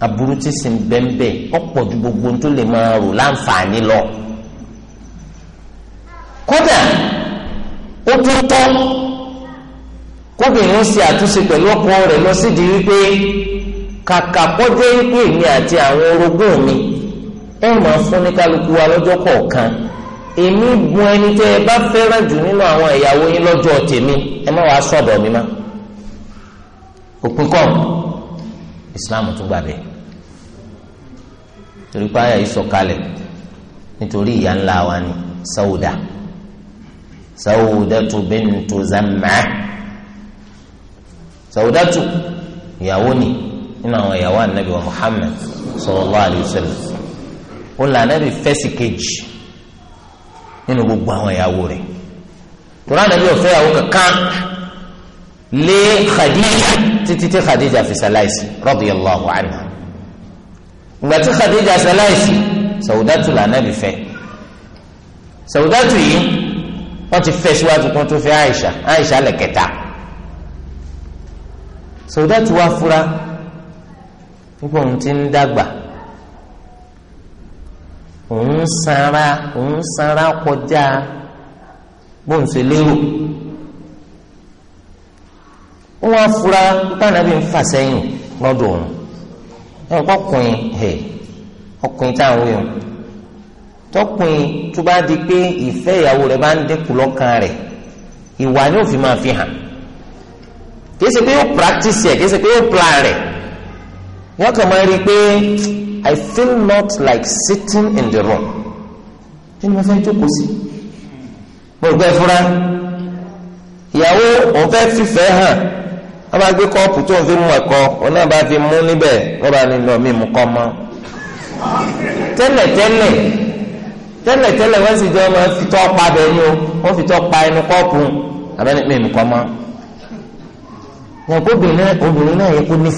aburú ti sìn bẹ́ẹ̀nbẹ́ẹ̀ ọ̀pọ̀ ju gbogbo tó lè máa rò láǹfààní lọ. kódà ó tún tọ́ kóbìnrin ó ṣe àtúnṣe pẹ̀lú ọkọ rẹ̀ lọ sídìí wípé kàkà kọjá ikú èmi àti àwọn orogún mi ẹ máa fún ní kálukú wa lọ́jọ́ kọ̀ọ̀kan èmi gun ẹni tẹ́ ẹ bá fẹ́ràn jù nínú àwọn ìyàwó yín lọ́jọ́ tèmi ẹ má wàá sọ̀dọ̀ mi má òpin kọ́ọ̀ islam tún gbà bẹ́ẹ̀ torí pé àyà yìí sọ̀kalẹ̀ nítorí ìyá ńlá wa ni Sauda Saudatu bintu Zam'a Saudatu ìyàwó ni nínú àwọn ìyàwó anabi wa Muhammad sallallahu alayhi wa sallam ó là anabi fẹsí kejì nínú gbogbo àwọn ìyàwó rẹ̀ tó rà anabi ọ̀fẹ́ ìyàwó kankan lé khadija títí tí khadija fi ṣaláìsí radiyallahu anha ìgbà tí khadija ṣaláìsí sawudatu lànàbì fẹ́ sawudatu yìí wọ́n ti fẹ́ síwájú kó tó fẹ́ aisha aisha lẹ́kẹta sawudatu wá fura nígbà òun ti ń dàgbà òun sanra òun sanra kọjá bóun ṣe lérò wọ́n fura tánàbí ń fà sẹ́yìn lọ́dọ̀ òun ẹ̀ ọkùnrin ẹ̀ ọkùnrin táwọn wíwọ́n tọkùnrin tó bá di pé ìfẹ́ ìyàwó rẹ̀ bá ń dínkù lọ́kàn rẹ̀ ìwà ni òfin máa fi hàn kìí ṣe pé yóò practice ẹ̀ kìí ṣe pé yóò plan rẹ̀ wọ́n kàn máa rí i pé I feel not like sitting in the room kí ni mo fẹ́ jókòó sí mo gbẹ fúra ìyàwó òun fẹ́ fífẹ́ hàn Ọ bá gbé kọ́ọ̀pù tó ń fi mú ẹ̀kọ́ wọn náà bá fi mú níbẹ̀ wọ́n bá nílò mí kọ́ mọ́. tẹ́lẹ̀tẹ́lẹ̀ tẹ́lẹ̀tẹ́lẹ̀ wọ́n sì jẹ́ fi tọ́ pa bẹ́ẹ̀ ni wọ́n fi tọ́ pa ẹnu kọ́ọ̀pù abẹ́ni mí mọ́. wọn kó obìnrin náà yẹ kó ní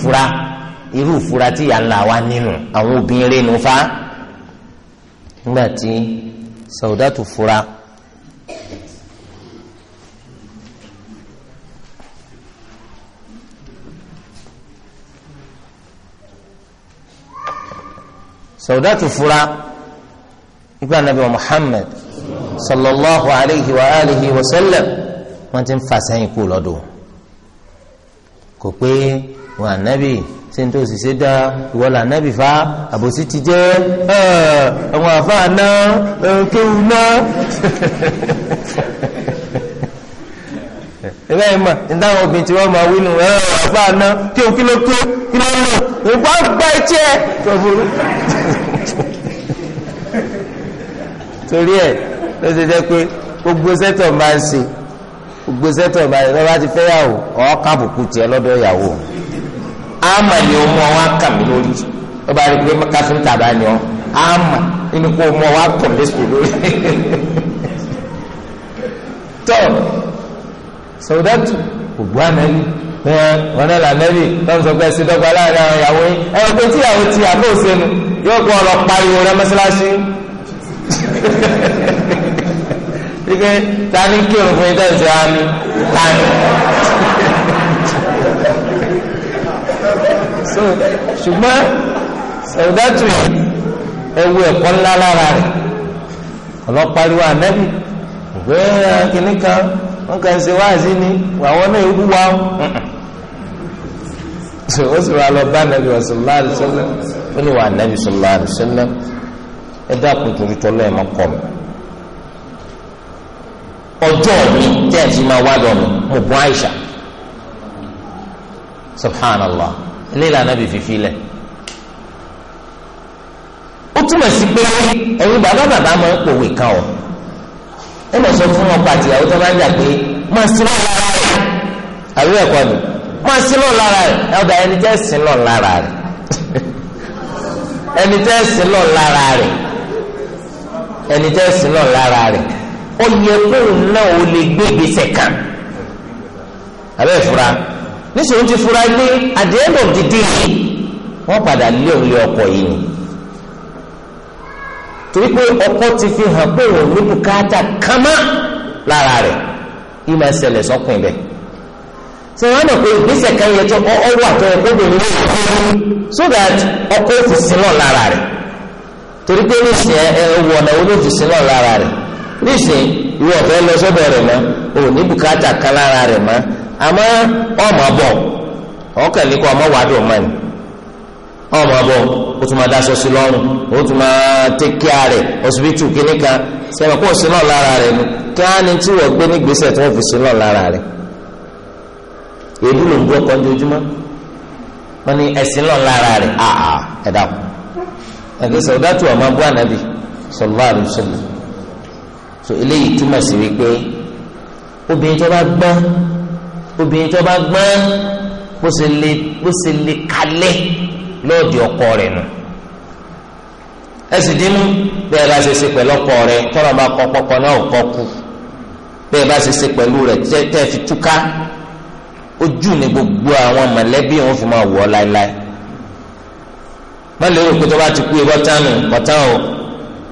tí nínú àwọn sọ̀dọ̀tù fura nígbà nàbẹ̀ wa Muhammad sallallahu alayhi wa alihi wa sallam wọ́n ti ń fà sẹ́yìn kú lọ́dọ̀ kò pé wọn ànábì ṣe ń tó ṣiṣẹ́ dá ìwọ là ànábì fa àbòsí ti jẹ́ àwọn àfa àná kéwù náà. <laughs> ẹ̀bẹ́ yìí mà ní táwọn obìnrin tí wọ́n máa wí nù ẹ̀rọ àbá àná kí o kí ló tó kí ló lò nípa gba etí ẹ̀ tó torí ẹ̀ ló ṣe jẹ́ pé gbogbo sẹ́tọ̀ máa ń ṣe gbogbo sẹ́tọ̀ máa ti fẹ́ yàwó ọ̀ọ́ká bùkún lọ́dọ̀ yàwó àmà ni o mọ wọn kà mí lórí lọ́ba rí pé káfíńtà bá ní ọ àmà kó o mọ <laughs> sọdọ́tù kò gbọ́ ànábì ẹ wọn náà là nẹ́bì tọ́mù sọ pé ẹ ṣe dọ́gba láàrin àwọn ìyàwó yín ẹ wọ́n pé tí ìyàwó ti àbó òsèlú yóò kó ọ lọ pariwo rẹ mọ́ṣáláṣí pípé ta ni kírun fún yín tẹ̀sí wa ni so ṣùgbọ́n sọdọ́tù yìí ẹ wo ẹ̀kọ́ ńlá lára rẹ̀ ọlọ́pàá rí wa nẹ́bì òwe kìnnìkan wọn kàn ṣe wáàzí ni àwọn náà ewu wa so ó sì wàá lọ bá nàbì sallallahu alaihi wasallam ó ní wà nàbì sallallahu alaihi wasallam ẹ dákun torí tọ́lọ́ ẹ̀ máa kọ́ mi ọjọ́ mi tẹ́ ẹ̀ máa wá dọ̀ mi mo bu àìsà subhanallah ilé ìlànà bí fífi lẹ̀ ó túmọ̀ sí pé ẹ̀yin bàbá bàbá máa ń pòwe kan ọ̀ ó lọ sọ fún ọkọ àtìyàwó tó máa ń jà pé máa sin lọ lára rẹ àbí ẹ̀kọ́ ni máa sin lọ lára rẹ ẹ̀dá ẹni tẹ́ sin lọ lára rẹ <laughs> ẹni tẹ́ sin lọ lára rẹ ẹni tẹ́ sin lọ lára rẹ ó yẹ kóun náà ó lè gbé ìgbésẹ̀ kan àbẹ́ ìfura níṣẹ́ ti fura gbé at the end of the day wọ́n padà lé òun lé ọkọ̀ yìí ni. torí ọkọ ti fi hàn pé òun ní bùkátà kámá lára sọ́kùn ibẹ̀ mọ̀ pé ìgbésẹ̀ kan so that ọkọ ò fi sílọ̀ lára rẹ̀ torí pé ní ìsìn ẹ wọ ọ̀nà owó ló fi sílọ̀ lára rẹ̀ ní ìsìn ìwọ ọ̀fẹ́ lọ sọ́dọ̀ mọ́ ò ní kan lára mọ́ àmọ́ ọmọ bọ̀ ní kó ọmọ wọn abụọ otu o tún silo daṣọ sí lọ́rùn o tún rẹ ọsibítù kínní sẹmọ kó o sí náà lára rẹ ni kí tí wọn gbé ní tí wọn fi sí náà lára rẹ èdè ló ń gbọ́ kan ojoojúmọ́ wọn ní ẹsìn rẹ aa kù so eléyìí túmọ̀ sí wípé obìnrin tó bá gbọ́n obìnrin tó bá gbọ́n bó bó lọ́ọ̀dì ọkọ rẹ̀ nù ẹ sì dínú bẹ́ẹ̀ bá ṣe ṣe pẹ̀lú ọkọ rẹ̀ tọ́lọ̀ bá kọ́ pọ́pọ́ náà ò kọ́ kú bẹ́ẹ̀ bá ṣe ṣe pẹ̀lú rẹ̀ tẹ́ fi túká ojú ni gbogbo àwọn mọ̀lẹ́bí wọn fi máa wọ̀ láéláé má lérò pé tó bá ti kú irọ́ tánu kọ́tá o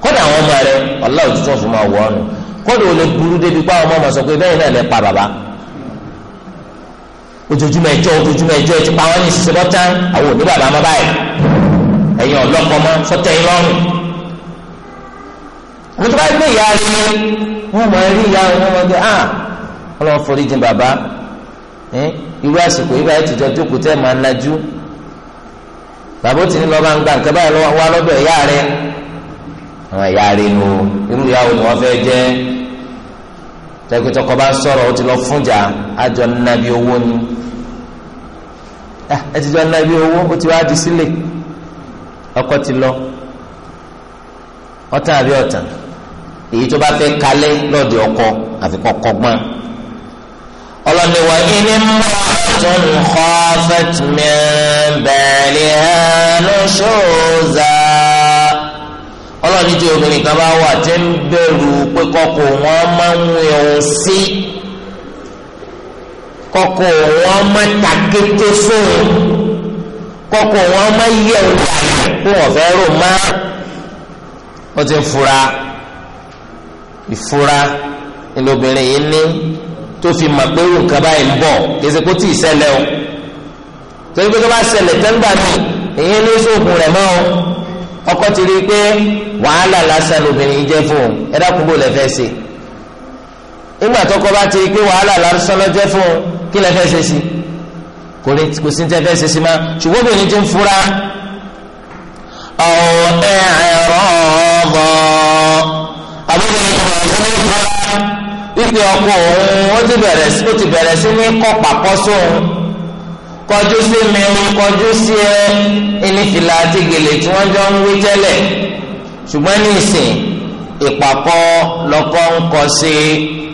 kọ́dà àwọn ọmọ rẹ̀ ọ̀la òtútù fi máa wọ̀ ọ́nù kọ́dà ò lè burú débi pé àwọn ọmọ sọ pé bẹ́ẹ̀ náà lè pa bàbá ojoojúmọ́ ẹjọ́ ojoojúmọ́ ẹjọ́ ẹ ti pa wọ́n ní ìṣiṣẹ́ bọ́tá àwọn òní bàbá má báyìí ẹ̀yin ọlọ́kọ mọ́ sọ́tẹ̀ yín lọ́rùn. àwọn tó bá gbé ìyá rí ni wọ́n mọ̀ ẹ́ ìyá rẹ̀ wọ́n gbé ah ọlọ́run forí jìn bàbá irú àsìkò yìí báyìí tìjọ jókòó tẹ́ máa nájú bàbá ó ti ní lọ́ọ́ bá ń gba nǹkan báyìí wá lọ́dọ̀ ìyá rẹ̀ àwọn ìyá rẹ̀ nù irú ìyá wo ni wọ́n fẹ́ jẹ́ tẹ́kítọ́kọ bá ń ó ti lọ fúnjà àjọ nàbí owó ni. Eh, ẹ ti jọ ná ibi owó ó ti wá di sílẹ̀ ọkọ ti lọ ọ̀tá àbí ọ̀tá èyí tó bá fẹ́ kalẹ̀ lọ́ọ̀dì ọkọ àfikún ọkọ gbọ́n ọlọ́ni wà ilé mọ́tò ń kọ́ fẹ́tìmẹ́ bẹ̀rẹ̀ lọ́sọ̀ọ́zà ọlọ́ni tí obìnrin kan bá wà tí ń bẹ̀rù pé kọ́kọ́ wọn máa ń wẹ̀ ọ́ sí kọkọ wọn má takété fóun kọkọ wọn má yẹ wà fún ọ̀fẹ́ rò má wọ́n ti ń fura ìfura ìlóbìnrin yìí ní tó fi mà pé nǹkan báyìí ń bọ̀ kèsì kó tì í ṣẹlẹ̀ o torí pé tó bá ṣẹlẹ̀ tẹ́ńgbà mi èyí ló sóògùn rẹ̀ mọ́ o ọkọ ti rí i pé wàhálà lásán lóbìnrin yìí jẹ́ fóun ẹ̀dá kúbò lẹ́fẹ̀ẹ́ sí i nígbà tó kọ bá ti rí pé wàhálà lásán lọ́jẹ́ fóun kí lẹ fẹ́ ṣe sí kò ní kò sí tẹ́ fẹ́ ṣe sí ma ṣùgbọ́n obìnrin tó ń fura ọ̀ ẹ̀ ẹ̀rọ ọ̀bọ̀ àbúrò ìpè ọkọ òun ó ti bẹ̀rẹ̀ sí ó ti bẹ̀rẹ̀ sí ní kọ́ pàkọ́ sóun kọjú sí mi kọjú sí ẹ ẹni fìlà àti gèlè tí wọ́n jọ ń wí tẹ́lẹ̀ ṣùgbọ́n ní ìsìn ìpàkọ́ lọ́kọ́ ń kọ sí i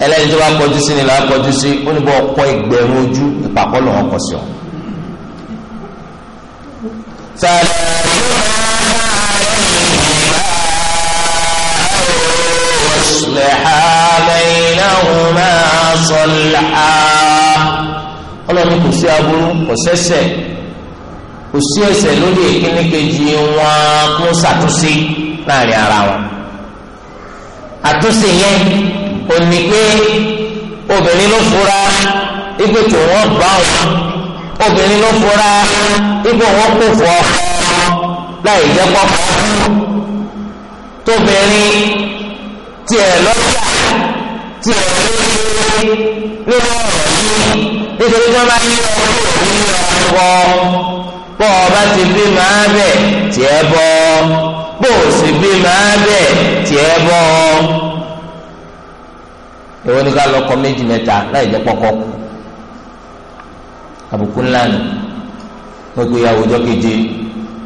ẹlẹ́ni tó bá kọjú sí ni là á kọjú sí ó ní bọ́ ọkọ ẹgbẹ̀rún ojú ìpàkọ́ lọ́wọ́ kọ sí ọ. ọlọ́run kò sí aburú kò sẹ́sẹ̀ kò sí ẹ̀ṣẹ̀ lórí ìkíní kejì wọn kó ṣàtúnṣe láàrin ara wọn àtúnṣe yẹn òní pé obìnrin ló fura ipò tó wọ́n bá òun obìnrin ló fura ipò wọ́n kò fọ́ láì jẹ́ pọ́pọ́ tóbìnrin tiẹ̀ lọ́jà tiẹ̀ lóṣèlú nínú ọ̀rọ̀ yìí nítorí pé bá ní ọdún òní ọ̀pọ̀ bọ́ ọ bá ti bí màá bẹ̀ tiẹ̀ bọ́ bó o sì bí màá bẹ̀ tiẹ̀ bọ́ èwo ni ká lọkọ méjì mẹ́ta láì jẹ́ pọ́kọ́ kú àbùkù ńlá ni wọ́n gbé ìyàwó ọjọ́ keje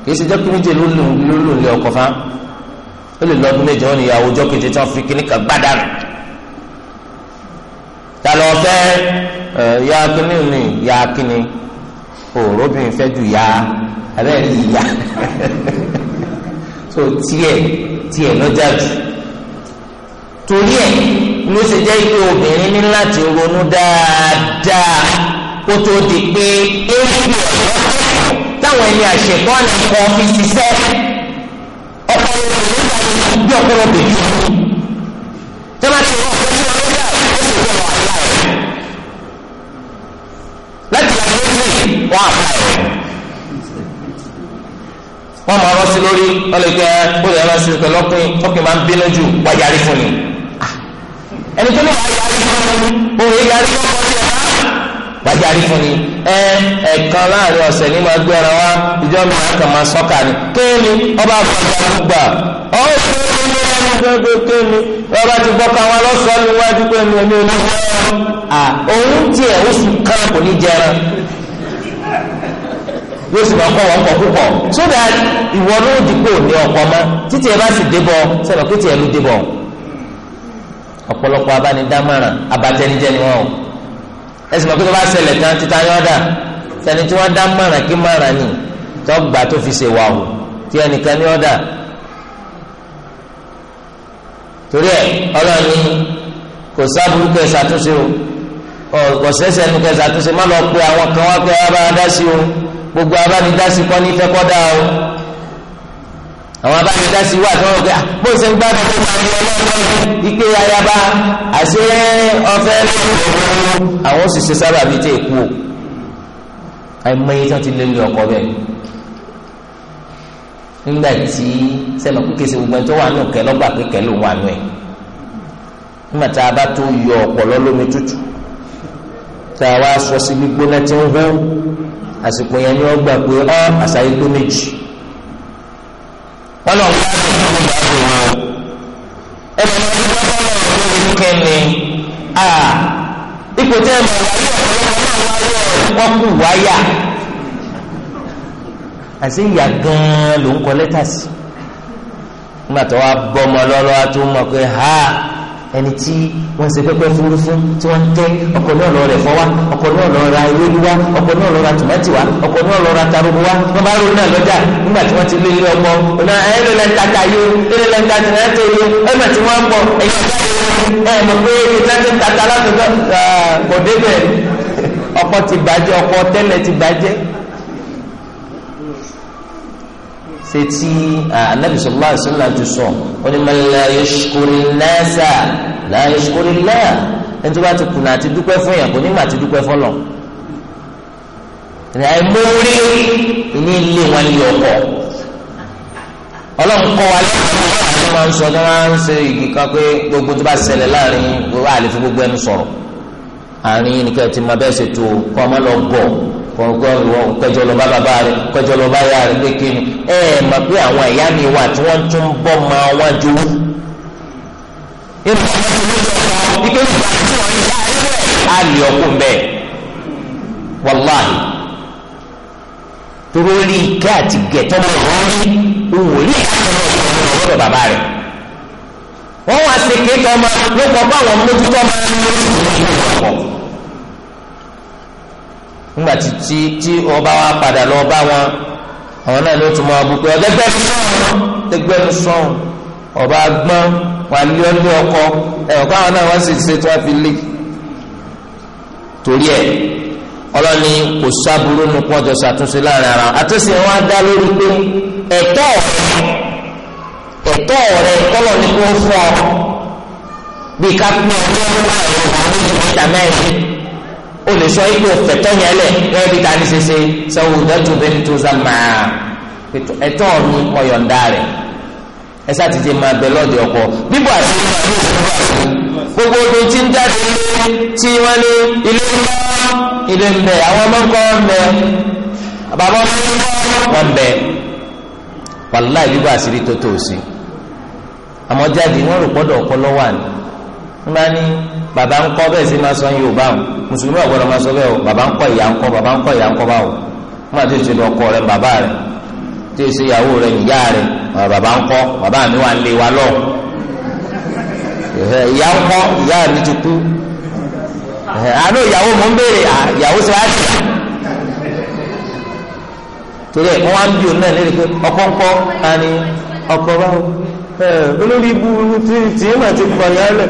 kìí ṣe jọ́kí méje ló lò lé ọkọ̀ fá ó lè lọ́dún méje wọ́n ní ìyàwó ọjọ́ keje tí wọ́n fi kíní kan gbá dànù ta lọ fẹ́ ẹ ya kíní ni ya kíní òróbìnrin fẹ́ ju ya abẹ́rẹ́ ìyá <laughs> so tiẹ̀ tiẹ̀ lọ́jà jù torí ẹ̀ ló ṣe jẹ́ pé obìnrin ní láti ronú dáadáa kó tó di pé éèfì ọ̀rọ̀ táwọn ẹni àṣekọ́ ni kọ́ fi ṣiṣẹ́ ọkọ̀ ìròyìn nígbà tó bí ọpọlọ bèbí ọdún tó bá ti rọ ọkọ̀ tí wọn lórí àwọn ó sì fẹ́ wọn àlá rẹ̀ láti wà lórí wọn àlá rẹ̀ wọn máa rọ sí lórí ọlẹ́gbẹ́ bóyá ẹ máa ṣe pẹ̀lú ọkùnrin ọkùnrin máa ń bínú jù wájà rí fún mi ẹni tó lè wá yarí fún mi òun yarí fún ọkọ tí ẹ bá wájú yarí fún mi ẹ ẹ̀kan láàrin ọ̀sẹ̀ ní máa gbé ara wa ìjọ mi máa kàn máa sọ́kà ni kéènì ọba àfọ̀jà gbogbo ọ̀hún ṣe é ṣe ní ẹni gbogbo kéènì ọba ti bọ́ káwọn lọ́sọ̀ọ́ ni wọ́n á dúpẹ́ mi ẹ̀mí onífẹ́ à òun tiẹ̀ oṣù kan kò ní jẹran yóò sì máa kọ́ wọn kọ́ púpọ̀ so that ìwọ ló dìpọ̀ ní ọkọ̀ mọ́ títí ẹ bá sì débọ̀ sẹ́nu kí tiẹ̀ ló débọ̀ ọ̀pọ̀lọpọ̀ abánidámọ̀ràn abatẹnijẹ́ ni wọ́n o ẹ̀sìn mọ̀ pé tó bá ṣẹlẹ̀ tán títa yọ̀ dà sẹni tí wọ́n dá mọ̀ràn kí mọ̀ràn ni tó gbà tó fi ṣe wà o tí ẹnìkan ni ọ̀dà torí ẹ ọlọ́ọ̀ni kò sábúrú kẹ́ ṣàtúnṣe o ọ̀sẹ̀sẹ̀ nu kẹ́ ṣàtúnṣe má lọ pé àwọn kan wá pé abá dá sí o gbogbo abánidá kọ́ ní fẹ́ kọ́ dáa o àwọn abánidásí wà tí wọn gbé bó ṣe ń gbádùn tó máa ń yọ lọ́wọ́ ike ayaba àṣẹ ọ̀fẹ́ lọ́wọ́ àwọn òṣìṣẹ́ sábà bíi tẹ̀ kú o àìmọye tí wọn ti lé lé ọkọ bẹ́ẹ̀ nígbà tí sẹ́mi kúkẹ́ ṣe gbogbo ẹni tó wà nù kẹ́ lọ́gbà kékeré ló wà nù ẹ̀ nígbà tá a bá tó yọ ọ̀pọ̀lọ́ lómi tútù tá a wá sọ sí gbígbóná tí ń hó àsìkò yẹn ni wọ́n gbà pé ọ́ àṣàyí tó méjì wọn lọ ká tó tó wọn bá tó wọn ẹnì wọn ti gbọ́dọ̀ lọ lórí kẹni a ipò tẹ ẹ mọ wáyé ọ̀pọ̀lọpọ̀ náà wáyé wọn kú wáyà àti ìyá gan ló ń kọ lẹ́tà sí nígbà tó wàá bọ́ ọmọ lọ́lọ́wọ́ tó mọ̀ pé ha ẹni tí wọ́n ṣe pẹ́pẹ́ fúrufú tí wọ́n tẹ́ ọkọ̀ náà lọ rẹ̀ fọ́ wá ọkọ̀ náà lọ ra ewédú wá ọkọ̀ náà lọ ra tòmátì wá ọkọ̀ náà lọ ra tarugu wá wọ́n bá ronú náà lọ́jà nígbà tí wọ́n ti lé ilé ọmọ ọ̀nà ẹlẹ́lẹ́ntàkà yó ẹlẹ́lẹ́ntàkà yó ẹ̀mọ̀ tí wọ́n ń bọ̀ ẹ̀yìn ọ̀gá <laughs> seti anabi sọlá ṣọlá ju sọ onímọ̀lá yẹsùkúrì nẹ́ẹ̀sà náà yẹsùkúrì náà ẹni tó bá ti kùnà àti dúpẹ́ fún yàn kò ní mà ti dúpẹ́ fọlọ̀ ẹ̀ mórí ní ilé wọn lé ọkọ̀ ọlọ́run kọ́ wa lẹ́yìn àwọn máa ń sọ ní wọ́n á ń ṣe igi kan pé gbogbo tó bá ṣẹlẹ̀ láàrin gbogbo àlefi gbogbo ẹnu sọ̀rọ̀ àárín nìkan ti máa bẹ́ẹ̀ ṣètò kọ́ ọmọ lọ gbọ́ kọ̀ọ̀kọ́ ìwọ̀n kẹjọ lọ bá bàbá rẹ kẹjọ lọ bá yá rẹ kéèké ni ẹ ẹ mọ̀ pé àwọn ìyá mi wà tí wọ́n tún bọ́ ma wọn jó. ìlú ọ̀sán ti lójú ọ̀sán ike ìgbà tí wọ́n yá ilé a lè ọkùn bẹ́ẹ̀ wàláhì. torí orí ike àti gẹ̀tọ́ mọ̀ wọ́n rí òwò rí ìdájọ́ ọ̀dọ̀ bàbá rẹ̀. wọ́n wá sí kéèké ọmọ ló kọ́ bá àwọn mójútó ọmọ nígbà tí tí tí ọba wa padà lọ bá wọn àwọn náà ló tún máa bu pé ọgẹgbẹ mi sọrùn ẹgbẹ mi sọrùn ọba gbọn wà lé ọlé ọkọ ẹ ọkọ àwọn náà wọn sì ṣe tí wọn fi lé torí ẹ ọlọ́ni kò sábúrú nu kó ọjọ́ ṣàtúnṣe láàrin ara àtúnṣe wọn á dá lórí pé ẹ̀tọ́ ẹ̀tọ́ rẹ kọ́lọ̀ ní kó fọ́ ọ bí ká pín ọjọ́ nípa ẹ̀rọ àwọn ìdílé mẹ́rin o lè sọ ipò fẹ̀tọ́ yẹn lẹ̀ lẹ́yìn bí tani ṣeṣe sẹ́wọ́n òdẹ́tù bẹ́ẹ̀ ni tó sàmà ẹ̀tọ́ mi ọ̀yọ̀ǹda rẹ̀ ẹ sá ti ti máa bẹ lọ́ọ̀dì ọkọ̀ bíbọ àti ìlú àti ìlú àti gbogbo omi tí ń jáde lé tí wọ́n ní ilé ń bá ilé ń bẹ àwọn ọmọ nǹkan ń bẹ bàbá ọmọ nǹkan wọn bẹ wàláì bíbọ àṣírí tó tó sí àmọ́ jáde wọ́n rò gbọ́dọ̀ ọkọ lọ́wọ́ àná ń bá ní bàbá ń kọ́ bẹ́ẹ̀ sí máa sọ yorùbá o mùsùlùmí ọ̀gbọ́dọ̀ máa sọ bẹ́ẹ̀ o bàbá ń kọ́ ìyá ń kọ́ bàbá ń kọ́ ìyá ń kọ́ báwo má tó ṣe lọ́kọ rẹ bàbá rẹ tó ṣe ìyàwó rẹ ìyá rẹ bàbá ń kọ́ bàbá mi wà lé wa lọ ìyá ń kọ́ ìyá mi ti kú àánú ìyàwó mò ń béèrè ìyàwó ṣe wá sí torí ẹ̀ wọ́n wá ń bí òun náà lé olórí ibú tí tí mà ti pọ̀yà lẹ̀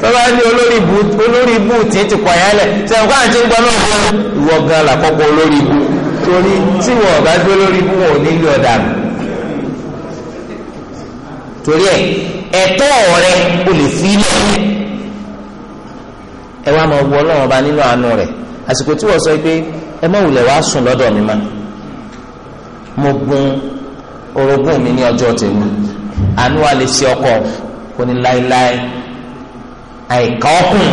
tọ́lá ní olórí ibú tí ti pọ̀yà lẹ̀ ṣe ọ̀gá àti ń gbọ́ fún ìwọ gan làkọ́kọ́ olórí ibú torí tí wọn ọ̀gá gbé olórí ibú wọn ò ọ̀dà mi torí ẹ ẹ̀tọ́ rẹ o lè fi ilé ẹ wá máa wọ ọlọ́run ọba nínú àánú rẹ̀ àsìkò tí wọ́n sọ pé ẹ má wulẹ̀ wá sùn lọ́dọ̀ mi mọ́ mo gun orogún mi ní ọjọ́ tèmi àánú wa lè ṣe ọkọ kò ní láéláé àìkà ọkùn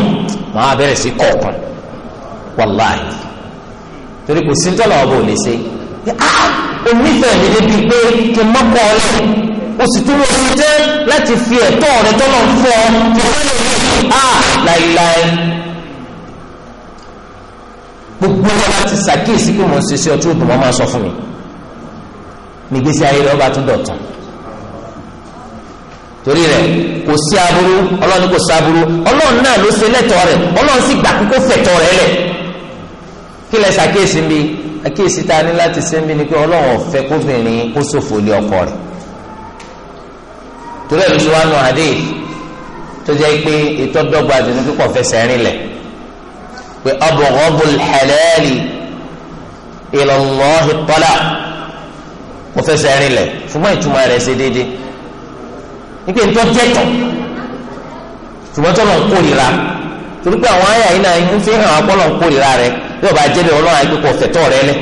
màá bẹ̀rẹ̀ sí kọ̀ọ̀kan wàláì torí kò sí tọ́lọ̀ ọba ò lè ṣe onífẹ̀ẹ́ mi débi pé kí n má kọ́ ọ lẹ́yìn o sì tún lọ sí jẹ́ láti fi ẹ̀tọ́ rẹ tọ́lọ̀ fún ọ kí wọ́n lè rí a láéláé gbogbo wọn láti ṣàkíyèsí pé mo ń ṣe sí ọtí òdùnmọ́ máa sọ fún mi nígbésí ayé rẹ̀ ọba tún dọ̀tun torí rẹ̀ kò sí aburú ọlọ́run kò sí aburú ọlọ́run náà ló ṣe lẹ́tọ̀ọ́ rẹ̀ ọlọ́run sì gbà kókó fẹ̀tọ̀ rẹ̀ lẹ̀ kí lẹ ṣàkíyèsí mi àkíyèsí ta ni láti ṣe ń bí ni pé ọlọ́run ọ̀fẹ́ kóbìnrin kó ṣòfò lé ọkọ rẹ̀ torí ẹ̀ ló ṣe wá nù adé tó jẹ́ pé ètò ọ̀dọ́gba àdùnnú pípọ̀ fẹsẹ̀ rìn lẹ̀ pé abghadul halali ila Allahi talaq ó fẹsẹ̀ rinlẹ̀ ṣùgbọ́n ìtumọ̀ rẹ̀ ṣe déédéé nígbà tó tẹ̀tọ̀ ṣùgbọ́n tó lọ́n kórìíra torí pé àwọn àyà yìí náà ń fi hàn àpọ́ lọ́n kórìíra rẹ̀ yóò bá jẹ́ bẹ́ẹ̀ ọlọ́run àgbẹ̀ kò fẹ̀tọ́ rẹ̀ lẹ̀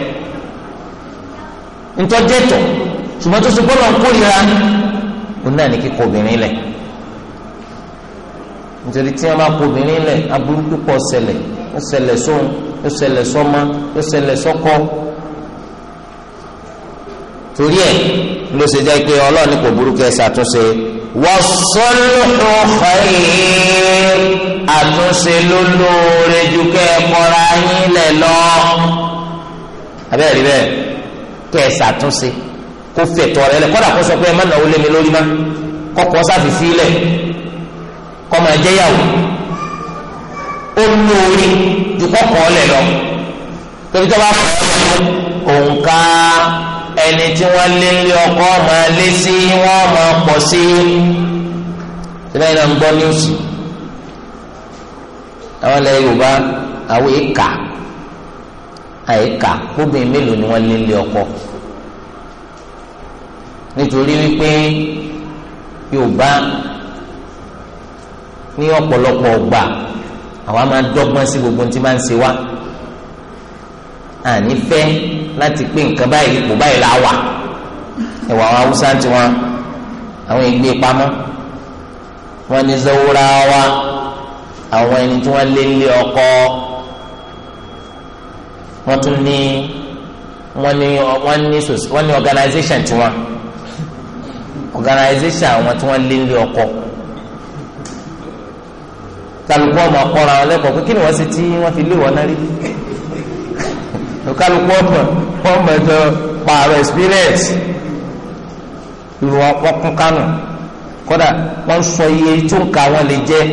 ntọ́jẹ́tọ̀ ṣùgbọ́n tó ṣùgbọ́n lọ́n kórìíra òun náà ní kíkọ obìnrin lẹ̀ nítorí tí wọn bá kọ obìnrin lẹ̀ aburú púpọ̀ ṣẹlẹ̀ ó ṣẹlẹ̀ sóun ó ṣẹlẹ̀ sọ́mọ ó ṣẹlẹ̀ sọ́kọ torí ẹ̀ ló ṣe jẹ́ pé ọlọ́ọ̀ni kò burúkú ẹ̀ ṣàtúnṣe wọ́sọ́lùkù khair àtúnṣe ló lóore ju kẹ́ ẹ kọ́ra yín lẹ̀ lọ. abẹ́rẹ́ bẹ́ẹ̀ kẹ́ ẹ ṣàtúnṣe kó fẹ̀tọ́ rẹ lẹ kọ́dà kó sọ pé ẹ má náwó lé mi lórí má kọ́kọ́ sáfìsí lẹ̀ kọ́ máa jẹ́yàwó ó lóore ju kọ́kọ́ lẹ̀ lọ tóbi tó bá fọ́ ọ́ òǹkà ẹni tí wọ́n lé lé ọkọ máa lé sí wọ́n máa pọ̀ sí sílẹ̀ náà ń gbọ́ níwùsì àwọn ilẹ̀ Yorùbá àwọn èèkà àìkà kóbìnrin mélòó ni wọ́n lé lé ọkọ nítorí wípé Yorùbá ní ọ̀pọ̀lọpọ̀ ọgbà àwa máa dọ́gbọ́n sí gbogbo tí máa ń ṣe wá àní fẹ́ láti pé nǹkan báyìí ipò báyìí la wà ẹ̀wọ̀ àwọn haúsá ti wọn àwọn ìgbé pamọ́ wọn ní zọwúra wa àwọn ẹni tí wọn lé lé ọkọ wọn tún ní wọn ní wọn ní wọn ní organisation tiwọn organisation àwọn tí wọn lé lé ọkọ kálukú ọmọ akọra ọlẹkọọ pé kí ni wọn ṣe tí wọn fi lé wọn náà rí kálukú ọ̀pọ̀ wọ́n mọ̀ ẹ̀jọ̀ pààrọ̀ experience ìrù ọkùn kánù kódà wọ́n sọ iye tó ń ka wọn lè jẹ́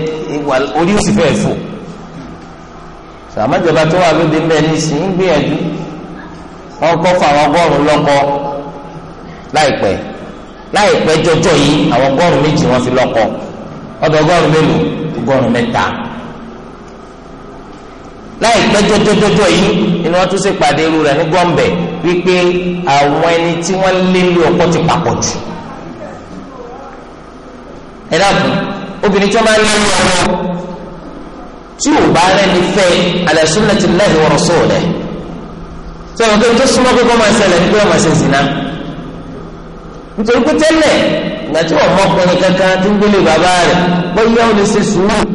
orí òsì fẹ́ fò sàmájọba tó wà lóde ń bẹ ní ìsìn ń gbìyànjú wọn kọ́ fún àwọn ọgọ́rùn-ún lọ́kọ láìpẹ́ láìpẹ́ jọjọ yìí àwọn ọgọ́rùn-ún méjì wọ́n fi lọ́kọ ọdọ ọgọ́rùn mélòó ọgọ́rùn mẹ́ta láìpẹ́ jọjọjọjọ yìí ni wọ́n tún ṣe pàdé irú rẹ̀ ní gọ́ǹbẹ̀ wípé àwọn ẹni tí wọ́n lé lé ọkọ ti papọ̀ jù ẹ dàbí obìnrin tí wọ́n máa ń lé lé ọkọ tí ò bá rẹ́ni fẹ́ ala sunnati Allahi wa rasulih sọ̀rọ̀ pé tó súnmọ́ kókó máa ṣẹlẹ̀ ní pé wọ́n máa ṣe zina nítorí pé tẹ́lẹ̀ ìgbà tí wọ́n mọ́kùnrin kankan tó ń gbélé bàbá rẹ̀ bóyá ó lè ṣe sùúrù.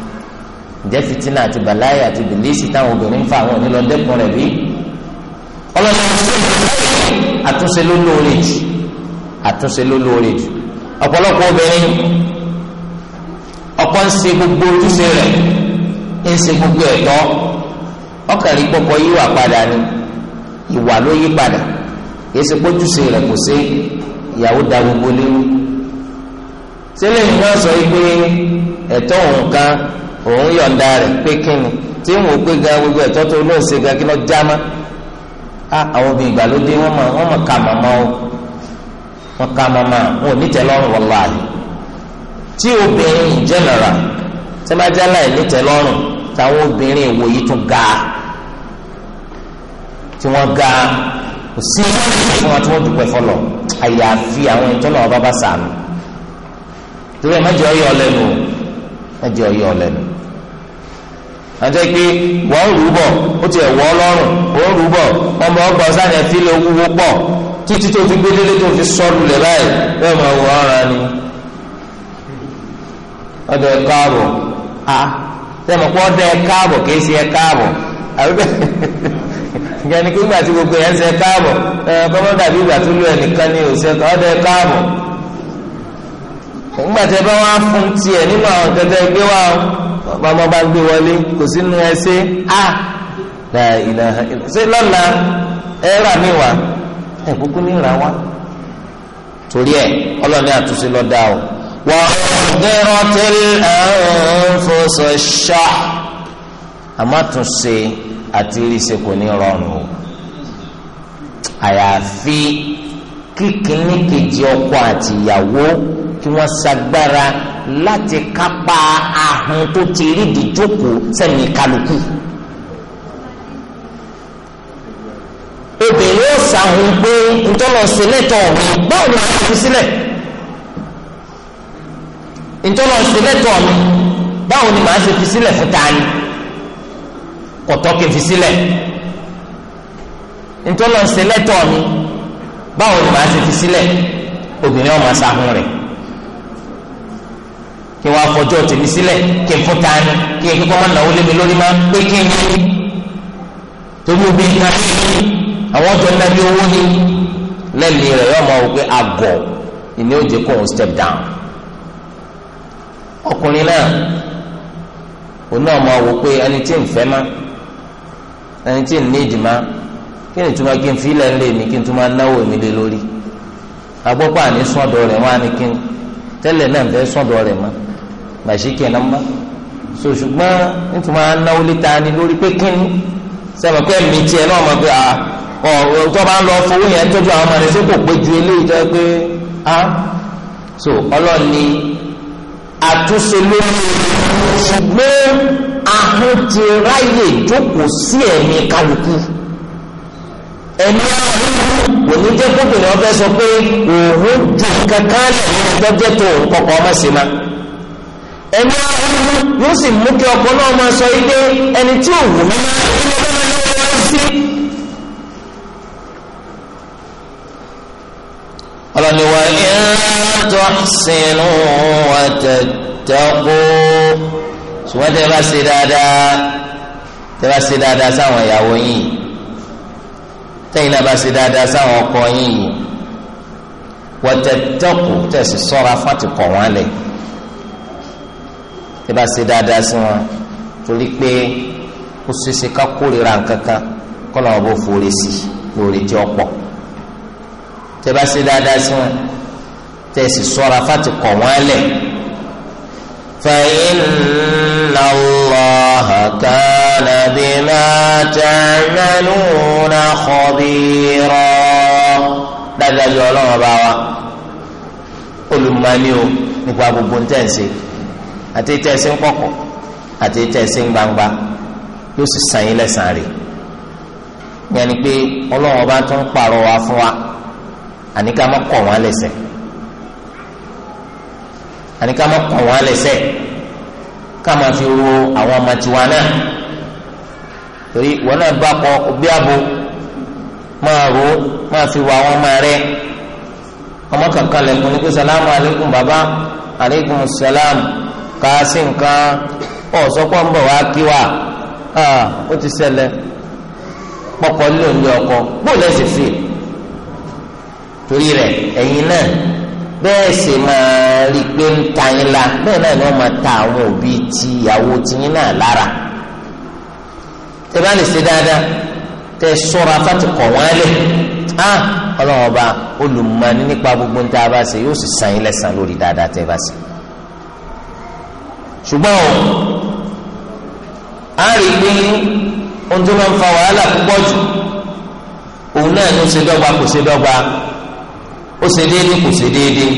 ǹjẹ́ fitina àti balaya àti bilisi táwọn obìnrin ń fa àwọn onílọ dẹ́kun rẹ̀ bí ọlọ́run ṣe àtúnṣe ló lóore jù àtúnṣe ló lóore jù ọ̀pọ̀lọpọ̀ obìnrin ọkọ ń ṣe gbogbo ojúṣe rẹ̀ ń ṣe gbogbo ẹ̀tọ́ ọkàrí pọpọ yíwà padà ni ìwà ló yí padà kìí ṣe pójúṣe rẹ̀ kò ṣe ìyàwó da gbogbo léwu sílẹ̀ ní wọ́n òun yọ̀ǹda rẹ̀ pé kíni tí ń wò pé ga gbogbo ẹ̀tọ́ tó lóun ṣe ga kí já a àwọn obìnrin ìgbàlódé wọ́n mọ̀ wọ́n mọ̀ ká o wọ́n ká màmá wọn ò ní tẹ́lọ́rùn wallahi tí obìnrin in general tẹ́ já láì ní tẹ́lọ́rùn táwọn obìnrin ìwòyí tún ga tí wọ́n ga kò sí fún wọn tí wọ́n dùpẹ́ fọlọ́ àyàfi àwọn ìtọ́nà ọba bá sàánù àti pé wọ́n rú bọ̀ ó ti ẹ̀wọ́ ọlọ́run ó rú ọmọ ọgbà ọ̀sán ẹ̀fí lè wúwo pọ̀ títí tó fi gbélélé tó fi sọ́ọ̀lù lẹ̀ báyìí bẹ́ẹ̀ máa wọ ara ni. ọdọ a sẹ́mi pọ́ ọdọ ṣe àbíbẹ̀ gbogbo ẹ̀ ń ṣe ẹ̀ ẹ̀ nìkan ni ò ògbàtẹ bá wà fún tiẹ̀ nínú àwọn kẹtẹ gbé wà bàbá bá gbé wọlé kò sí nu ẹsẹ a la ilaha illa ṣé lọ́la ẹ rà mí wá ẹ kúkú ní ìrà wá torí ẹ ọlọ́ni àtúnṣe lọ́dà o. wà ọ̀dẹ́rọ̀ tẹ́lẹ̀ ẹ̀ ń fọṣọ ṣá àmọ́túnṣe àti ìrìṣẹ́ kò ní rọrùn o àyàfi kíkíní ọkọ àti ìyàwó tí wọ́n ṣagbára láti kápá ahun tó ti rí ìdíjókòó sẹ́ni kálukú. obìnrin yóò sàhùn pé ntọ́lọ̀ sílẹ̀tọ̀ ọ̀hún báwo ni wọ́n fi sílẹ̀ ntọ́lọ̀ sílẹ̀tọ̀ ọ̀hún báwo ni màá ṣe fi sílẹ̀ fún tani kọ̀tọ́ fi sílẹ̀ ntọ́lọ̀ sílẹ̀tọ̀ ọ̀hún báwo ni màá fi sílẹ̀ obìnrin yóò máa sàhùn rẹ̀ kí wọn afọjọ́ tèmi sílẹ̀ kí n fún tani kí n kíkọ́ máa náwó lé mi lórí máa ń pé kí n yé torí omi ìka ní àwọn ọjọ́ náà bí owó ni lẹ́nu rẹ̀ yóò máa wò pé àgọ̀ ìní ó jẹ́ kó òun step down ọkùnrin náà òun náà máa wò pé ẹni tí ń fẹ́ má ẹni tí ń ní ìdìmá kí ni túmọ̀ kí n fi ilẹ̀ ńlẹ̀ mi kí n túmọ̀ náwó mi lé lórí agbọ́pọ̀ àní sọ́dọ̀ rẹ̀ wọ́n á ní kí n tẹ́lẹ̀ náà fẹ́ sọ́dọ̀ rẹ̀ mọ́ màṣíkì nọmba so ṣùgbọ́n nítorí máa náwó létà ni lórí pé kíni sẹ́mi pé mi tiẹ̀ náà mọ̀ pé à ọ̀ tó bá ń lọ fowó yẹn tọ́jú àwọn ọmọ rẹ̀ sí kò pé ju eléyìí tó pé á so ọlọ́ọ̀ni àtúnṣe lórí ṣùgbọ́n ahọ́n ti ráyè jókòó sí ẹ̀mí kálukú ẹ̀mí kò ní jẹ́ kókò ní wọ́n fẹ́ sọ pé òun jù kankan lẹ̀ ọjọ́ jẹ́ tó kọ̀ọ̀kan ọmọ sí máa ẹni ọ̀hún yóò sì mú kí ọkọ náà máa sọ yìí pé ẹni tí ò wù mí máa ń kí ọkọ náà lọ́wọ́ wá sí. ọlọ́ni wa ìrìnàjò sínú wa tẹ̀tẹ̀kù ṣùgbọ́n tẹ́ bá ṣe dáadáa tẹ́ bá ṣe dáadáa sáwọn ìyàwó yìí tẹ́yìn náà bá ṣe dáadáa sáwọn ọkọ yìí wọ́n tẹ̀tẹ̀kù tẹ̀sí sọ́ra fún àtìkọ̀ wọn lẹ̀ tí bá ṣe dáadáa sí wọn torí pé ó ṣeéṣe ká kórìíra nǹkankan kọ́ làwọn bó forí sí lórí tí ó pọ̀ tí bá ṣe dáadáa sí wọn tẹ̀ sì sọ́ra fáti kọ̀ wọ́n lẹ̀ fa inna Allaha kana bima ta'maluna khabira dáadáa ju ọlọ́run ọba wa olùmọ̀ni o nípa gbogbo ń tẹ̀ ń ṣe àti tẹ́ ẹ sí ń kọ̀kọ̀ àti tẹ́ ẹ sí yóò sì san yín lẹ́sàn-án ni pé ọlọ́run bá tún pààrọ̀ wa fún wa àní ká má kọ̀ wọ́n lẹ́sẹ̀ àní ká má kọ̀ wọ́n lẹ́sẹ̀ ká má fi wo àwọn ọmọ tiwa náà torí ìwọ náà bá kọ bí abo máa ro máa fi wo àwọn ọmọ rẹ ọmọ kankan lẹkùn ní pé salamu aleykum baba aleykum salam. kaasị nkà sí nǹkan ọ̀sọ́pọ̀ ń bọ̀ wá kí wa ó ti ṣẹlẹ̀ ọkọ bó lè ṣe fi torí rẹ ẹyin náà bẹ́ẹ̀ sì máa rí i pé ń ta yín la bẹ́ẹ̀ náà ni ta àwọn òbí ti ìyàwó tiyín náà lára bá lè dáadáa tẹ a ṣe yóò sì san yín lẹ́sàn lórí dáadáa ṣùgbọ́n o a rí i pé ohun tó máa ń fa wàhálà púpọ̀ jù òun náà ni ó ṣe dọ́gba kò ṣe dọ́gba ó ṣe déédéé kò ṣe déédéé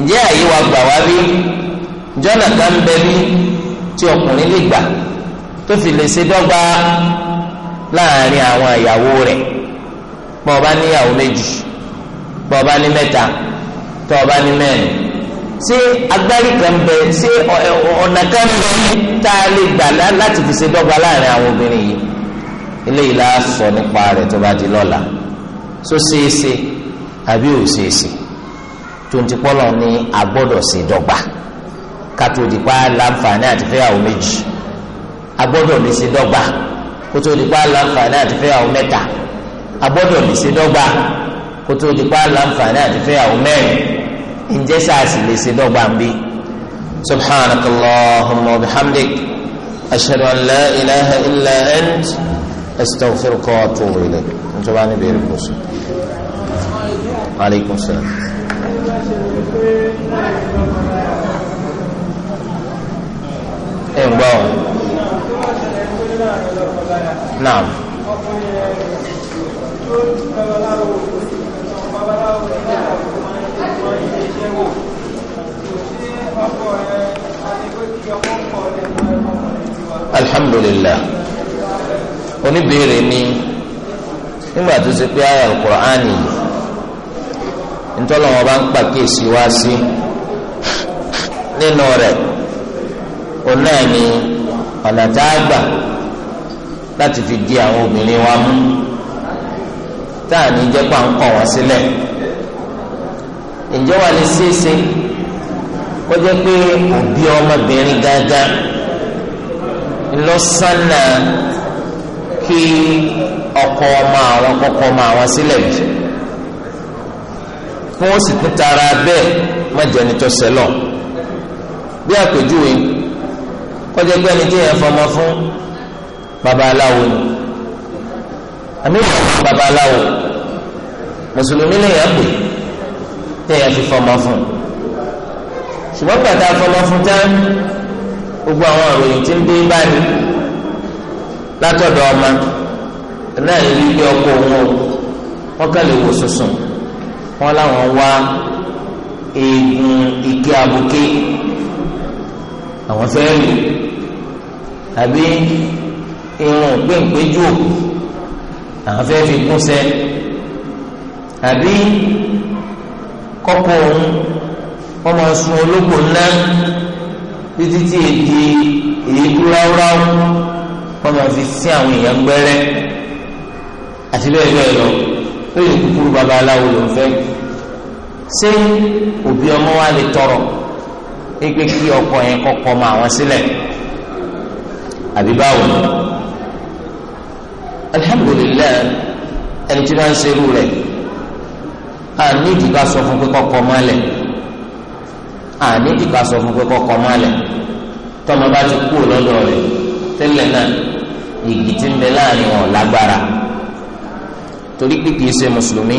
ǹjẹ́ àyè wa gbà wá bí jọ́nà kan ń bẹ bí tí ọkùnrin lè gbà tó fi lè ṣe dọ́gba láàrin àwọn ìyàwó rẹ̀ bọ́ọ̀ bá níyàwó méjì bọ́ọ̀ bá ní mẹ́ta tọ́ọ̀ bá ní mẹ́rin ṣé agbárí kan bẹ ṣé ọ̀nà kan bẹ tá a lè gbà láti fi ṣe dọ́gba láàrin àwọn obìnrin yìí eléyìí la sọ nípa tó bá di lọ́la so ṣeéṣe àbí ò ṣeéṣe tó ń ti ni ṣe dọ́gba kátó dípa láǹfààní àti fẹ́yàwó méjì agbọ́dọ̀ lè ṣe dọ́gba kótó dípa láǹfààní àti fẹ́yàwó ǹjẹ́ sars lè ṣe dọ́gba ń bí subhanaka allahumma wa bihamdik ashhadu an la ilaha illa ant astaghfiruka wa atubu ilayk nítorí wàá níbi èrè kùsùn. aleykum alhamdulillah oníbèrè ni nígbà tó ṣe pé àyà alukur'ani ntọ́lọ́ wọn bá ń pàkíyèsí wá sí nínú rẹ̀ òun ni ọ̀nà tá a gbà láti fi di àwọn obìnrin wa mú tá ní jẹ́ ǹjẹ́ wà lè ṣeéṣe kó jẹ́ pé òbí ọmọbìnrin gángan lọ́sànán kí ọkọ ọmọ àwọn kọ́kọ́ ọmọ àwọn sílẹ̀ bí kí wọ́n sì tún tara bẹ́ẹ̀ mọ̀jẹ̀ni tó sẹ́lọ̀ bí àpèjúwe kó jẹ́ pé ẹni tí yẹn fọmọ fún babaláwo ni àmì ìwà fún babaláwo mùsùlùmí lè yàn téèyàn fi fọmọ fún ṣùgbọ́n gbàtà fọmọ fún tán gbogbo àwọn àròyìn tí ń dé báyìí látọ̀dọ̀ ọmọ náà ní ilé ọkọ òun o wọ́n kàn lè wò sùnsùn wọ́n láwọn wá eegun ike abuké àwọn fẹ́ẹ́ rí àbí irun pèǹpéjò àwọn fẹ́ẹ́ fi kún àbí kọ́pọ̀ òun wọ́n máa sun olóko ńlá títí tí èdè èédú ráúráú wọ́n máa fi sí àwọn èèyàn gbẹ́rẹ́ àti bẹ́ẹ̀ bẹ́ẹ̀ lọ lóye kúkúrú babaláwo ló ń fẹ́ ṣé òbí ọmọ wa lè tọrọ pé kí ọkọ yẹn kọ́kọ́ mọ àwọn sílẹ̀ àbí báwo alihamudulilayi ẹni tí wọ́n ń ṣerú rẹ̀ àní ìdìbà sọ fún pé kọ́kọ́ mọ́lẹ̀ àní ìdìbà sọ fún pé kọ́kọ́ mọ́lẹ̀ tọ́mọ bá ti kú lọ́dọ̀ rẹ̀ tẹ́lẹ̀ náà ìgì tí ń bẹ láàrin wọn lágbára torí pé kìí ṣe mùsùlùmí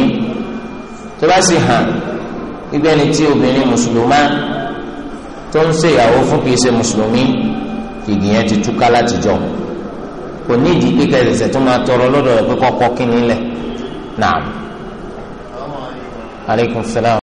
tó bá sì hàn gbígbé ẹni tí obìnrin mùsùlùmá tó ń ṣèyàwó fún kìí ṣe mùsùlùmí ìgì yẹn ti túká látijọ́ kò ní ìdí pé kẹsẹsẹ tó máa tọrọ lọ́dọ̀ rẹ̀ pé kọ́kọ́ kí nílẹ̀ náà aleykum salaam.